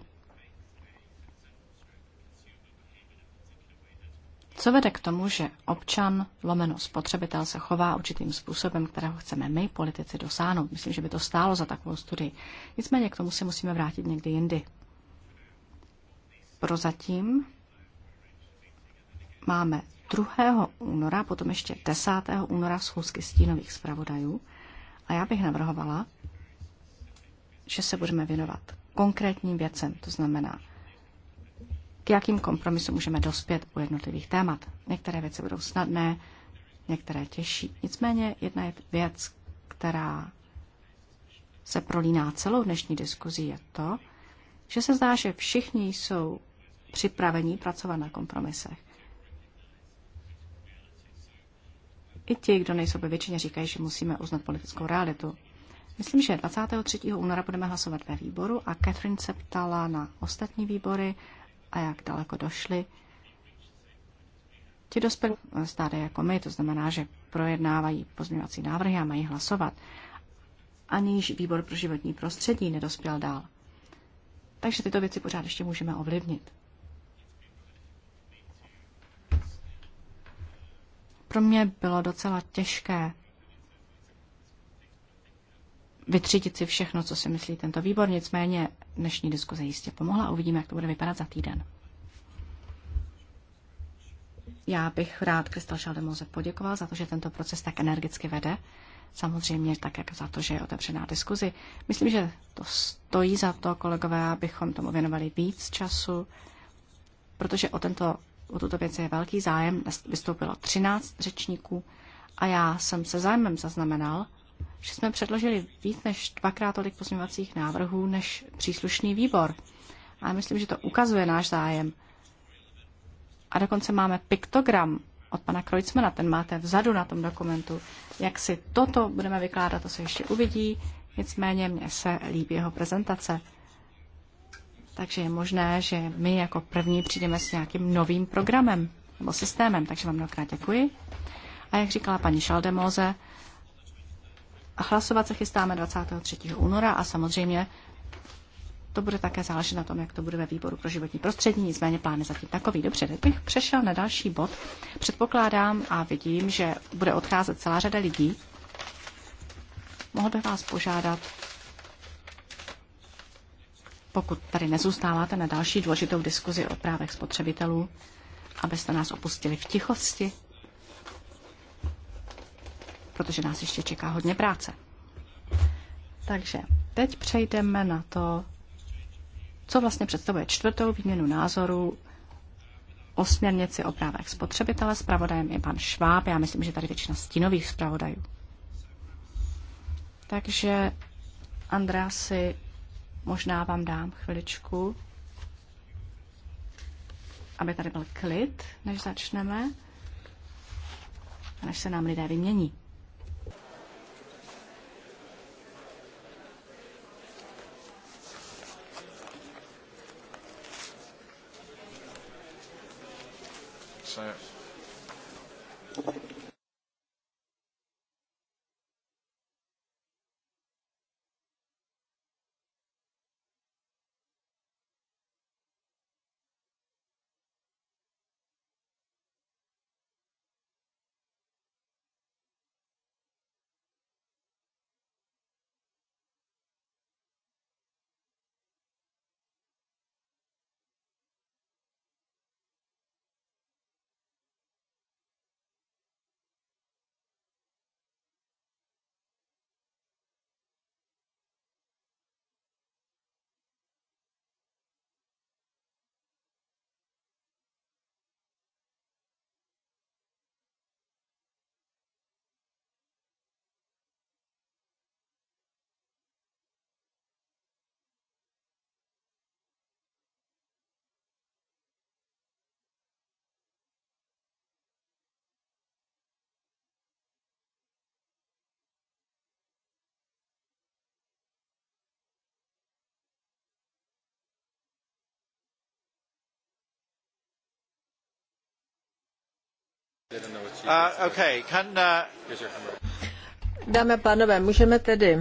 Co vede k tomu, že občan lomeno spotřebitel se chová určitým způsobem, kterého chceme my, politici, dosáhnout? Myslím, že by to stálo za takovou studii. Nicméně k tomu se musíme vrátit někdy jindy. Prozatím máme 2. února, potom ještě 10. února schůzky stínových zpravodajů a já bych navrhovala, že se budeme věnovat konkrétním věcem, to znamená k jakým kompromisům můžeme dospět u jednotlivých témat. Některé věci budou snadné, některé těžší. Nicméně jedna je věc, která se prolíná celou dnešní diskuzí, je to, že se zdá, že všichni jsou připravení pracovat na kompromisech. I ti, kdo nejsou ve většině, říkají, že musíme uznat politickou realitu. Myslím, že 23. února budeme hlasovat ve výboru a Catherine se ptala na ostatní výbory a jak daleko došli. Ti dospělí stále jako my, to znamená, že projednávají pozměňovací návrhy a mají hlasovat. Aniž výbor pro životní prostředí nedospěl dál. Takže tyto věci pořád ještě můžeme ovlivnit. Pro mě bylo docela těžké vytřítit si všechno, co si myslí tento výbor. Nicméně dnešní diskuze jistě pomohla uvidíme, jak to bude vypadat za týden. Já bych rád Kristal Šaldemoze poděkoval za to, že tento proces tak energicky vede. Samozřejmě také za to, že je otevřená diskuzi. Myslím, že to stojí za to, kolegové, abychom tomu věnovali víc času, protože o, tento, o tuto věc je velký zájem. Vystoupilo 13 řečníků a já jsem se zájmem zaznamenal, že jsme předložili víc než dvakrát tolik pozměňovacích návrhů než příslušný výbor. A myslím, že to ukazuje náš zájem. A dokonce máme piktogram od pana Krojcmana, ten máte vzadu na tom dokumentu. Jak si toto budeme vykládat, to se ještě uvidí, nicméně mně se líbí jeho prezentace. Takže je možné, že my jako první přijdeme s nějakým novým programem nebo systémem, takže vám mnohokrát děkuji. A jak říkala paní Šaldemoze, a hlasovat se chystáme 23. února a samozřejmě to bude také záležet na tom, jak to bude ve výboru pro životní prostředí, nicméně plány zatím takový. Dobře, teď bych přešel na další bod. Předpokládám a vidím, že bude odcházet celá řada lidí. Mohl bych vás požádat, pokud tady nezůstáváte na další důležitou diskuzi o právech spotřebitelů, abyste nás opustili v tichosti protože nás ještě čeká hodně práce. Takže teď přejdeme na to, co vlastně představuje čtvrtou výměnu názorů o směrnici o právech spotřebitele. Spravodajem je pan Šváb, já myslím, že tady většina stínových zpravodajů. Takže, Andrásy, možná vám dám chviličku, aby tady byl klid, než začneme a než se nám lidé vymění. Uh, Dámy a pánové, můžeme tedy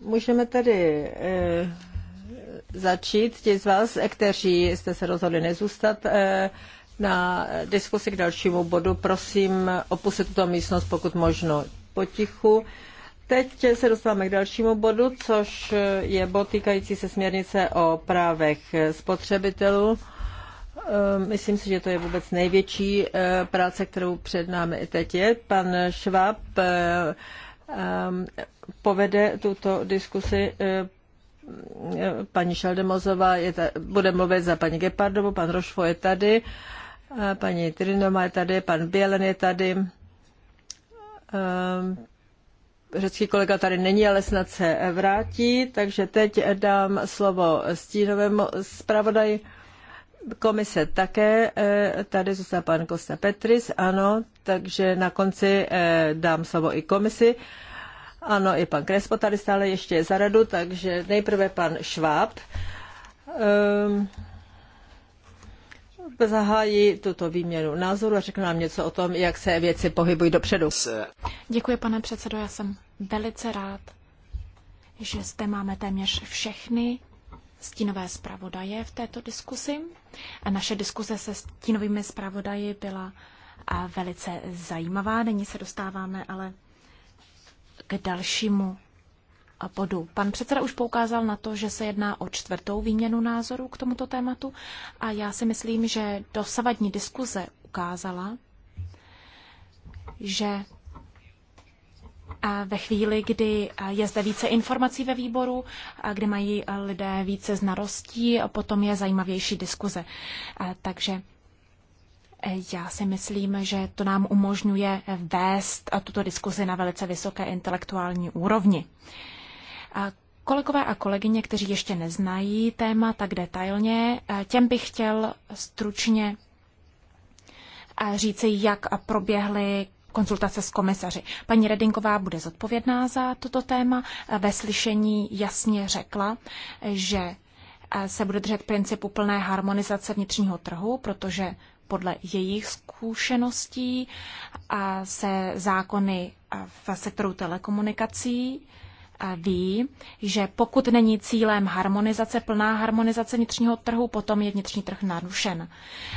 můžeme tedy eh, začít. Ti z vás, eh, kteří jste se rozhodli nezůstat eh, na diskusi k dalšímu bodu, prosím opustit tuto místnost pokud možno potichu. Teď se dostáváme k dalšímu bodu, což je bod týkající se směrnice o právech spotřebitelů. Eh, myslím si, že to je vůbec největší eh, práce, kterou před námi teď je. Pan Šváb eh, povede tuto diskusi paní Šaldemozová je ta, bude mluvit za paní Gepardovu, pan Rošvo je tady, paní Trinová je tady, pan Bělen je tady. Řecký kolega tady není, ale snad se vrátí, takže teď dám slovo stínovému zpravodaji komise také, eh, tady zůstal pan Kosta Petris, ano, takže na konci eh, dám slovo i komisi. Ano, i pan Krespo tady stále ještě je za radu, takže nejprve pan Šváb. Um, ehm, zahájí tuto výměnu názoru a řekne nám něco o tom, jak se věci pohybují dopředu. Děkuji, pane předsedo, já jsem velice rád, že zde máme téměř všechny stínové zpravodaje v této diskusi. A naše diskuse se stínovými zpravodaji byla velice zajímavá. Nyní se dostáváme ale k dalšímu bodu. Pan předseda už poukázal na to, že se jedná o čtvrtou výměnu názorů k tomuto tématu a já si myslím, že dosavadní diskuze ukázala, že ve chvíli, kdy eh, je zde více informací ve výboru, eh, kdy mají eh, lidé více znalostí, potom je zajímavější diskuze. Takže já si myslím, že to nám umožňuje vést tuto diskuzi na velice vysoké intelektuální úrovni. Kolegové a kolegyně, kteří ještě neznají téma tak detailně, těm bych chtěl stručně říci, jak proběhly konzultace s komisaři. Paní Redinková bude zodpovědná za toto téma. Ve slyšení jasně řekla, že eh, se bude držet principu plné harmonizace vnitřního trhu, protože podle jejich zkušeností eh, se zákony eh, v sektoru telekomunikací ví, že pokud není cílem harmonizace, plná harmonizace vnitřního trhu, potom je vnitřní trh narušen.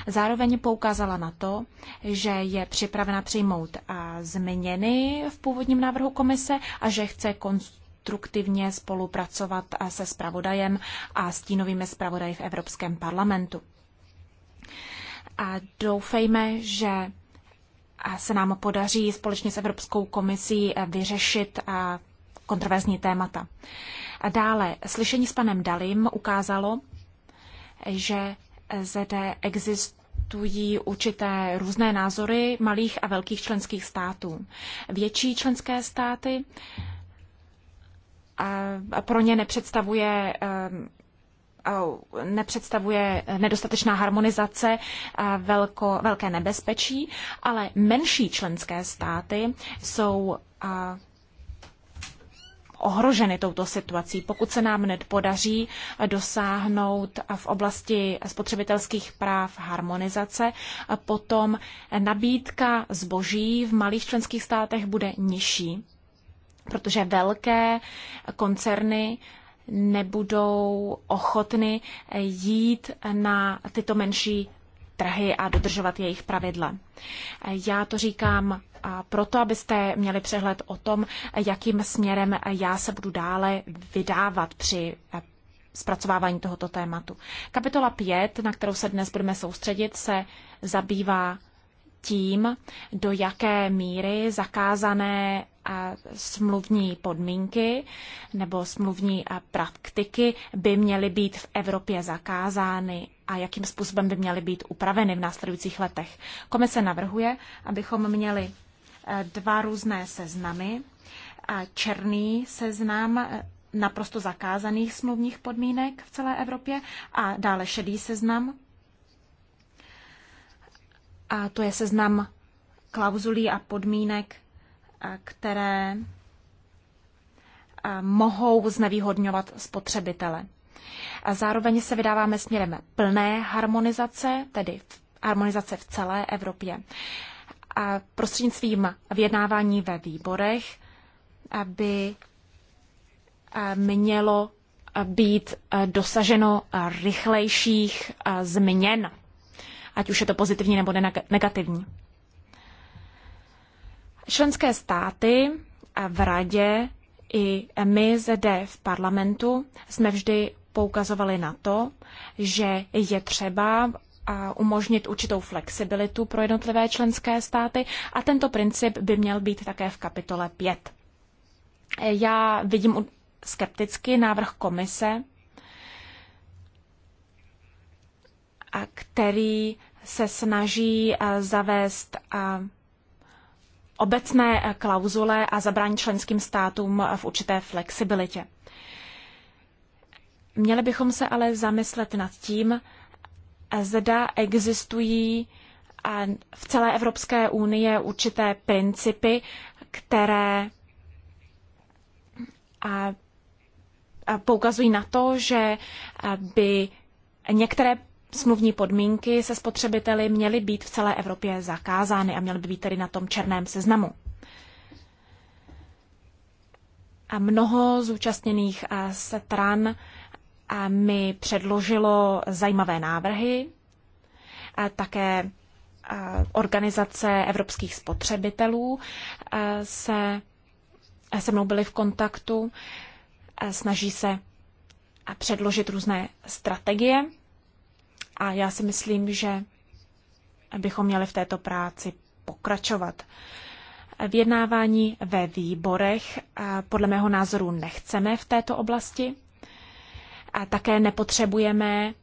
Zároveň poukázala na to, že je připravena přijmout změny v původním návrhu komise a že chce konstruktivně spolupracovat se spravodajem a stínovými spravodaji v Evropském parlamentu. A doufejme, že se nám podaří společně s Evropskou komisí vyřešit kontroverzní témata. Dále, slyšení s panem Dalim ukázalo, že zde existují určité různé názory malých a velkých členských států. Větší členské státy eh, pro ně nepředstavuje eh, eh, nepředstavuje nedostatečná harmonizace velko, velké nebezpečí, ale menší členské státy jsou ohroženy touto situací. Pokud se nám nepodaří dosáhnout v oblasti spotřebitelských práv harmonizace, potom nabídka zboží v malých členských státech bude nižší, protože velké koncerny nebudou ochotny jít na tyto menší trhy a dodržovat jejich pravidla. Já to říkám proto, abyste měli přehled o tom, jakým směrem já se budu dále vydávat při eh, zpracovávání tohoto tématu. Kapitola 5, na kterou se dnes budeme soustředit, se zabývá tím, do jaké míry zakázané smluvní podmínky nebo smluvní praktiky by měly být v Evropě zakázány a jakým způsobem by měly být upraveny v následujících letech. Komise navrhuje, abychom měli e, dva různé seznamy. Černý seznam e, naprosto zakázaných smluvních podmínek v celé Evropě a dále šedý seznam a to je seznam klauzulí a podmínek, eh, které eh, mohou znevýhodňovat spotřebitele. A zároveň se vydáváme směrem plné harmonizace, tedy harmonizace v celé Evropě. A prostřednictvím vyjednávání ve výborech aby eh, mělo být dosaženo rychlejších změn ať už je to pozitivní nebo negativní. Členské státy v radě i my zde v parlamentu jsme vždy poukazovali na to, že je třeba a umožnit určitou flexibilitu pro jednotlivé členské státy a tento princip by měl být také v kapitole 5. Já vidím skepticky návrh komise, který se snaží eh, zavést eh, obecné eh, klauzule a zabránit členským státům v určité flexibilitě. Měli bychom se ale zamyslet nad tím, zda existují v celé Evropské unii určité principy, které poukazují na to, že by některé smluvní podmínky se spotřebiteli měly být v celé Evropě zakázány a měly by být tedy na tom černém seznamu. A mnoho zúčastněných eh, stran eh, mi předložilo zajímavé návrhy, a eh, také organizace evropských spotřebitelů se se mnou byly v kontaktu, snaží se předložit různé strategie a já si myslím, že bychom měli v této práci pokračovat. Vyjednávání ve výborech podle mého názoru nechceme v této oblasti. A také nepotřebujeme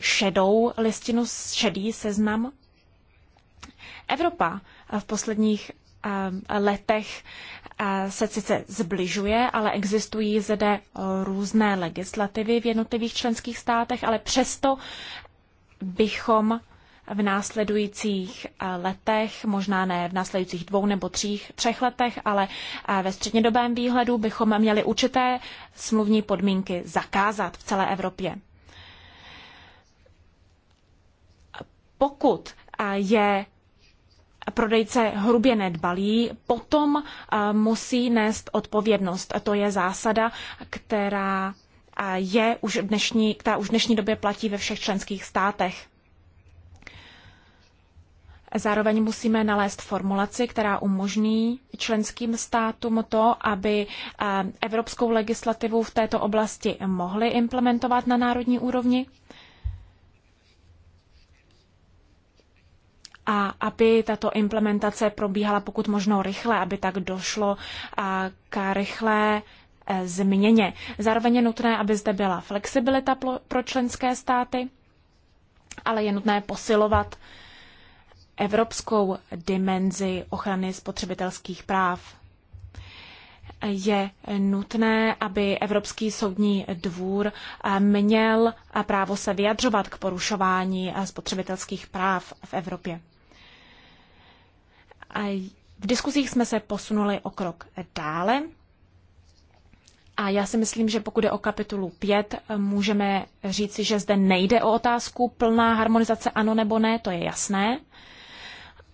šedou listinu, šedý seznam. Evropa v posledních letech se sice zbližuje, ale existují zde různé legislativy v jednotlivých členských státech, ale přesto bychom v následujících letech, možná ne v následujících dvou nebo třích, třech letech, ale ve střednědobém výhledu bychom měli určité smluvní podmínky zakázat v celé Evropě. Pokud je prodejce hrubě nedbalí, potom eh, musí nést odpovědnost. To je zásada, která eh, je už v dnešní, která už v dnešní době platí ve všech členských státech. Zároveň musíme nalézt formulaci, která umožní členským státům to, aby eh, evropskou legislativu v této oblasti mohli implementovat na národní úrovni. a aby tato implementace probíhala pokud možno rychle, aby tak došlo k rychlé e, změně. Zároveň je nutné, aby zde byla flexibilita pro členské státy, ale je nutné posilovat evropskou dimenzi ochrany spotřebitelských práv. Je nutné, aby Evropský soudní dvůr e, měl právo se vyjadřovat k porušování e, spotřebitelských práv v Evropě. V diskuzích jsme se posunuli o krok dále. A já si myslím, že pokud je o kapitolu 5, můžeme říci, že zde nejde o otázku plná harmonizace ano nebo ne, to je jasné,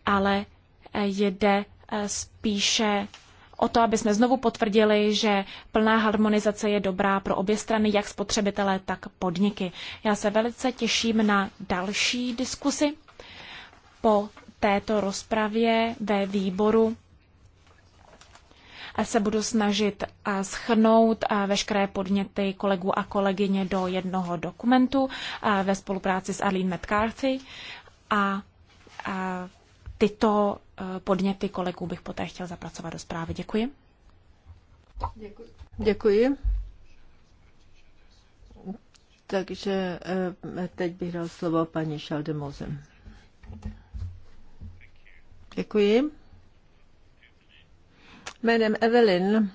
ale eh, jde eh, spíše o to, aby jsme znovu potvrdili, že plná harmonizace je dobrá pro obě strany, jak spotřebitelé, tak podniky. Já se velice těším na další diskusy po této rozpravě ve výboru se budu snažit schrnout veškeré podněty kolegů a kolegyně do jednoho dokumentu ve spolupráci s Arlene McCarthy a tyto e, podněty kolegů bych poté chtěl zapracovat do zprávy. Děkuji. Děkuji. Děkuji. Takže e, teď bych dal slovo paní Šaldemozem. Děkuji. Jménem Evelyn,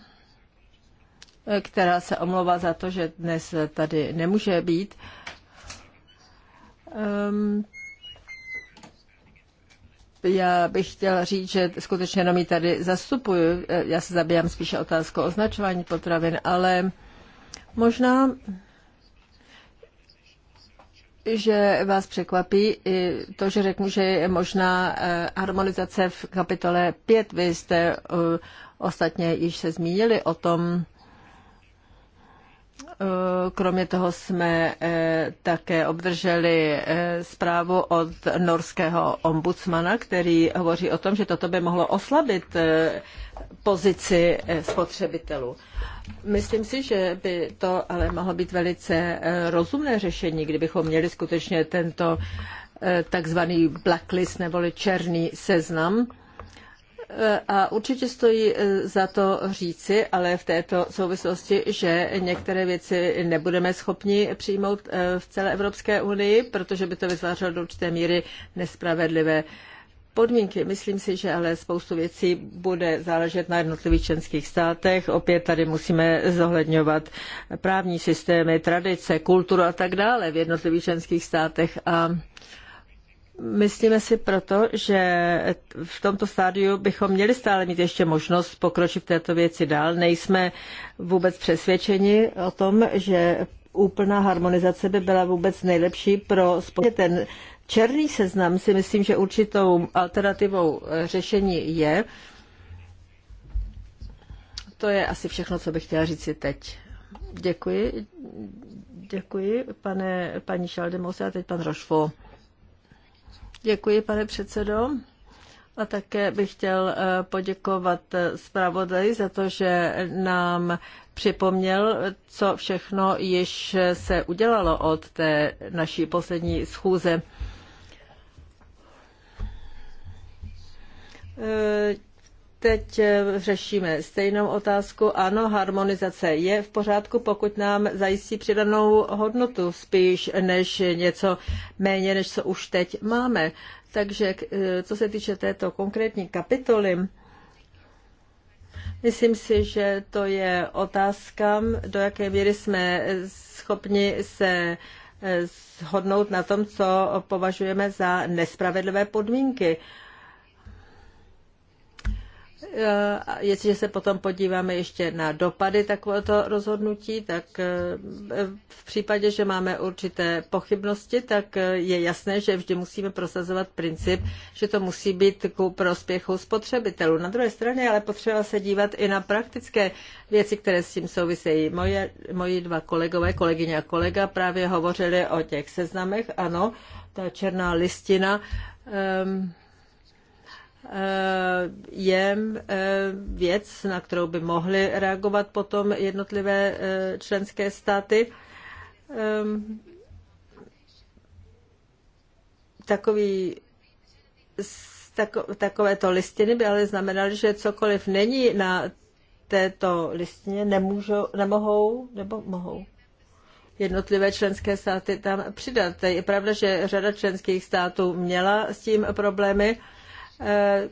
která se omlouvá za to, že dnes tady nemůže být. Um, já bych chtěla říct, že skutečně jenom ji tady zastupuju. Já se zabývám spíše otázkou označování potravin, ale možná že vás překvapí to, že řeknu, že je možná eh, harmonizace v kapitole 5. Vy jste eh, ostatně již se zmínili o tom, Eh, kromě toho jsme eh, také obdrželi eh, zprávu od norského ombudsmana, který hovoří o tom, že toto by mohlo oslabit pozici spotřebitelů. Myslím si, že by to ale mohlo být velice rozumné řešení, kdybychom měli skutečně tento takzvaný blacklist neboli černý seznam a určitě stojí e, za to říci, ale v této souvislosti, že některé věci nebudeme schopni přijmout e, v celé Evropské unii, protože by to vytvářelo do určité míry nespravedlivé podmínky. Myslím si, že ale spoustu věcí bude záležet na jednotlivých členských státech. Opět tady musíme zohledňovat právní systémy, tradice, kulturu a tak dále v jednotlivých členských státech a Myslíme si proto, že v tomto stádiu bychom měli stále mít ještě možnost pokročit v této věci dál. Nejsme vůbec přesvědčeni o tom, že úplná harmonizace by byla vůbec nejlepší pro společnost. Ten černý seznam si myslím, že určitou alternativou eh, řešení je. To je asi všechno, co bych chtěla říct si teď. Děkuji. Děkuji, pane, paní Šaldemose a teď pan Rošfo. Děkuji, pane předsedo. A také bych chtěl eh, poděkovat eh, zpravodaji za to, že nám připomněl, co všechno již se udělalo od té naší poslední schůze. Eh, Teď eh, řešíme stejnou otázku. Ano, harmonizace je v pořádku, pokud nám zajistí přidanou hodnotu spíš než něco méně, než co už teď máme. Takže eh, co se týče této konkrétní kapitoly, Myslím si, že to je otázka, do jaké míry jsme schopni se eh, shodnout na tom, co považujeme za nespravedlivé podmínky. Eh, jestliže se potom podíváme ještě na dopady takovéto rozhodnutí, tak eh, v případě, že máme určité pochybnosti, tak eh, je jasné, že vždy musíme prosazovat princip, že to musí být ku prospěchu spotřebitelů. Na druhé straně ale potřeba se dívat i na praktické věci, které s tím souvisejí. Moje, moji dva kolegové, kolegyně a kolega právě hovořili o těch seznamech. Ano, ta černá listina. Um, Eh, je eh, věc, na kterou by mohly reagovat potom jednotlivé eh, členské státy. Ehm, takový takovéto listiny by ale znamenaly, že cokoliv není na této listině, nemůžou, nemohou nebo mohou jednotlivé členské státy tam přidat. Je pravda, že řada členských států měla s tím problémy. Eh,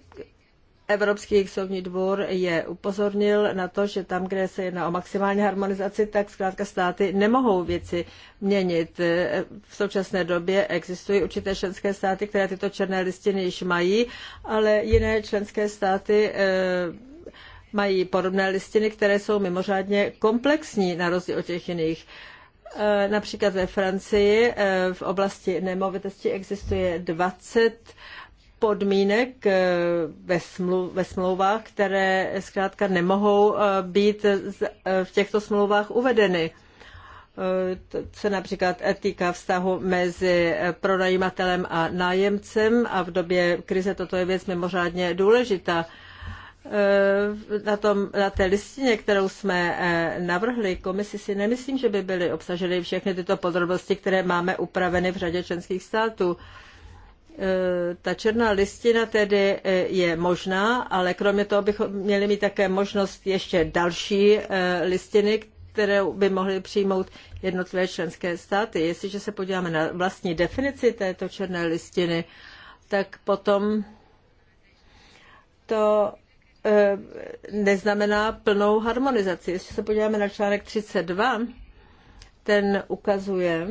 Evropský soudní dvůr je upozornil na to, že tam, kde se jedná o maximální harmonizaci, tak zkrátka státy nemohou věci měnit. Eh, v současné době existují určité členské státy, které tyto černé listiny již mají, ale jiné členské státy eh, mají podobné listiny, které jsou mimořádně komplexní na rozdíl od těch jiných. Například ve Francii v oblasti nemovitosti existuje 20 podmínek eh, ve, smlu, ve smlouvách, které zkrátka nemohou eh, být eh, v těchto smlouvách uvedeny. To se například etika vztahu mezi pronajímatelem a nájemcem a v době krize toto je věc mimořádně důležitá. Na, tom, na té listině, kterou jsme navrhli komisi, si nemyslím, že by byly obsaženy všechny tyto podrobnosti, které máme upraveny v řadě členských států. Uh, Eh, ta černá listina tedy eh, je možná, ale kromě toho bychom měli mít také možnost ještě další eh, listiny, které by mohly přijmout jednotlivé členské státy. Jestliže se podíváme na vlastní definici této černé listiny, tak potom to neznamená plnou harmonizaci. Jestli se podíváme na článek 32, ten ukazuje,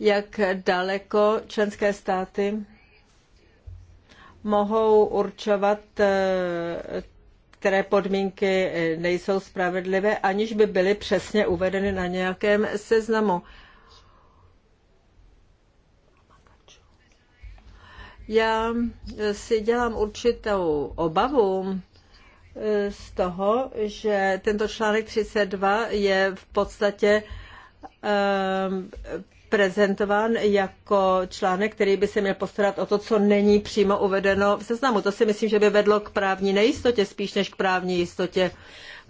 jak daleko členské státy mohou určovat, eh, které podmínky nejsou spravedlivé, aniž by byly přesně uvedeny na nějakém seznamu. Já si dělám určitou obavu eh, z toho, že tento článek 32 je v podstatě eh, prezentován jako článek, který by se měl postarat o to, co není přímo uvedeno v seznamu. To si myslím, že by vedlo k právní nejistotě spíš než k právní jistotě.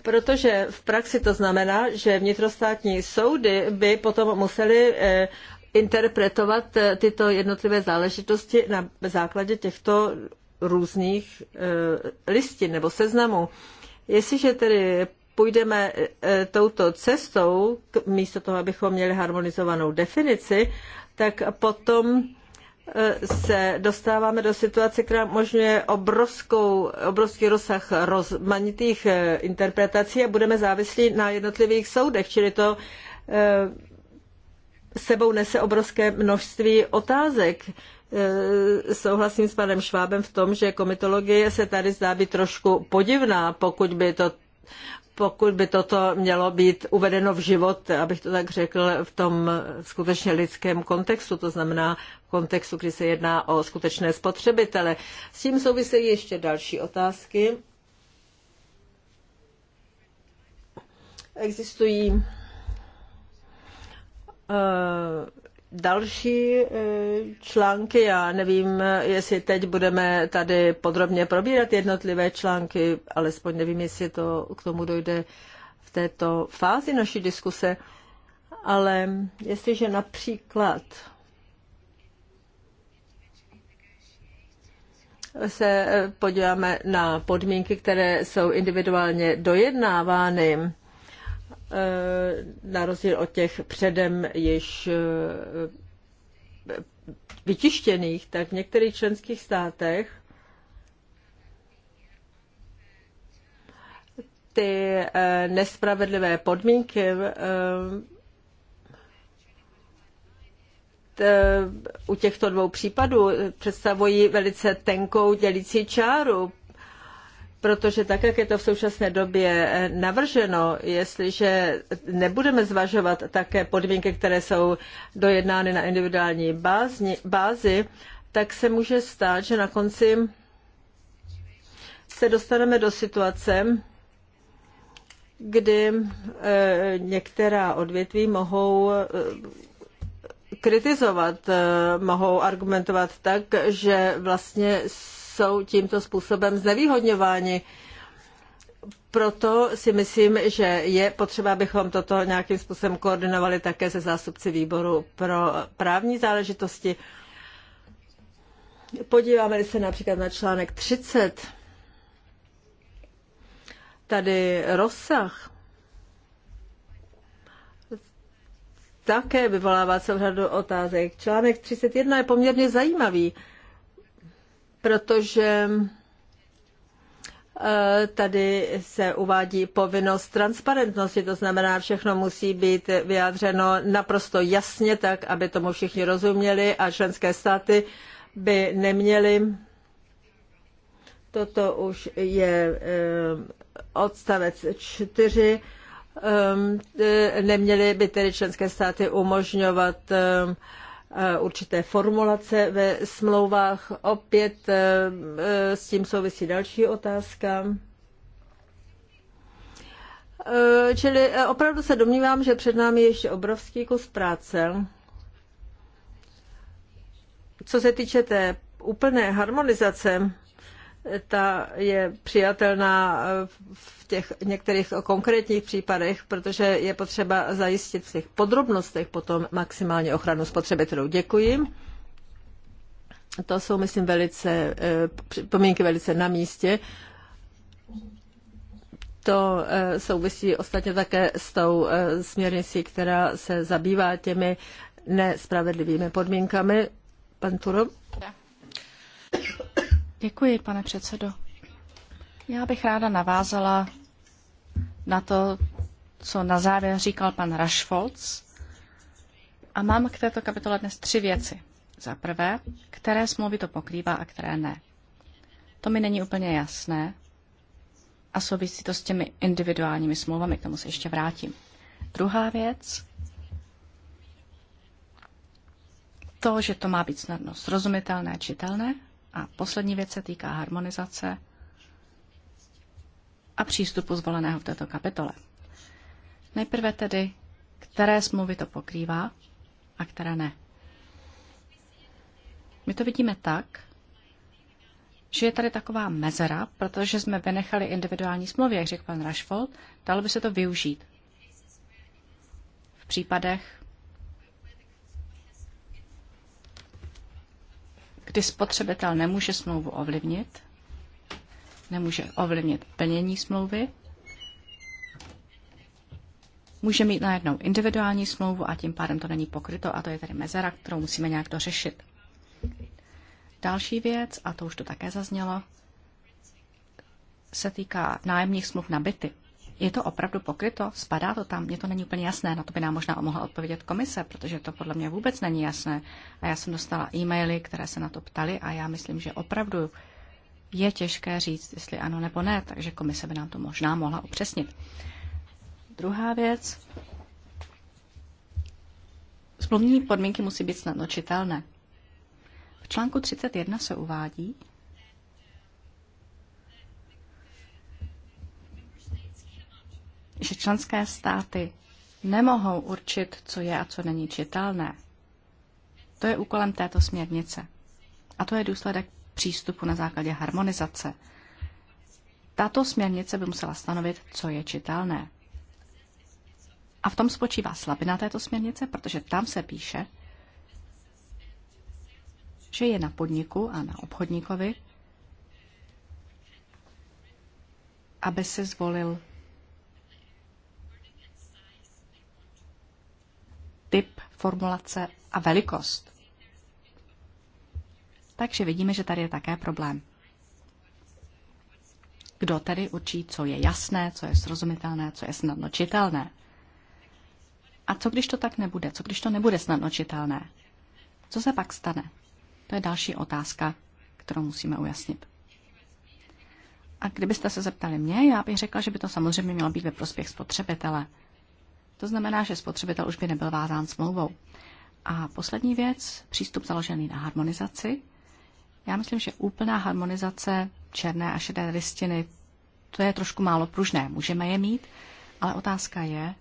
Protože v praxi to znamená, že vnitrostátní soudy by potom museli eh, interpretovat eh, tyto jednotlivé záležitosti na základě těchto různých eh, listin nebo seznamů. Jestliže tedy půjdeme e, e, touto cestou, místo toho, abychom měli harmonizovanou definici, tak potom e, se dostáváme do situace, která možňuje obrovskou, obrovský rozsah rozmanitých interpretací a budeme závislí na jednotlivých soudech, čili to sebou nese obrovské množství otázek. Souhlasím s panem Švábem v tom, že komitologie se tady zdá být trošku podivná, pokud by to pokud by toto mělo být uvedeno v život, abych to tak řekl, v tom skutečně lidském kontextu, to znamená v kontextu, kdy se jedná o skutečné spotřebitele. S tím souvisejí ještě další otázky. Existují uh, další eh, články. Já nevím, jestli teď budeme tady podrobně probírat jednotlivé články, alespoň nevím, jestli to k tomu dojde v této fázi naší diskuse, ale jestliže například se podíváme na podmínky, které jsou individuálně dojednávány, Eh, na rozdíl od těch předem již eh, vytištěných, tak v některých členských státech ty eh, nespravedlivé podmínky u těchto dvou případů představují velice tenkou dělící čáru protože tak, jak je to v současné době eh, navrženo, jestliže nebudeme zvažovat také podmínky, které jsou dojednány na individuální bázi, bázi tak se může stát, že na konci se dostaneme do situace, kdy eh, některá odvětví mohou eh, kritizovat, mohou argumentovat tak, že vlastně jsou tímto způsobem znevýhodňováni. Proto si myslím, že je potřeba, abychom toto nějakým způsobem koordinovali také se zástupci výboru pro právní záležitosti. Podíváme se například na článek 30. Tady rozsah také vyvolává celou řadu otázek. Článek 31 je poměrně zajímavý protože eh, tady se uvádí povinnost transparentnosti, to znamená, všechno musí být vyjádřeno naprosto jasně, tak aby tomu všichni rozuměli a členské státy by neměly. Toto už je eh, odstavec 4. Eh, neměly by tedy členské státy umožňovat určité formulace ve smlouvách. Opět e, e, s tím souvisí další otázka. E, čili opravdu se domnívám, že před námi je ještě obrovský kus práce. Co se týče té úplné harmonizace, ta je přijatelná v těch některých konkrétních případech, protože je potřeba zajistit v těch podrobnostech potom maximálně ochranu spotřebitelů. Děkuji. To jsou, myslím, velice, eh, pomínky velice na místě. To eh, souvisí ostatně také s tou eh, směrnicí, která se zabývá těmi nespravedlivými podmínkami. Pan Turo? Děkuji, pane předsedo. Já bych ráda navázala na to, co na závěr říkal pan Rashfolds. A mám k této kapitole dnes tři věci. Za prvé, které smlouvy to pokrývá a které ne. To mi není úplně jasné a souvisí to s těmi individuálními smlouvami, k tomu se ještě vrátím. Druhá věc, to, že to má být snadno srozumitelné, čitelné, a poslední věc se týká harmonizace a přístupu zvoleného v této kapitole. Nejprve tedy, které smlouvy to pokrývá a které ne. My to vidíme tak, že je tady taková mezera, protože jsme vynechali individuální smlouvy, jak řekl pan Rashford, dalo by se to využít. V případech, kdy spotřebitel nemůže smlouvu ovlivnit, nemůže ovlivnit plnění smlouvy, může mít najednou individuální smlouvu a tím pádem to není pokryto a to je tedy mezera, kterou musíme nějak dořešit. Další věc, a to už to také zaznělo, se týká nájemních smluv na byty. Je to opravdu pokryto? Spadá to tam? Mně to není úplně jasné. Na to by nám možná mohla odpovědět komise, protože to podle mě vůbec není jasné. A já jsem dostala e-maily, které se na to ptali a já myslím, že opravdu je těžké říct, jestli ano nebo ne, takže komise by nám to možná mohla upřesnit. Druhá věc. Smluvní podmínky musí být snadno čitelné. V článku 31 se uvádí, že členské státy nemohou určit, co je a co není čitelné. To je úkolem této směrnice. A to je důsledek přístupu na základě harmonizace. Tato směrnice by musela stanovit, co je čitelné. A v tom spočívá slabina této směrnice, protože tam se píše, že je na podniku a na obchodníkovi, aby se zvolil typ formulace a velikost. Takže vidíme, že tady je také problém. Kdo tedy určí, co je jasné, co je srozumitelné, co je snadno čitelné? A co když to tak nebude? Co když to nebude snadno čitelné? Co se pak stane? To je další otázka, kterou musíme ujasnit. A kdybyste se zeptali mě, já bych řekla, že by to samozřejmě mělo být ve prospěch spotřebitele. To znamená, že spotřebitel už by nebyl vázán smlouvou. A poslední věc, přístup založený na harmonizaci. Já myslím, že úplná harmonizace černé a šedé listiny, to je trošku málo pružné. Můžeme je mít, ale otázka je,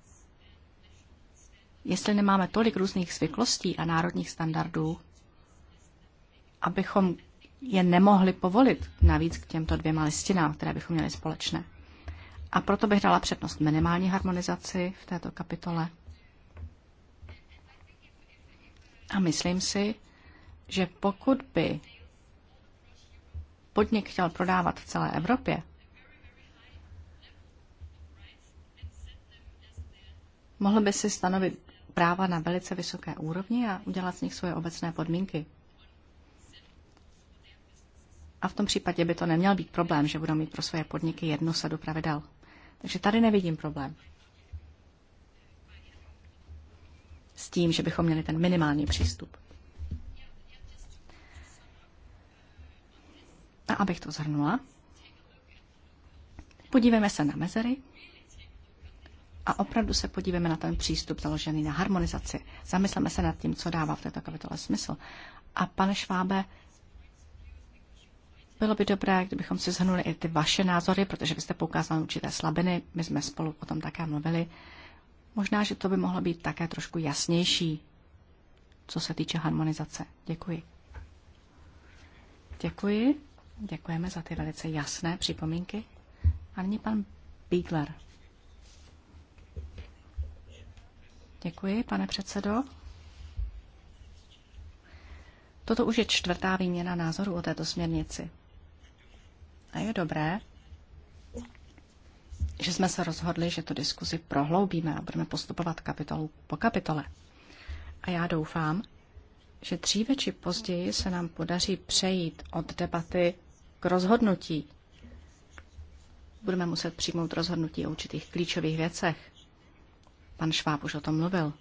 jestli nemáme tolik různých zvyklostí a národních standardů, abychom je nemohli povolit navíc k těmto dvěma listinám, které bychom měli společné. A proto bych dala přednost minimální harmonizaci v této kapitole. A myslím si, že pokud by podnik chtěl prodávat v celé Evropě, mohl by si stanovit práva na velice vysoké úrovni a udělat z nich svoje obecné podmínky. A v tom případě by to neměl být problém, že budou mít pro své podniky jednu sadu pravidel. Takže tady nevidím problém. S tím, že bychom měli ten minimální přístup. A abych to zhrnula, podívejme se na mezery a opravdu se podívejme na ten přístup založený na harmonizaci. Zamysleme se nad tím, co dává v této kapitole smysl. A pane Švábe, bylo by dobré, kdybychom si zhrnuli i ty vaše názory, protože vy jste poukázal určité slabiny, my jsme spolu o tom také mluvili. Možná, že to by mohlo být také trošku jasnější, co se týče harmonizace. Děkuji. Děkuji. Děkujeme za ty velice jasné připomínky. A nyní pan Bígler. Děkuji, pane předsedo. Toto už je čtvrtá výměna názoru o této směrnici. A je dobré, že jsme se rozhodli, že tu diskuzi prohloubíme a budeme postupovat kapitolu po kapitole. A já doufám, že dříve či později se nám podaří přejít od debaty k rozhodnutí. Budeme muset přijmout rozhodnutí o určitých klíčových věcech. Pan Šváb už o tom mluvil.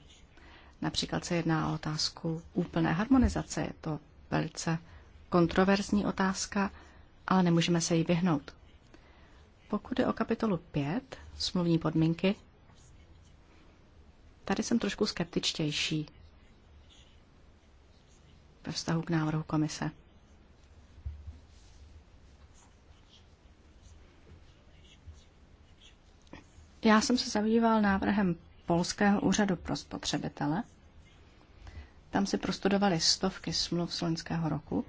Například se jedná o otázku úplné harmonizace. Je to velice kontroverzní otázka ale nemůžeme se jí vyhnout. Pokud je o kapitolu 5, smluvní podmínky, tady jsem trošku skeptičtější ve vztahu k návrhu komise. Já jsem se zabýval návrhem Polského úřadu pro spotřebitele. Tam si prostudovali stovky smluv z loňského roku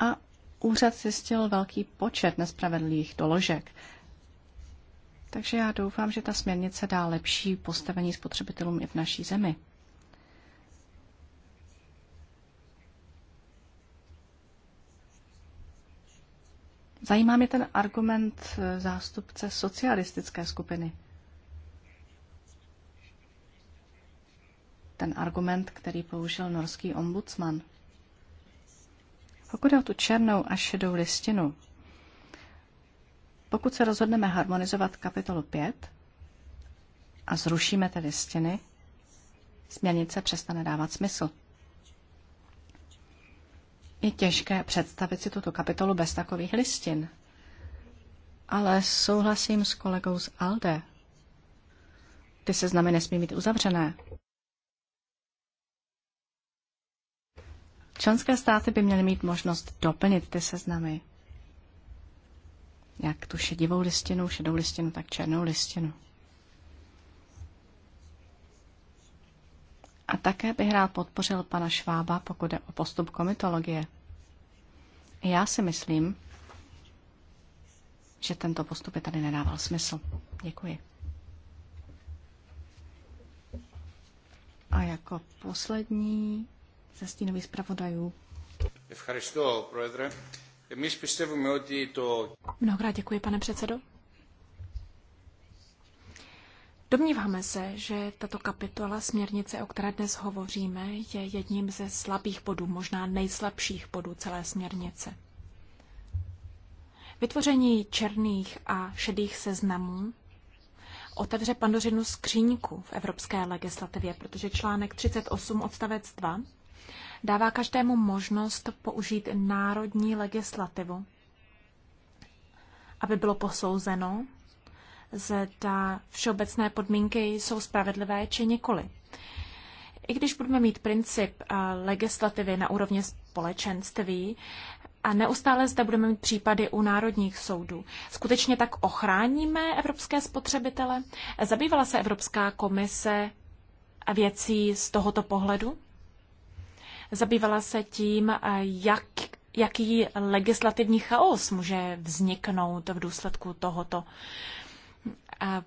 a úřad zjistil velký počet nespravedlivých doložek. Takže já doufám, že ta směrnice dá lepší postavení spotřebitelům i v naší zemi. Zajímá mě ten argument eh, zástupce socialistické skupiny. Ten argument, který použil norský ombudsman. Pokud je o tu černou a šedou listinu, pokud se rozhodneme harmonizovat kapitolu 5 a zrušíme ty listiny, směrnice přestane dávat smysl. Je těžké představit si tuto kapitolu bez takových listin. Ale souhlasím s kolegou z ALDE. Ty seznamy nesmí být uzavřené. Členské státy by měly mít možnost doplnit ty seznamy. Jak tu šedivou listinu, šedou listinu, tak černou listinu. A také bych rád podpořil pana Švába, pokud je o postup komitologie. Já si myslím, že tento postup je tady nedával smysl. Děkuji. A jako poslední ze stínových zpravodajů. Mnohokrát děkuji, pane předsedo. Domníváme se, že tato kapitola směrnice, o které dnes hovoříme, je jedním ze slabých bodů, možná nejslabších bodů celé směrnice. Vytvoření černých a šedých seznamů otevře pandořinu skříňku v evropské legislativě, protože článek 38 odstavec 2 dává každému možnost použít národní legislativu, aby bylo posouzeno, zda všeobecné podmínky jsou spravedlivé či nikoli. I když budeme mít princip eh, legislativy na úrovni společenství, a neustále zde budeme mít případy u národních soudů. Skutečně tak ochráníme evropské spotřebitele? Zabývala se Evropská komise věcí z tohoto pohledu? Zabývala se tím, eh, jak, jaký legislativní chaos může vzniknout v důsledku tohoto. Eh,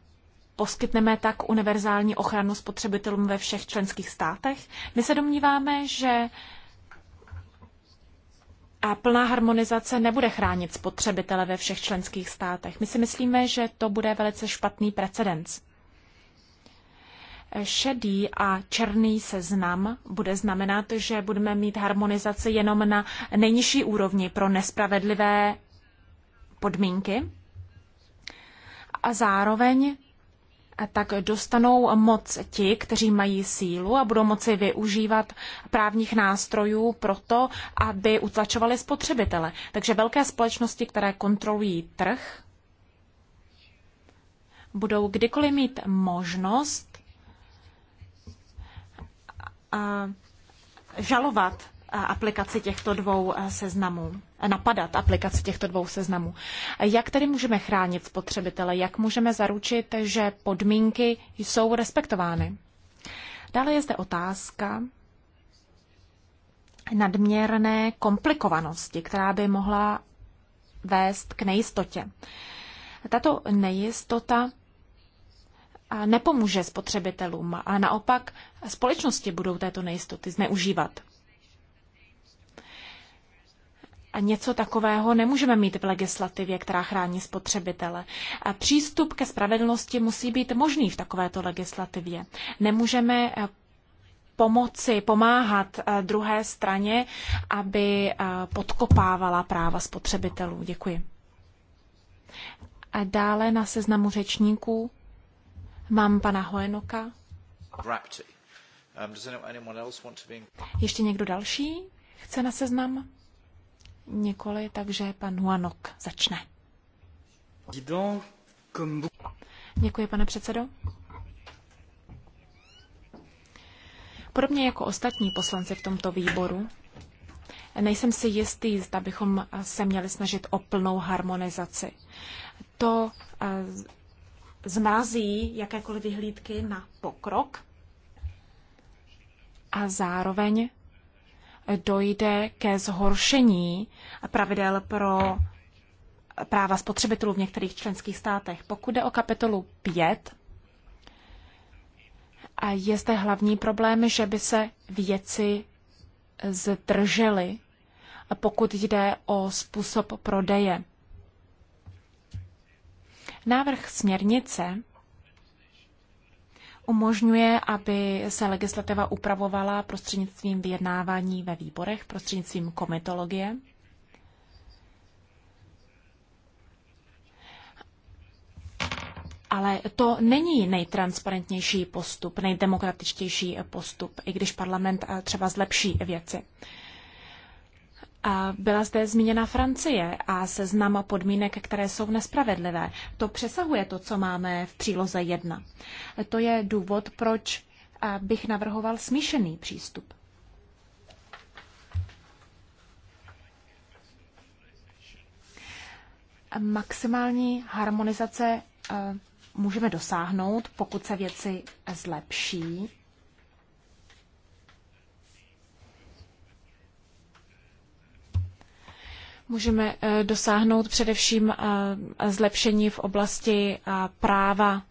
poskytneme tak univerzální ochranu spotřebitelům ve všech členských státech? My se domníváme, že a plná harmonizace nebude chránit spotřebitele ve všech členských státech. My si myslíme, že to bude velice špatný precedens šedý a černý seznam bude znamenat, že budeme mít harmonizaci jenom na nejnižší úrovni pro nespravedlivé podmínky a zároveň tak dostanou moc ti, kteří mají sílu a budou moci využívat právních nástrojů pro to, aby utlačovali spotřebitele. Takže velké společnosti, které kontrolují trh, budou kdykoliv mít možnost žalovat eh, aplikaci těchto dvou eh, seznamů, eh, napadat aplikaci těchto dvou seznamů. Jak tedy můžeme chránit spotřebitele? Jak můžeme zaručit, že podmínky jsou respektovány? Dále je zde otázka nadměrné komplikovanosti, která by mohla vést k nejistotě. Tato nejistota nepomůže spotřebitelům a naopak společnosti budou této nejistoty zneužívat. A něco takového nemůžeme mít v legislativě, která chrání spotřebitele. A přístup ke spravedlnosti musí být možný v takovéto legislativě. Nemůžeme eh, pomoci, pomáhat eh, druhé straně, aby eh, podkopávala práva spotřebitelů. Děkuji. A dále na seznamu řečníků Mám pana Hoenoka. Um, Ještě někdo další chce na seznam? Nikoli, takže pan Huanok začne. Děkuji, pane předsedo. Podobně jako ostatní poslanci v tomto výboru, nejsem si jistý, zda bychom se měli snažit o plnou harmonizaci. To eh, zmrazí jakékoliv vyhlídky na pokrok a zároveň dojde ke zhoršení pravidel pro práva spotřebitelů v některých členských státech. Pokud jde o kapitolu 5, a je zde hlavní problém, že by se věci zdržely, pokud jde o způsob prodeje. Návrh směrnice umožňuje, aby se legislativa upravovala prostřednictvím vyjednávání ve výborech, prostřednictvím komitologie. Ale to není nejtransparentnější postup, nejdemokratičtější postup, i když parlament eh, třeba zlepší věci. Byla zde zmíněna Francie a seznam podmínek, které jsou nespravedlivé. To přesahuje to, co máme v příloze 1. To je důvod, proč bych navrhoval smíšený přístup. Maximální harmonizace můžeme dosáhnout, pokud se věci zlepší Můžeme eh, dosáhnout především eh, zlepšení v oblasti eh, práva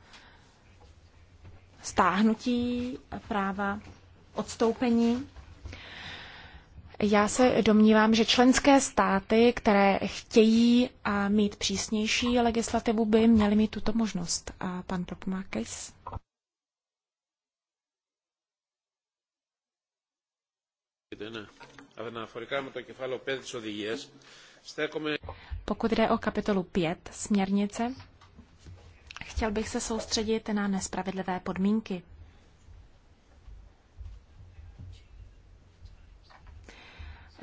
stáhnutí, práva odstoupení. Já se domnívám, že členské státy, které chtějí mít přísnější legislativu, by měly mít tuto možnost. A pan Propmakis? Jeden. Pokud jde o kapitolu 5 směrnice, chtěl bych se soustředit na nespravedlivé podmínky.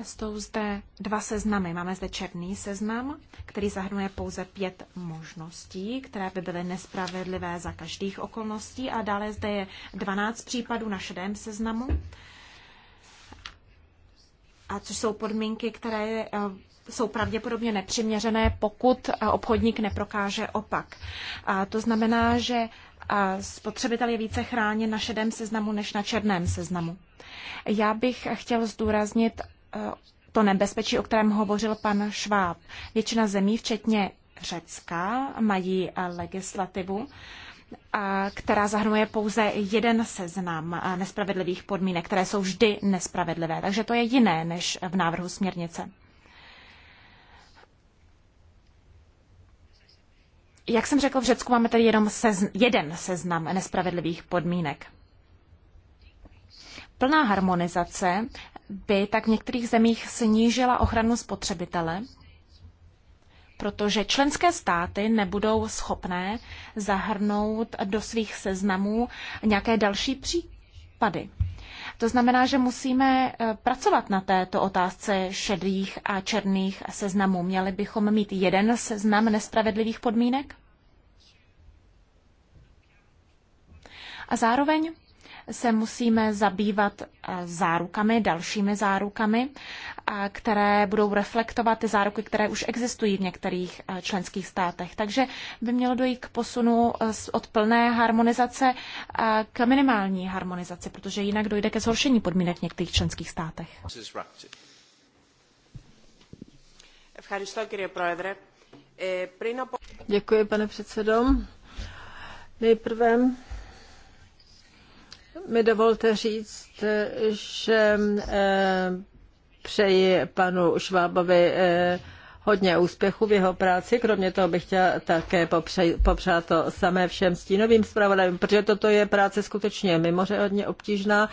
Jsou zde dva seznamy. Máme zde černý seznam, který zahrnuje pouze pět možností, které by byly nespravedlivé za každých okolností. A dále zde je 12 případů na šedém seznamu, a což jsou podmínky, které eh, jsou pravděpodobně nepřiměřené, pokud eh, obchodník neprokáže opak. A to znamená, že eh, spotřebitel je více chráněn na šedém seznamu než na černém seznamu. Já bych chtěl zdůraznit to nebezpečí, o kterém hovořil pan Šváb. Většina zemí, včetně Řecka, mají legislativu, která zahrnuje pouze jeden seznam nespravedlivých podmínek, které jsou vždy nespravedlivé. Takže to je jiné než v návrhu směrnice. Jak jsem řekl, v Řecku máme tedy jenom sezn- jeden seznam nespravedlivých podmínek. Plná harmonizace by tak v některých zemích snížila ochranu spotřebitele protože členské státy nebudou schopné zahrnout do svých seznamů nějaké další případy. To znamená, že musíme eh, pracovat na této otázce šedých a černých seznamů. Měli bychom mít jeden seznam nespravedlivých podmínek? A zároveň se musíme zabývat eh, zárukami, dalšími zárukami, které budou reflektovat ty záruky, které už existují v některých eh, členských státech. Takže by mělo dojít k posunu eh, od plné harmonizace k minimální harmonizaci, protože jinak dojde ke zhoršení podmínek v některých členských státech. Děkuji, pane předsedo. Nejprve mi dovolte říct, že eh, přeji panu Švábovi eh, hodně úspěchu v jeho práci. Kromě toho bych chtěla také popřát to samé všem stínovým zpravodajům, protože toto je práce skutečně mimořádně obtížná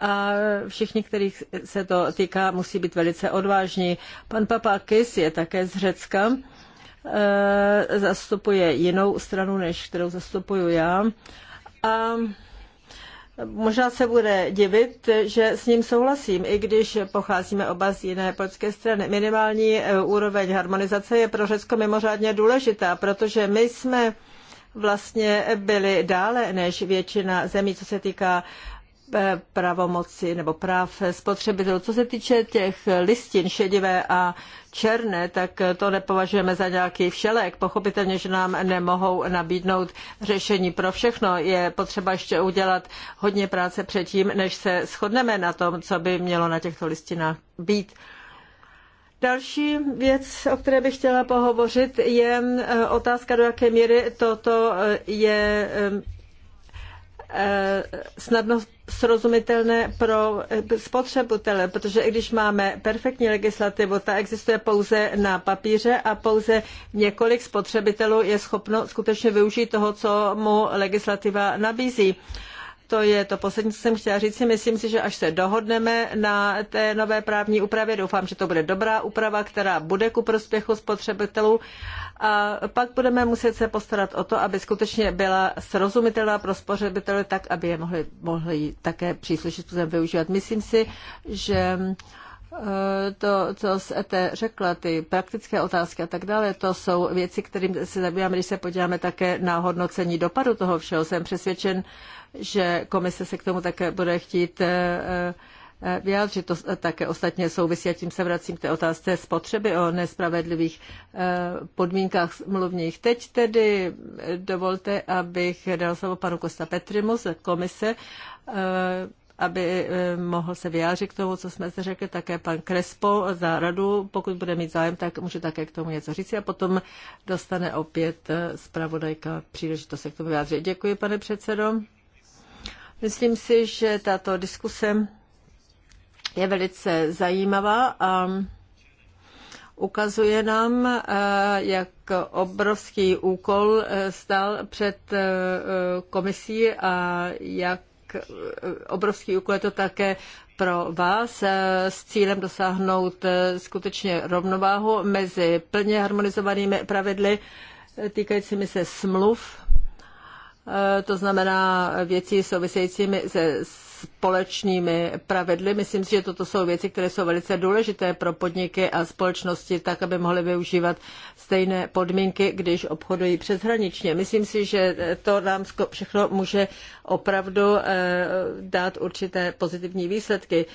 a všichni, kterých se to týká, musí být velice odvážní. Pan Papakis je také z Řecka, eh, zastupuje jinou stranu, než kterou zastupuju já. A Možná se bude divit, že s ním souhlasím, i když pocházíme oba z jiné polské strany. Minimální eh, úroveň harmonizace je pro Řecko mimořádně důležitá, protože my jsme vlastně byli dále než většina zemí, co se týká eh, pravomoci nebo práv spotřebitelů. Co se týče těch listin šedivé a černé, tak to nepovažujeme za nějaký všelek. Pochopitelně, že nám nemohou nabídnout řešení pro všechno. Je potřeba ještě udělat hodně práce předtím, než se shodneme na tom, co by mělo na těchto listinách být. Další věc, o které bych chtěla pohovořit, je eh, otázka, do jaké míry toto eh, je eh, Eh, snadno srozumitelné pro eh, spotřebitele, protože i když máme perfektní legislativu, ta existuje pouze na papíře a pouze několik spotřebitelů je schopno skutečně využít toho, co mu legislativa nabízí. To je to poslední, co jsem chtěla říct. Myslím si, že až se dohodneme na té nové právní úpravě, doufám, že to bude dobrá úprava, která bude ku prospěchu spotřebitelů. A pak budeme muset se postarat o to, aby skutečně byla srozumitelná pro spotřebitele, tak aby je mohli, mohli také příslušně způsobem využívat. Myslím si, že eh, to, co jste řekla, ty praktické otázky a tak dále, to jsou věci, kterým se zabýváme, když se podíváme také na hodnocení dopadu toho všeho. Jsem přesvědčen, že komise se k tomu také bude chtít eh, eh, vyjádřit. To také ostatně souvisí, a tím se vracím k té otázce spotřeby o nespravedlivých eh, podmínkách smluvních. Teď tedy dovolte, abych dal slovo panu Kosta Petrimu z komise, aby mohl se vyjádřit k tomu, co jsme se řekli, také pan Krespo za radu, pokud bude mít zájem, tak může také k tomu něco říct a potom dostane opět zpravodajka příležitost se k tomu vyjádřit. Děkuji, pane předsedo. Myslím si, že tato diskuse je velice zajímavá a ukazuje nám, eh, jak obrovský úkol eh, stál před eh, komisí a jak obrovský úkol je to také pro vás s cílem dosáhnout skutečně rovnováhu mezi plně harmonizovanými pravidly týkajícími se smluv Eh, to znamená věcí souvisejícími se společnými pravidly. Myslím si, že toto jsou věci, které jsou velice důležité pro podniky a společnosti, tak aby mohly využívat stejné podmínky, když obchodují přeshraničně. Myslím si, že to nám všechno může opravdu eh, dát určité pozitivní výsledky.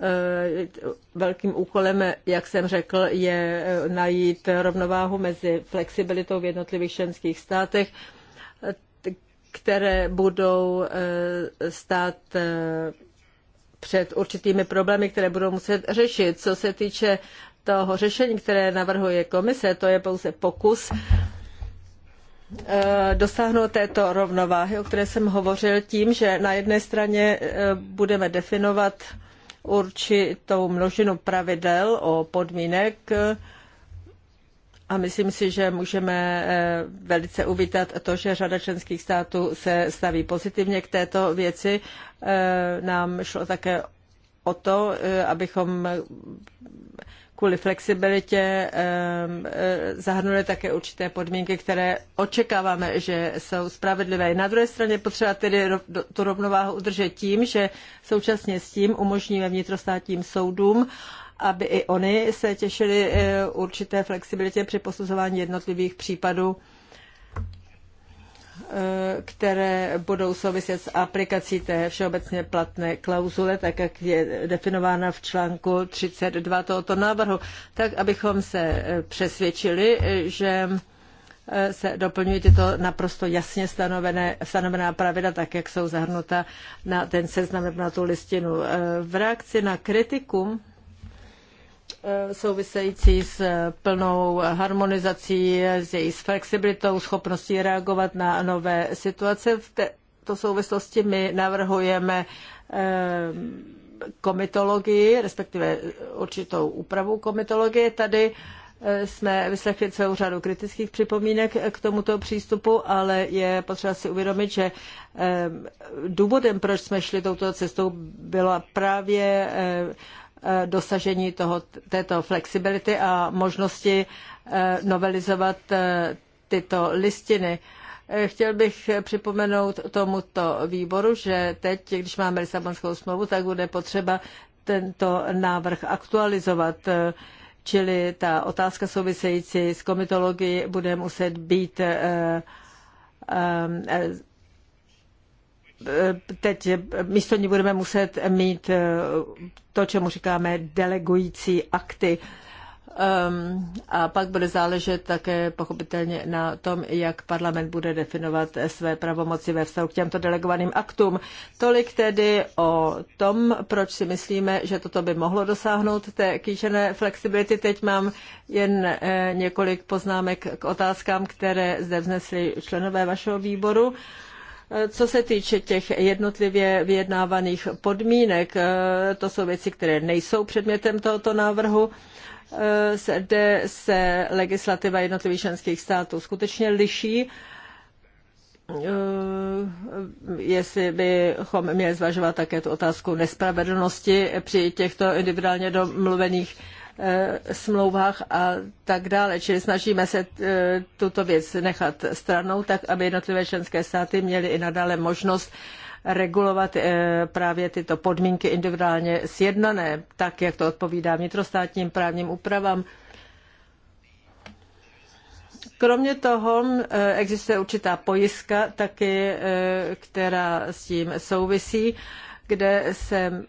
Eh, velkým úkolem, jak jsem řekl, je najít rovnováhu mezi flexibilitou v jednotlivých členských státech které budou eh, stát eh, před určitými problémy, které budou muset řešit. Co se týče toho řešení, které navrhuje komise, to je pouze pokus eh, dosáhnout této rovnováhy, o které jsem hovořil, tím, že na jedné straně budeme definovat určitou množinu pravidel o podmínek, a myslím si, že můžeme eh, velice uvítat to, že řada členských států se staví pozitivně k této věci. Eh, nám šlo také o to, eh, abychom kvůli flexibilitě zahrnuli také určité podmínky, které očekáváme, že jsou spravedlivé. Na druhé straně potřeba tedy tu rovnováhu udržet tím, že současně s tím umožníme vnitrostátním soudům aby i oni se těšili eh, určité flexibilitě při posuzování jednotlivých případů, eh, které budou souviset s aplikací té všeobecně platné klauzule, tak jak je definována v článku 32 tohoto návrhu, tak abychom se eh, přesvědčili, že se doplňují tyto naprosto jasně stanovené, stanovená pravidla, tak jak jsou zahrnuta na ten seznam, na tu listinu. V reakci na kritiku Eh, související s eh, plnou harmonizací, s její flexibilitou, schopností reagovat na nové situace. V této souvislosti my navrhujeme eh, komitologii, respektive určitou úpravu komitologie. Tady jsme vyslechli celou řadu kritických připomínek k tomuto přístupu, ale je potřeba si uvědomit, že důvodem, proč jsme šli touto cestou, byla právě Eh, dosažení toho, této flexibility a možnosti eh, novelizovat eh, tyto listiny. Chtěl bych připomenout tomuto výboru, že teď, když máme Lisabonskou smlouvu, tak bude potřeba tento návrh aktualizovat, čili ta otázka související s komitologií bude muset být Eh, teď eh, místo ní budeme muset mít eh, to, čemu říkáme delegující akty. Um, a pak bude záležet také pochopitelně na tom, jak parlament bude definovat své pravomoci ve vztahu k těmto delegovaným aktům. Tolik tedy o tom, proč si myslíme, že toto by mohlo dosáhnout té kýžené flexibility. Teď mám jen eh, několik poznámek k otázkám, které zde vznesli členové vašeho výboru. Eh, co se týče těch jednotlivě vyjednávaných podmínek, eh, to jsou věci, které nejsou předmětem tohoto návrhu, eh, kde se legislativa jednotlivých členských států skutečně liší eh, jestli bychom měli zvažovat také tu otázku nespravedlnosti při těchto individuálně domluvených Eh, smlouvách a tak dále. Čili snažíme se eh, tuto věc nechat stranou, tak aby jednotlivé členské státy měly i nadále možnost regulovat eh, právě tyto podmínky individuálně sjednané, tak jak to odpovídá vnitrostátním právním úpravám. Kromě toho existuje určitá pojistka taky, která s tím souvisí, kde se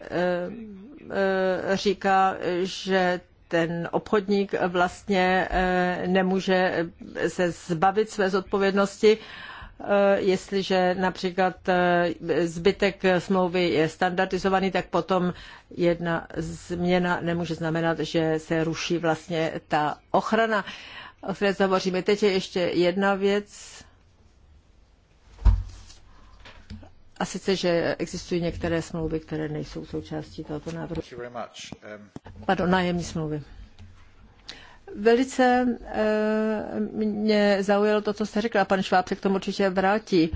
říká, že ten obchodník vlastně eh, nemůže eh, se zbavit své zodpovědnosti, eh, jestliže například zbytek smlouvy je standardizovaný, tak potom jedna změna nemůže znamenat, že se ruší vlastně ta ochrana, o které hovoříme. Teď je ještě jedna věc, A sice, že existují některé smlouvy, které nejsou součástí tohoto návrhu. Um, Pardon, nájemní smlouvy. Velice eh, mě zaujalo to, co jste řekla, pan Šváb se k tomu určitě vrátí.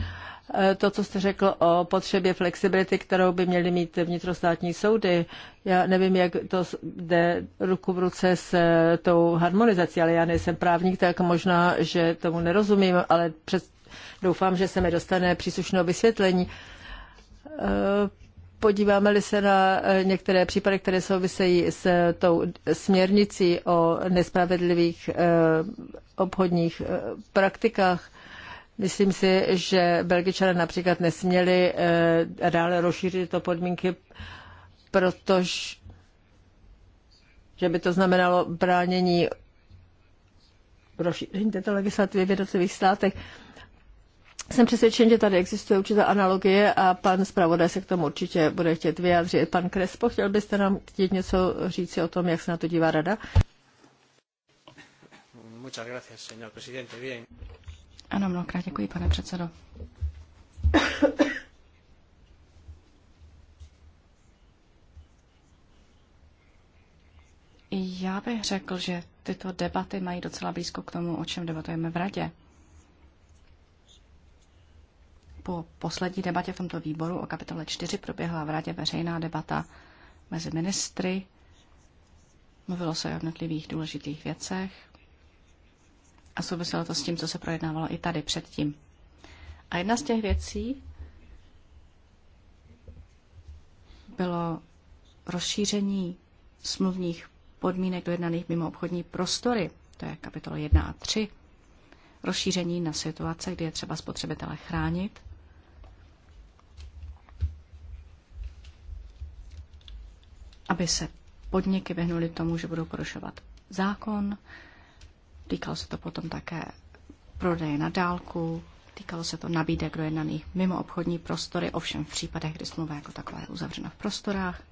Eh, to, co jste řekl o potřebě flexibility, kterou by měly mít vnitrostátní soudy, já nevím, jak to jde ruku v ruce s eh, tou harmonizací, ale já nejsem právník, tak možná, že tomu nerozumím, ale přes. Doufám, že se mi dostane příslušného vysvětlení. Eh, podíváme-li se na eh, některé případy, které souvisejí s tou směrnicí o nespravedlivých eh, obchodních praktikách, Myslím si, že Belgičané například nesměli dále rozšířit to podmínky, protože že by to znamenalo bránění rozšíření této legislativy v jednotlivých státech. Jsem přesvědčen, že tady existuje určitá analogie a pan zpravodaj se k tomu určitě bude chtět vyjádřit. Pan Krespo, chtěl byste nám chtít něco říci o tom, jak se na to dívá rada? Ano, mnohokrát děkuji, pane předsedo. Já bych řekl, že tyto debaty mají docela blízko k tomu, o čem debatujeme v Radě. Po poslední debatě v tomto výboru o kapitole 4 proběhla v radě veřejná debata mezi ministry. Mluvilo se o jednotlivých důležitých věcech a souviselo to s tím, co se projednávalo i tady předtím. A jedna z těch věcí bylo rozšíření smluvních podmínek dojednaných mimo obchodní prostory, to je kapitola 1 a 3, rozšíření na situace, kdy je třeba spotřebitele chránit aby se podniky vyhnuli tomu, že budou porušovat zákon. Týkalo se to potom také prodeje na dálku, týkalo se to nabídek dojednaných mimo obchodní prostory, ovšem v případech, kdy smlouva jako taková je uzavřena v prostorách.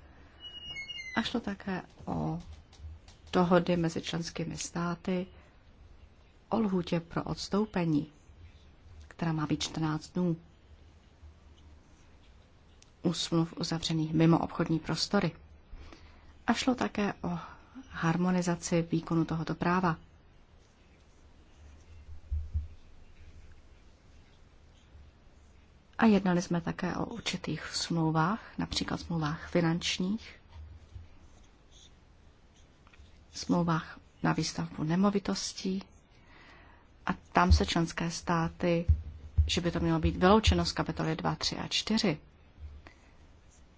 A šlo také o dohody mezi členskými státy o lhůtě pro odstoupení, která má být 14 dnů u smluv uzavřených mimo obchodní prostory. A šlo také o harmonizaci výkonu tohoto práva. A jednali jsme také o určitých smlouvách, například smlouvách finančních, smlouvách na výstavbu nemovitostí. A tam se členské státy, že by to mělo být vyloučeno z kapitoly 2, 3 a 4.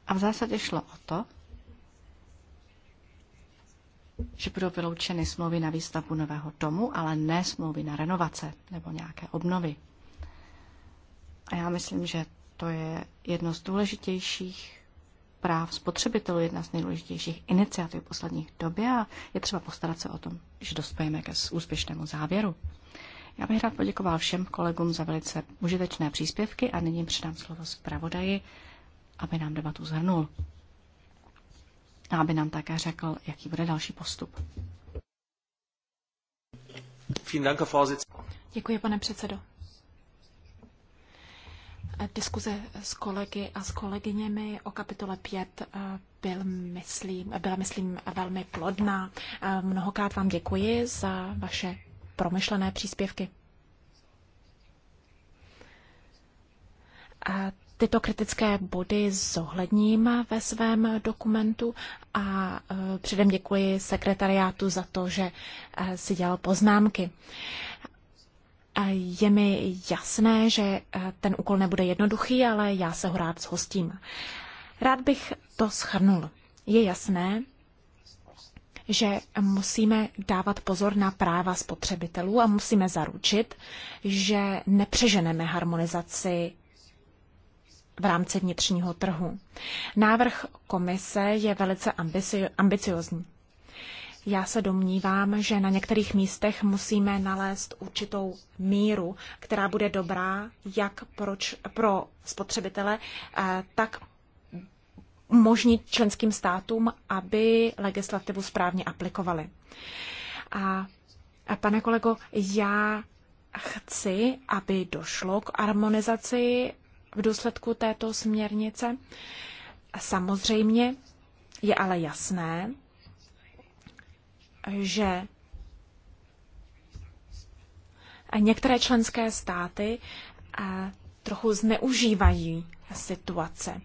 A v zásadě šlo o to, že budou vyloučeny smlouvy na výstavbu nového domu, ale ne smlouvy na renovace nebo nějaké obnovy. A já myslím, že to je jedno z důležitějších práv spotřebitelů, jedna z nejdůležitějších iniciativ posledních době a je třeba postarat se o tom, že dospějeme ke úspěšnému závěru. Já bych rád poděkoval všem kolegům za velice užitečné příspěvky a nyní předám slovo zpravodaji, aby nám debatu zhrnul a aby nám také řekl, jaký bude další postup. Děkuji, pane předsedo. Diskuze s kolegy a s kolegyněmi o kapitole 5 eh, byl, myslím, byla, myslím, velmi plodná. Eh, mnohokrát vám děkuji za vaše promyšlené příspěvky. A eh, tyto kritické body zohledním ve svém dokumentu a e, předem děkuji sekretariátu za to, že e, si dělal poznámky. E, je mi jasné, že ten úkol nebude jednoduchý, ale já se ho rád zhostím. Rád bych to schrnul. Je jasné, že musíme dávat pozor na práva spotřebitelů a musíme zaručit, že nepřeženeme harmonizaci v rámci vnitřního trhu. Návrh komise je velice ambicio- ambiciozní. Já se domnívám, že na některých místech musíme nalézt určitou míru, která bude dobrá jak proč, pro spotřebitele, eh, tak umožnit členským státům, aby legislativu správně aplikovali. A, a pane kolego, já chci, aby došlo k harmonizaci v důsledku této směrnice. Samozřejmě je ale jasné, že některé členské státy eh, trochu zneužívají situace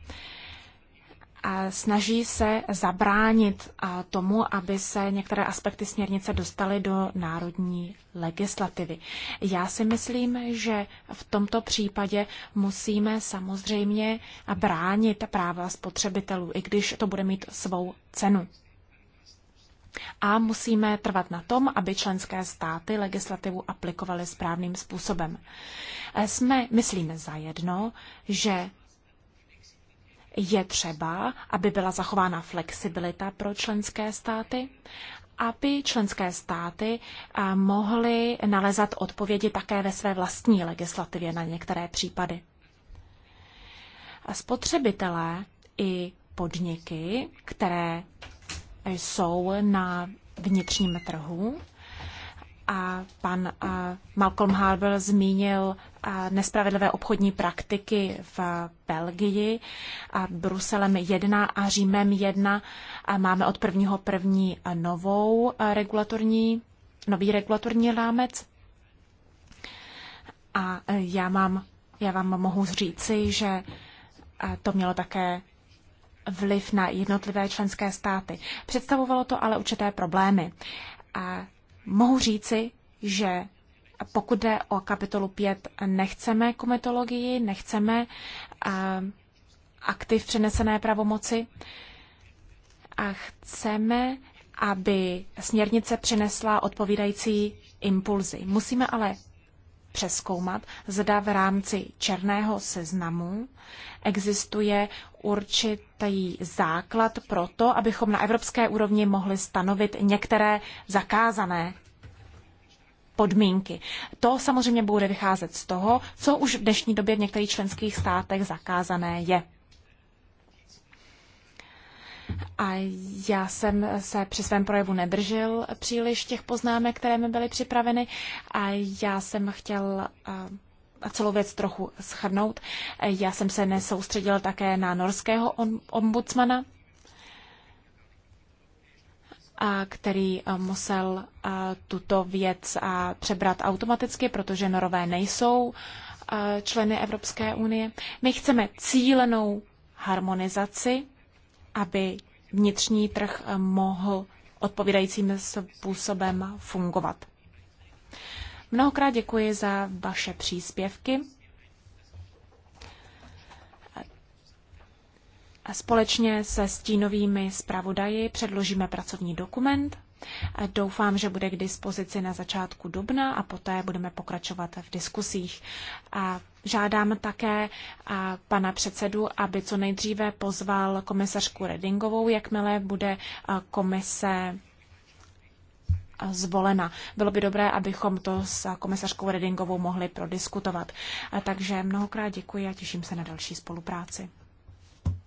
snaží se zabránit tomu, aby se některé aspekty směrnice dostaly do národní legislativy. Já si myslím, že v tomto případě musíme samozřejmě bránit práva spotřebitelů, i když to bude mít svou cenu. A musíme trvat na tom, aby členské státy legislativu aplikovaly správným způsobem. Jsme, myslíme zajedno, že je třeba, aby byla zachována flexibilita pro členské státy, aby členské státy eh, mohly nalezat odpovědi také ve své vlastní legislativě na některé případy. Spotřebitelé i podniky, které jsou na vnitřním trhu, a pan eh, Malcolm Harbour zmínil nespravedlivé obchodní praktiky v Belgii. A Bruselem 1 a Římem 1 a máme od 1.1. první novou regulatorní, nový regulatorní rámec. A já, mám, já vám mohu říci, že to mělo také vliv na jednotlivé členské státy. Představovalo to ale určité problémy. A mohu říci, že pokud jde o kapitolu 5, nechceme komitologii, nechceme eh, aktiv přenesené pravomoci a chceme, aby směrnice přinesla odpovídající impulzy. Musíme ale přeskoumat, zda v rámci černého seznamu existuje určitý základ pro to, abychom na evropské úrovni mohli stanovit některé zakázané podmínky. To samozřejmě bude vycházet z toho, co už v dnešní době v některých členských státech zakázané je. A já jsem se při svém projevu nedržel příliš těch poznámek, které mi byly připraveny a já jsem chtěl eh, a celou věc trochu schrnout. Eh, já jsem se nesoustředil také na norského ombudsmana který eh, musel eh, tuto věc eh, přebrat automaticky, protože Norové nejsou členy Evropské unie. My chceme cílenou harmonizaci, aby vnitřní trh mohl odpovídajícím způsobem fungovat. Mnohokrát děkuji za vaše příspěvky. Společně se stínovými zpravodaji předložíme pracovní dokument. Doufám, že bude k dispozici na začátku dubna a poté budeme pokračovat v diskusích. A žádám také a pana předsedu, aby co nejdříve pozval komisařku Redingovou, jakmile bude komise zvolena. Bylo by dobré, abychom to s komisařkou Redingovou mohli prodiskutovat. Takže mnohokrát děkuji a těším se na další spolupráci.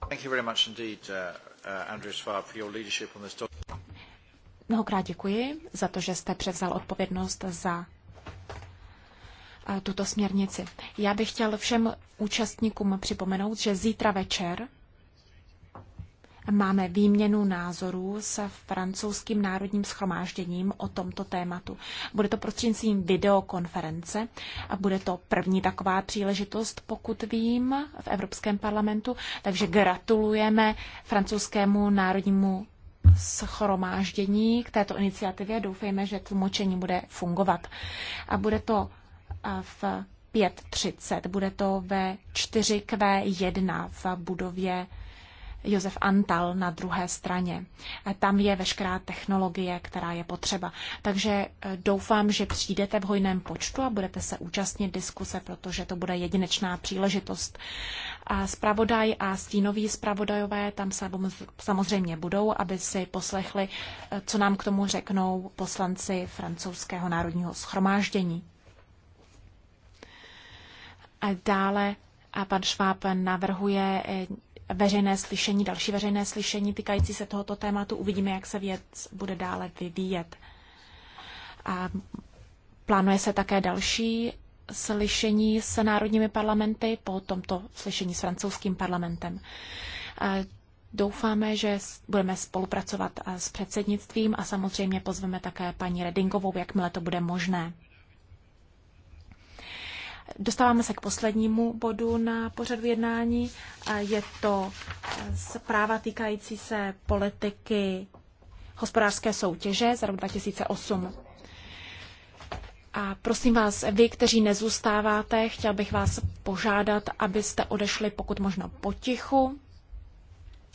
Thank you very much indeed, uh, uh Andrew for your leadership on this topic. Mnohokrát děkuji za to, že jste převzal odpovědnost za uh, tuto směrnici. Já bych chtěl všem účastníkům připomenout, že zítra večer Máme výměnu názorů s francouzským národním schromážděním o tomto tématu. Bude to prostřednictvím videokonference a bude to první taková příležitost, pokud vím, v Evropském parlamentu. Takže gratulujeme francouzskému národnímu schromáždění k této iniciativě. Doufejme, že tlumočení bude fungovat. A bude to v 5.30, bude to ve 4Q1 v budově Josef Antal na druhé straně. E, tam je veškerá technologie, která je potřeba. Takže e, doufám, že přijdete v hojném počtu a budete se účastnit diskuse, protože to bude jedinečná příležitost. A zpravodaj a stínoví zpravodajové tam samozřejmě budou, aby si poslechli, e, co nám k tomu řeknou poslanci francouzského národního schromáždění. A dále a pan Šváb navrhuje veřejné slyšení, další veřejné slyšení týkající se tohoto tématu. Uvidíme, jak se věc bude dále vyvíjet. A plánuje se také další slyšení s národními parlamenty po tomto slyšení s francouzským parlamentem. Doufáme, že budeme spolupracovat s předsednictvím a samozřejmě pozveme také paní Redingovou, jakmile to bude možné. Dostáváme se k poslednímu bodu na pořadu jednání. Je to zpráva eh, týkající se politiky hospodářské soutěže za rok 2008. A prosím vás, vy, kteří nezůstáváte, chtěl bych vás požádat, abyste odešli pokud možno potichu,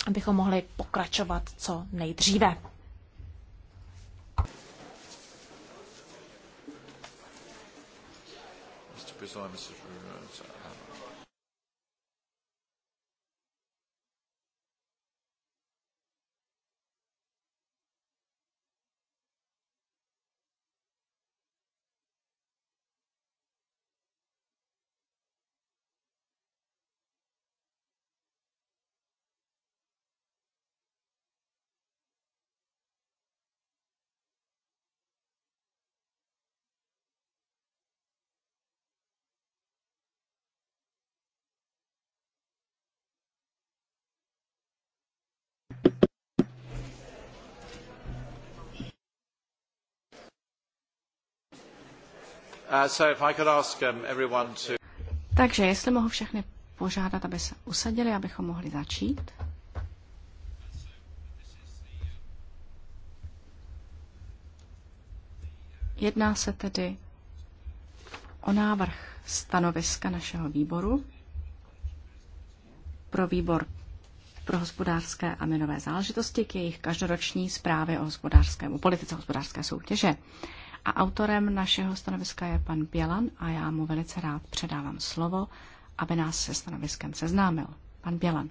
abychom mohli pokračovat co nejdříve. is on, Mr. Uh, um, Takže jestli mohu všechny požádat, aby se usadili, abychom mohli začít. Jedná se tedy o návrh stanoviska našeho výboru pro výbor pro hospodářské a minové záležitosti k jejich každoroční zprávě o hospodářském, politice hospodářské soutěže a autorem našeho stanoviska je pan Bělan a já mu velice rád předávám slovo, aby nás se stanoviskem seznámil. Pan Bělan.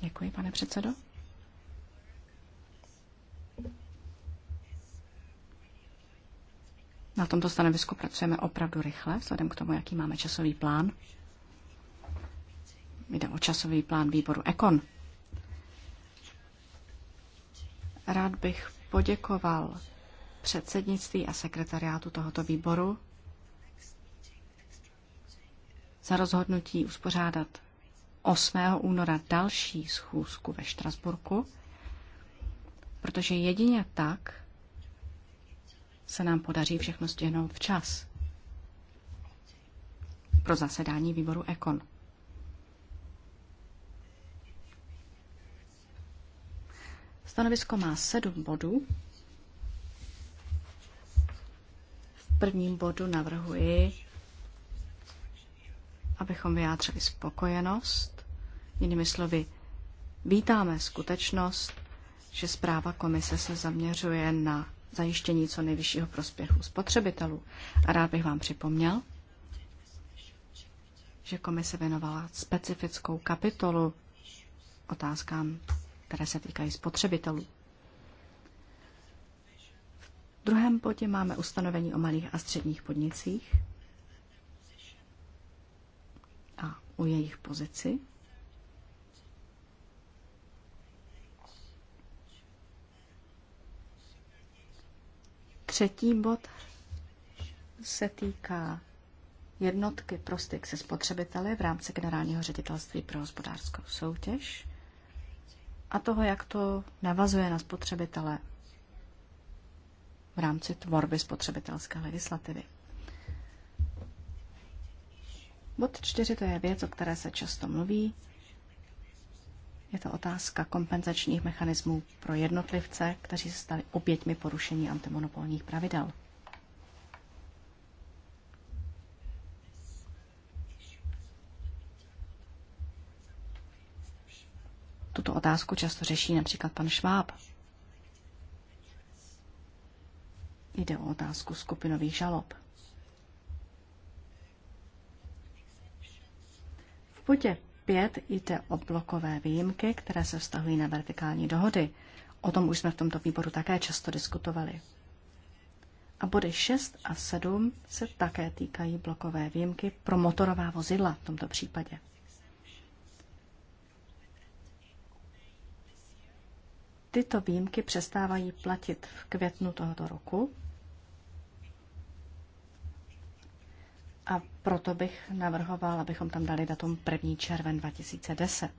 Děkuji, pane předsedo. Na tomto stanovisku pracujeme opravdu rychle, vzhledem k tomu, jaký máme časový plán. Jde o časový plán výboru Ekon. Rád bych poděkoval předsednictví a sekretariátu tohoto výboru za rozhodnutí uspořádat 8. února další schůzku ve Štrasburku, protože jedině tak se nám podaří všechno stihnout včas pro zasedání výboru Ekon. Stanovisko má sedm bodů. V prvním bodu navrhuji, abychom vyjádřili spokojenost. Jinými slovy, vítáme skutečnost, že zpráva komise se zaměřuje na zajištění co nejvyššího prospěchu spotřebitelů. A rád bych vám připomněl, že komise věnovala specifickou kapitolu otázkám které se týkají spotřebitelů. V druhém bodě máme ustanovení o malých a středních podnicích a o jejich pozici. Třetí bod se týká jednotky pro styk se spotřebiteli v rámci Generálního ředitelství pro hospodářskou soutěž a toho, jak to navazuje na spotřebitele v rámci tvorby spotřebitelské legislativy. Bod čtyři to je věc, o které se často mluví. Je to otázka kompenzačních mechanismů pro jednotlivce, kteří se stali oběťmi porušení antimonopolních pravidel. tuto otázku často řeší například pan Šváb. Jde o otázku skupinových žalob. V bodě 5 jde o blokové výjimky, které se vztahují na vertikální dohody. O tom už jsme v tomto výboru také často diskutovali. A body 6 a 7 se také týkají blokové výjimky pro motorová vozidla v tomto případě. Tyto výjimky přestávají platit v květnu tohoto roku. A proto bych navrhoval, abychom tam dali datum 1. červen 2010.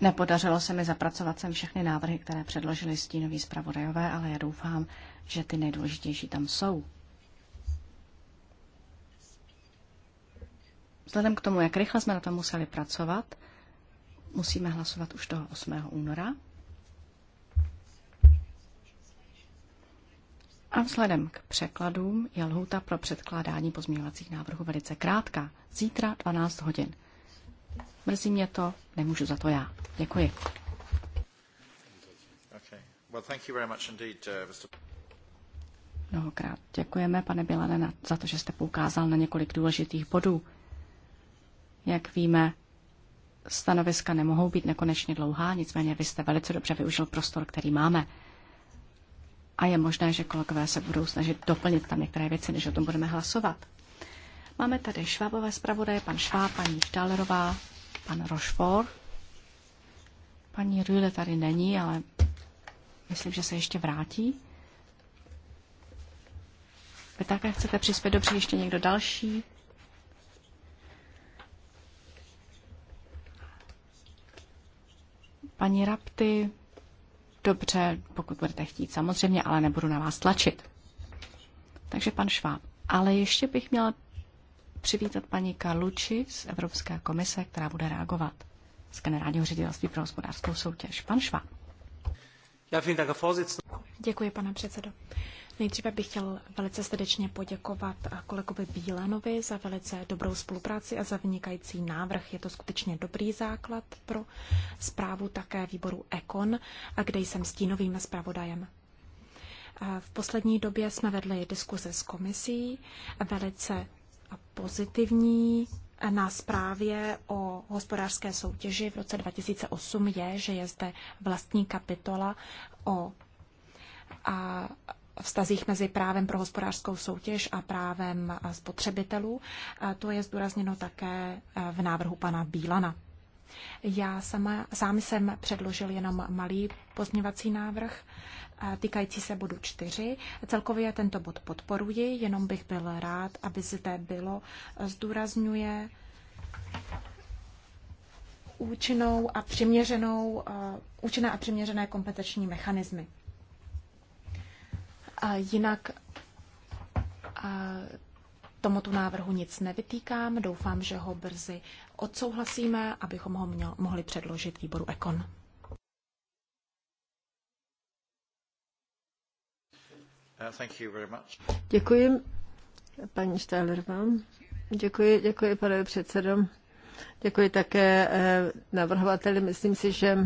Nepodařilo se mi zapracovat sem všechny návrhy, které předložili stínoví zpravodajové, ale já doufám, že ty nejdůležitější tam jsou. Vzhledem k tomu, jak rychle jsme na tom museli pracovat, musíme hlasovat už toho 8. února. A vzhledem k překladům je lhůta pro předkládání pozměňovacích návrhů velice krátká. Zítra 12 hodin. Mrzí mě to, nemůžu za to já. Děkuji. Uh, Mnohokrát děkujeme, pane Bělane, za to, že jste poukázal na několik důležitých bodů. Jak víme, stanoviska nemohou být nekonečně dlouhá, nicméně vy jste velice dobře využil prostor, který máme. A je možné, že kolegové se budou snažit doplnit tam některé věci, než o tom budeme hlasovat. Máme tady švábové zpravodaje, pan Šváb, paní Štálerová, pan Rošfor. Paní Rüle tady není, ale myslím, že se ještě vrátí. Vy také chcete přispět dobře ještě někdo další? Paní Rapty, dobře, pokud budete chtít, samozřejmě, ale nebudu na vás tlačit. Takže pan Šváb. Ale ještě bych měla přivítat paní Karluči z Evropské komise, která bude reagovat z Generálního ředitelství pro hospodářskou soutěž. Pan Šváb. Děkuji, pane předsedo. Nejdříve bych chtěl velice srdečně poděkovat kolegovi Bílanovi za velice dobrou spolupráci a za vynikající návrh. Je to skutečně dobrý základ pro zprávu také výboru EKON, kde jsem stínovým zpravodajem. V poslední době jsme vedli diskuze s komisí, velice pozitivní na zprávě o hospodářské soutěži v roce 2008 je, že je zde vlastní kapitola o a vztazích mezi právem pro hospodářskou soutěž a právem spotřebitelů. A to je zdůrazněno také v návrhu pana Bílana. Já sama, sám jsem předložil jenom malý pozměvací návrh týkající se bodu 4. Celkově tento bod podporuji, jenom bych byl rád, aby zde bylo zdůrazňuje účinnou a přiměřenou, účinné a přiměřené kompetenční mechanismy. A jinak a tomuto návrhu nic nevytýkám. Doufám, že ho brzy odsouhlasíme, abychom ho měl, mohli předložit výboru Ekon. Uh, děkuji, paní Štálerová. Děkuji, děkuji, pane předsedo. Děkuji také eh, navrhovateli. Myslím si, že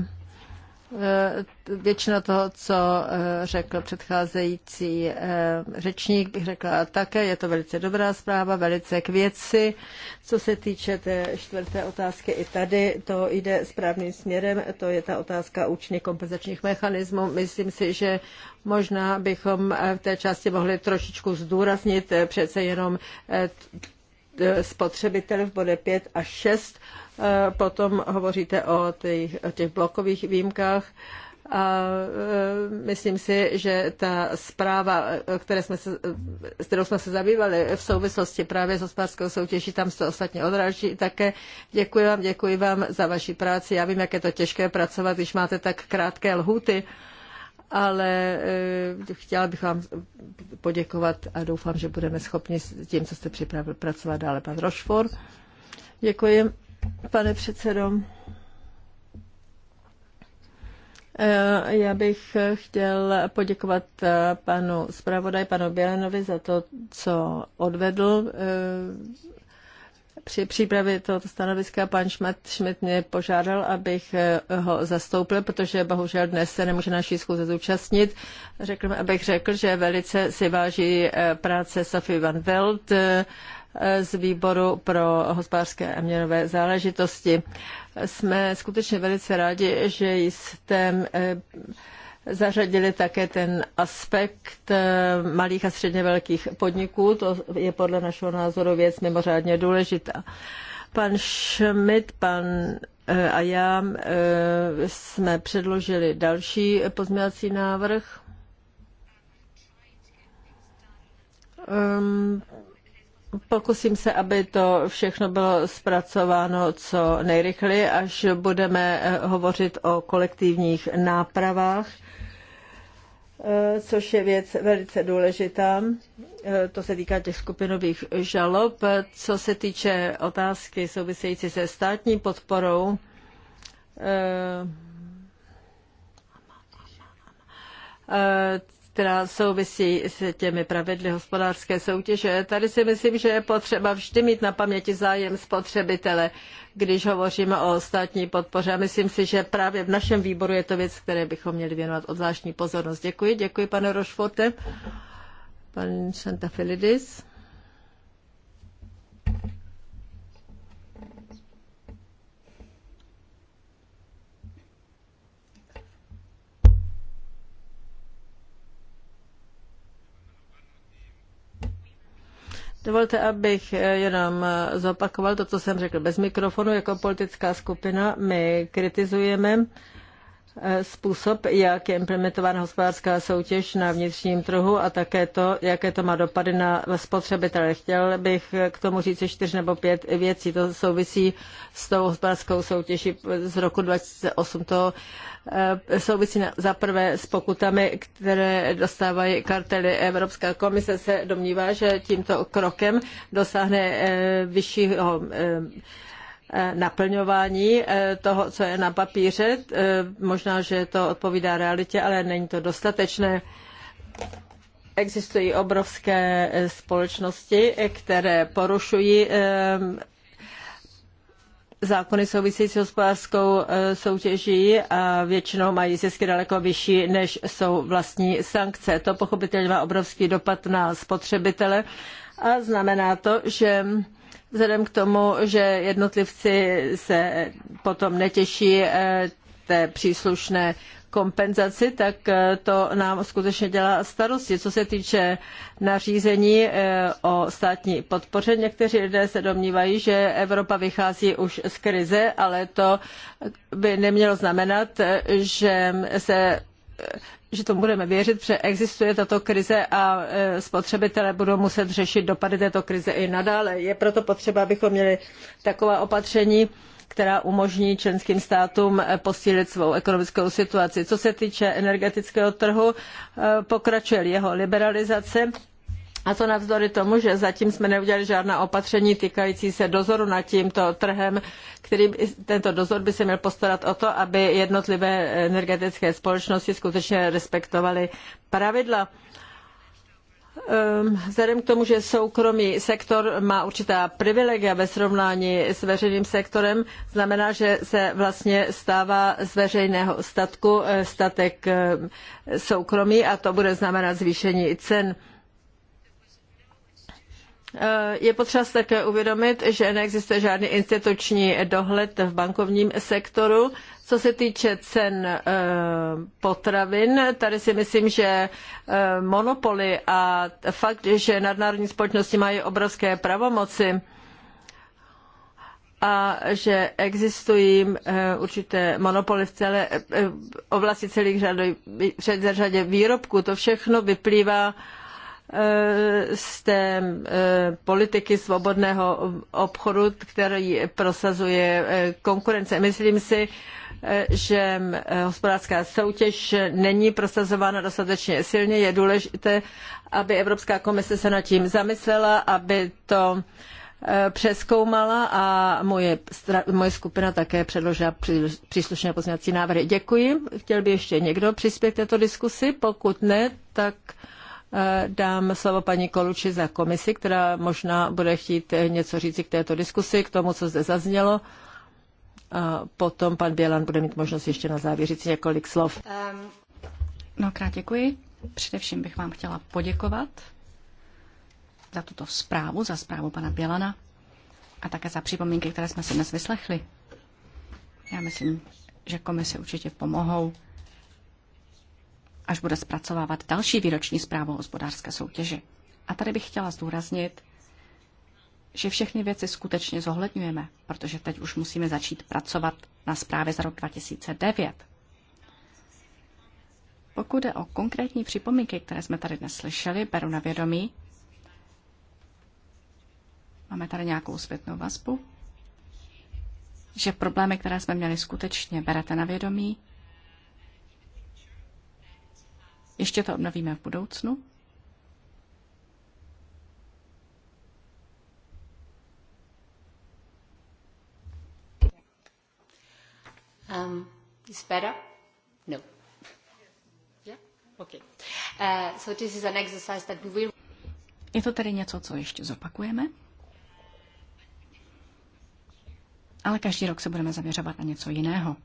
Eh, většina toho, co eh, řekl předcházející eh, řečník, bych řekla také, je to velice dobrá zpráva, velice k věci. Co se týče té čtvrté otázky, i tady to jde správným směrem, to je ta otázka účinně kompenzačních mechanismů. Myslím si, že možná bychom v té části mohli trošičku zdůraznit přece jenom spotřebitel v bodě 5 a 6 potom hovoříte o těch, o těch blokových výjimkách. A e, myslím si, že ta zpráva, které jsme se, s kterou jsme se zabývali v souvislosti právě s hospodářskou soutěží, tam se ostatně odráží také. Děkuji vám, děkuji vám za vaši práci. Já vím, jak je to těžké pracovat, když máte tak krátké lhuty, ale e, chtěla bych vám poděkovat a doufám, že budeme schopni s tím, co jste připravil, pracovat dále. Pan Rošfor, děkuji. Pane předsedo, eh, já bych chtěl poděkovat eh, panu zpravodaj, panu Bělenovi za to, co odvedl eh, při přípravě tohoto stanoviska pan Šmet Schmidt mě požádal, abych ho zastoupil, protože bohužel dnes se nemůže naší schůze zúčastnit. Řekl abych řekl, že velice si váží práce Sophie van Welt, z výboru pro hospodářské a měnové záležitosti. Jsme skutečně velice rádi, že jste eh, zařadili také ten aspekt eh, malých a středně velkých podniků. To je podle našeho názoru věc mimořádně důležitá. Pan Schmidt, pan eh, a já jsme předložili další pozměňovací návrh. Ehm, Pokusím se, aby to všechno bylo zpracováno co nejrychleji, až budeme eh, hovořit o kolektivních nápravách, eh, což je věc velice důležitá. Eh, to se týká těch skupinových žalob. Co se týče otázky související se státní podporou, která souvisí s těmi pravidly hospodářské soutěže. Tady si myslím, že je potřeba vždy mít na paměti zájem spotřebitele, když hovoříme o státní podpoře. A myslím si, že právě v našem výboru je to věc, které bychom měli věnovat obzvláštní pozornost. Děkuji, děkuji pane Rošforte. Pan Santafilidis. Dovolte, abych eh, jenom eh, zopakoval to, co jsem řekl bez mikrofonu. Jako politická skupina my kritizujeme Eh, způsob, jak je implementována hospodářská soutěž na vnitřním trhu a také to, jaké to má dopady na spotřebitele. Chtěl bych k tomu říct čtyř nebo pět věcí. To souvisí s tou hospodářskou soutěží z roku 2008. To eh, souvisí za prvé s pokutami, které dostávají kartely. Evropská komise se domnívá, že tímto krokem dosáhne eh, vyššího Eh, naplňování eh, toho, co je na papíře. Eh, možná, že to odpovídá realitě, ale není to dostatečné. Existují obrovské společnosti, které porušují zákony související s hospodářskou soutěží a většinou mají zisky daleko vyšší, než jsou vlastní sankce. To pochopitelně má obrovský dopad na spotřebitele a znamená to, že Vzhledem k tomu, že jednotlivci se potom netěší eh, té příslušné kompenzaci, tak eh, to nám skutečně dělá starosti. Co se týče nařízení eh, o státní podpoře, někteří lidé se domnívají, že Evropa vychází už z krize, ale to by nemělo znamenat, že se že tomu budeme věřit, že existuje tato krize a e, spotřebitelé budou muset řešit dopady této krize i nadále. Je proto potřeba, abychom měli taková opatření, která umožní členským státům e, posílit svou ekonomickou situaci. Co se týče energetického trhu, e, pokračuje jeho liberalizace a to navzdory tomu, že zatím jsme neudělali žádná opatření týkající se dozoru nad tímto trhem, který by, tento dozor by se měl postarat o to, aby jednotlivé energetické společnosti skutečně respektovaly pravidla. Ehm, vzhledem k tomu, že soukromý sektor má určitá privilegia ve srovnání s veřejným sektorem, znamená, že se vlastně stává z veřejného statku eh, statek eh, soukromý a to bude znamenat zvýšení cen je potřeba si také uvědomit, že neexistuje žádný instituční dohled v bankovním sektoru. Co se týče cen potravin, tady si myslím, že monopoly a fakt, že nadnárodní společnosti mají obrovské pravomoci a že existují určité monopoly v celé oblasti celých řady, v řadě výrobků, to všechno vyplývá z té e, politiky svobodného obchodu, který prosazuje e, konkurence. Myslím si, e, že hospodářská soutěž není prosazována dostatečně silně. Je důležité, aby Evropská komise se nad tím zamyslela, aby to přeskoumala a moje, moje skupina také předložila příslušné pozměňovací návrhy. Děkuji. Chtěl by ještě někdo přispět k této diskusi? Pokud ne, tak Eh, dám slovo paní Koluči za komisi, která možná bude chtít eh, něco říci k této diskusi, k tomu, co zde zaznělo. A potom pan Bělan bude mít možnost ještě na závěr říct několik slov. Um, ehm, mnohokrát děkuji. Především bych vám chtěla poděkovat za tuto zprávu, za zprávu pana Bělana a také za připomínky, které jsme si dnes vyslechli. Já myslím, že komise určitě pomohou až bude zpracovávat další výroční zprávu o hospodářské soutěži. A tady bych chtěla zdůraznit, že všechny věci skutečně zohledňujeme, protože teď už musíme začít pracovat na zprávě za rok 2009. Pokud jde o konkrétní připomínky, které jsme tady dnes slyšeli, beru na vědomí. Máme tady nějakou zpětnou vazbu, že problémy, které jsme měli skutečně, berete na vědomí ještě to obnovíme v budoucnu. Um, is better? No. Yeah? Okay. Uh, so this is an exercise that we will... Je to tedy něco, co ještě zopakujeme? Ale každý rok se budeme zaměřovat na něco jiného.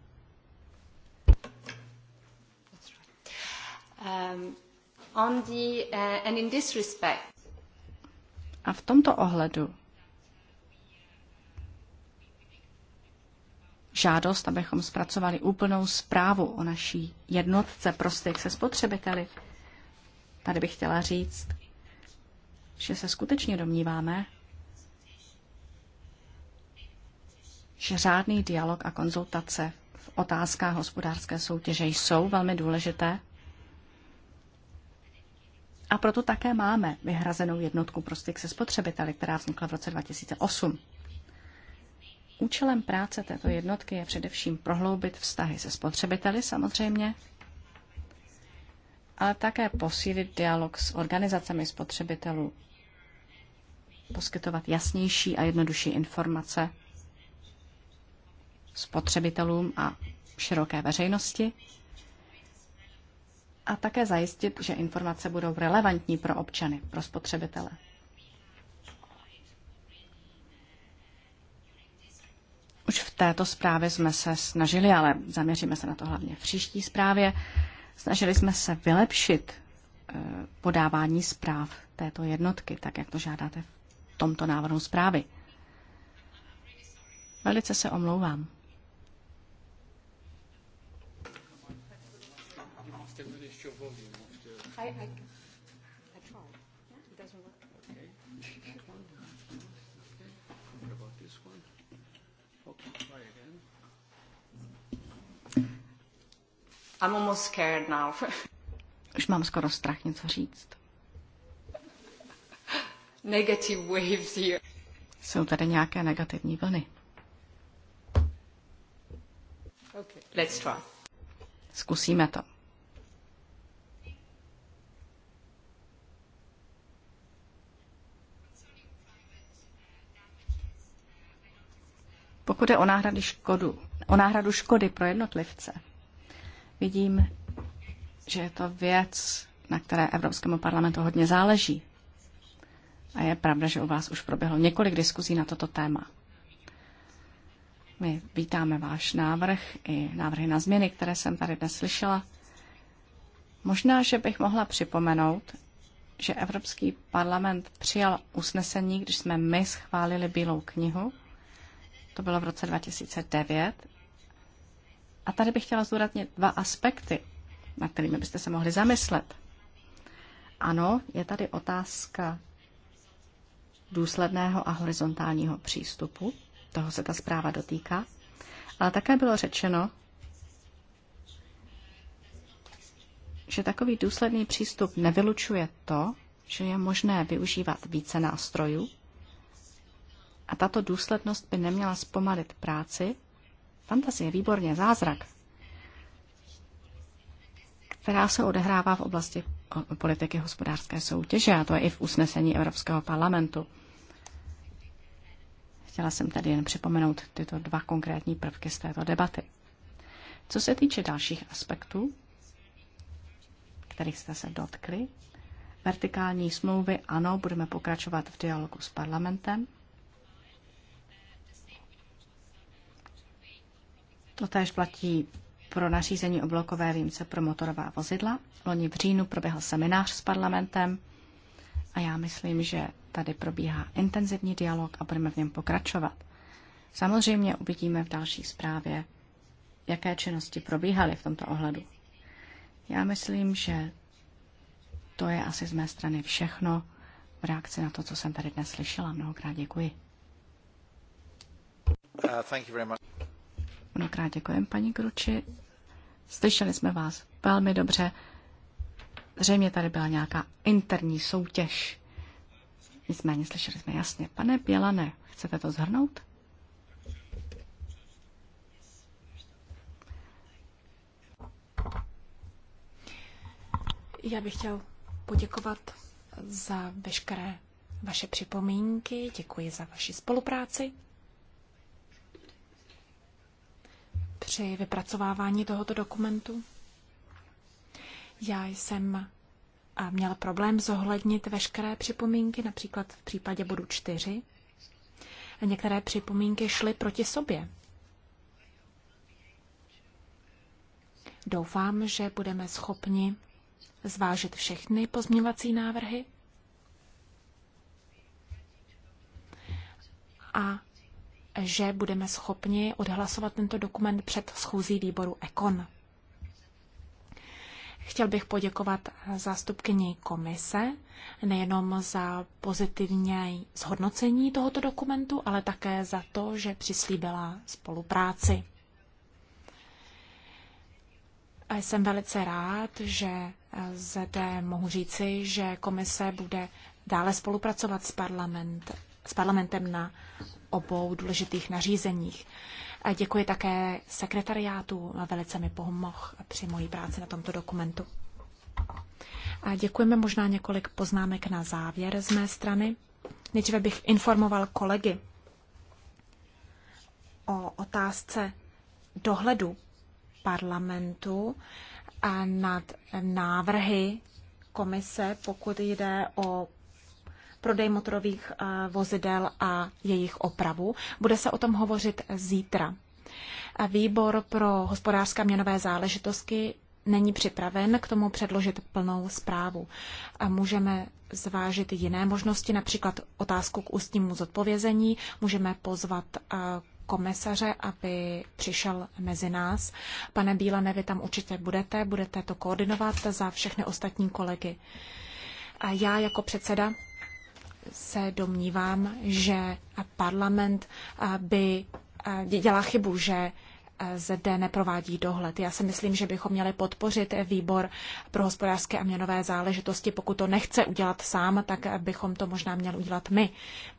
Um, uh, a v tomto ohledu žádost, abychom zpracovali úplnou zprávu o naší jednotce prostě, jak se spotřebiteli. Tady bych chtěla říct, že se skutečně domníváme, že řádný dialog a konzultace v otázkách hospodářské soutěže jsou velmi důležité a proto také máme vyhrazenou jednotku pro styk se spotřebiteli, která vznikla v roce 2008. Účelem práce této jednotky je především prohloubit vztahy se spotřebiteli samozřejmě, ale také posílit dialog s organizacemi spotřebitelů, poskytovat jasnější a jednodušší informace spotřebitelům a široké veřejnosti a také zajistit, že informace budou relevantní pro občany, pro spotřebitele. Už v této zprávě jsme se snažili, ale zaměříme se na to hlavně v příští zprávě, snažili jsme se vylepšit eh, podávání zpráv této jednotky, tak jak to žádáte v tomto návrhu zprávy. Velice se omlouvám. I'm almost scared now. [laughs] Už mám skoro strach něco říct. [laughs] Negative waves here. Jsou tady nějaké negativní vlny. Okay. Let's try. Zkusíme to. Pokud je o, náhradu škodu, o náhradu škody pro jednotlivce, vidím, že je to věc, na které Evropskému parlamentu hodně záleží. A je pravda, že u vás už proběhlo několik diskuzí na toto téma. My vítáme váš návrh i návrhy na změny, které jsem tady dnes slyšela. Možná, že bych mohla připomenout, že Evropský parlament přijal usnesení, když jsme my schválili Bílou knihu to bylo v roce 2009. A tady bych chtěla zdůraznit dva aspekty, na kterými byste se mohli zamyslet. Ano, je tady otázka důsledného a horizontálního přístupu. Toho se ta zpráva dotýká. Ale také bylo řečeno, že takový důsledný přístup nevylučuje to, že je možné využívat více nástrojů, a tato důslednost by neměla zpomalit práci. Fantazie, výborně, zázrak, která se odehrává v oblasti politiky hospodářské soutěže, a to je i v usnesení Evropského parlamentu. Chtěla jsem tady jen připomenout tyto dva konkrétní prvky z této debaty. Co se týče dalších aspektů, kterých jste se dotkli, vertikální smlouvy, ano, budeme pokračovat v dialogu s parlamentem. To též platí pro nařízení o blokové výjimce pro motorová vozidla. Loni v říjnu proběhl seminář s parlamentem a já myslím, že tady probíhá intenzivní dialog a budeme v něm pokračovat. Samozřejmě uvidíme v další zprávě, jaké činnosti probíhaly v tomto ohledu. Já myslím, že to je asi z mé strany všechno v reakci na to, co jsem tady dnes slyšela. Mnohokrát děkuji. Uh, Mnohokrát děkujeme, paní Kruči. Slyšeli jsme vás velmi dobře. Zřejmě tady byla nějaká interní soutěž. Nicméně slyšeli jsme jasně. Pane Bělane, chcete to zhrnout? Já bych chtěl poděkovat za veškeré vaše připomínky, děkuji za vaši spolupráci. při vypracovávání tohoto dokumentu. Já jsem a problém zohlednit veškeré připomínky, například v případě bodu 4. Některé připomínky šly proti sobě. Doufám, že budeme schopni zvážit všechny pozměňovací návrhy a že budeme schopni odhlasovat tento dokument před schůzí výboru EKON. Chtěl bych poděkovat zástupkyni komise nejenom za pozitivní zhodnocení tohoto dokumentu, ale také za to, že přislíbila spolupráci. A jsem velice rád, že zde mohu říci, že komise bude dále spolupracovat s, parlament, s parlamentem na obou důležitých nařízeních. Děkuji také sekretariátu, velice mi pomohl při mojí práci na tomto dokumentu. A děkujeme možná několik poznámek na závěr z mé strany. Nejdříve bych informoval kolegy o otázce dohledu parlamentu a nad návrhy komise, pokud jde o prodej motorových eh, vozidel a jejich opravu. Bude se o tom hovořit zítra. A výbor pro hospodářské měnové záležitosti není připraven k tomu předložit plnou zprávu. A můžeme zvážit jiné možnosti, například otázku k ústnímu zodpovězení. Můžeme pozvat eh, komisaře, aby přišel mezi nás. Pane Bílane, vy tam určitě budete, budete to koordinovat za všechny ostatní kolegy. A já jako předseda se domnívám, že parlament eh, by eh, dělá chybu, že eh, zde neprovádí dohled. Já si myslím, že bychom měli podpořit výbor pro hospodářské a měnové záležitosti. Pokud to nechce udělat sám, tak bychom to možná měli udělat my.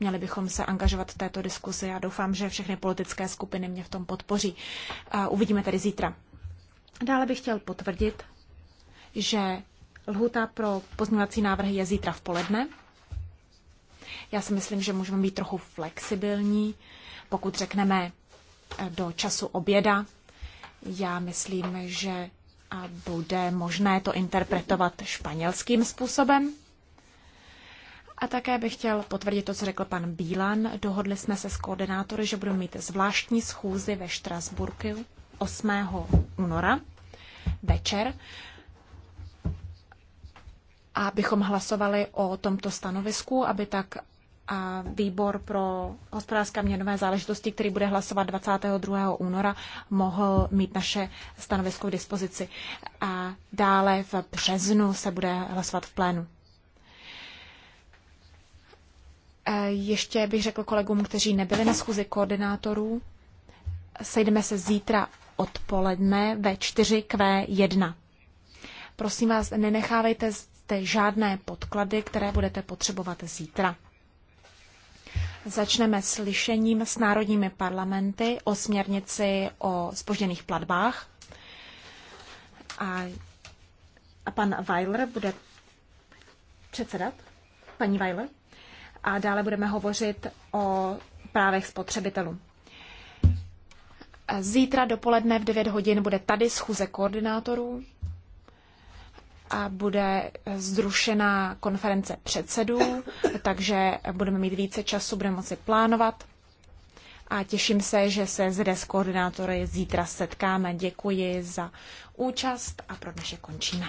Měli bychom se angažovat v této diskusi. Já doufám, že všechny politické skupiny mě v tom podpoří. Uvidíme tedy zítra. Dále bych chtěl potvrdit, že lhuta pro pozměňovací návrhy je zítra v poledne. Já si myslím, že můžeme být trochu flexibilní, pokud řekneme eh, do času oběda. Já myslím, že bude možné to interpretovat španělským způsobem. A také bych chtěl potvrdit to, co řekl pan Bílan. Dohodli jsme se s koordinátory, že budeme mít zvláštní schůzi ve Štrasburku 8. února večer, abychom hlasovali o tomto stanovisku, aby tak výbor pro hospodářské měnové záležitosti, který bude hlasovat 22. února, mohl mít naše stanovisko k dispozici. A dále v březnu se bude hlasovat v plénu. E, ještě bych řekl kolegům, kteří nebyli na schůzi koordinátorů, sejdeme se zítra odpoledne ve 4Q1. Prosím vás, nenechávejte zde žádné podklady, které budete potřebovat zítra. Začneme slyšením s národními parlamenty o směrnici o spožděných platbách. A, a pan Weiler bude předsedat, paní Weiler. A dále budeme hovořit o právech spotřebitelů. Zítra dopoledne v 9 hodin bude tady schůze koordinátorů a bude zrušená konference předsedů, takže budeme mít více času, budeme moci plánovat. A těším se, že se zde s koordinátory zítra setkáme. Děkuji za účast a pro dnešek končíme.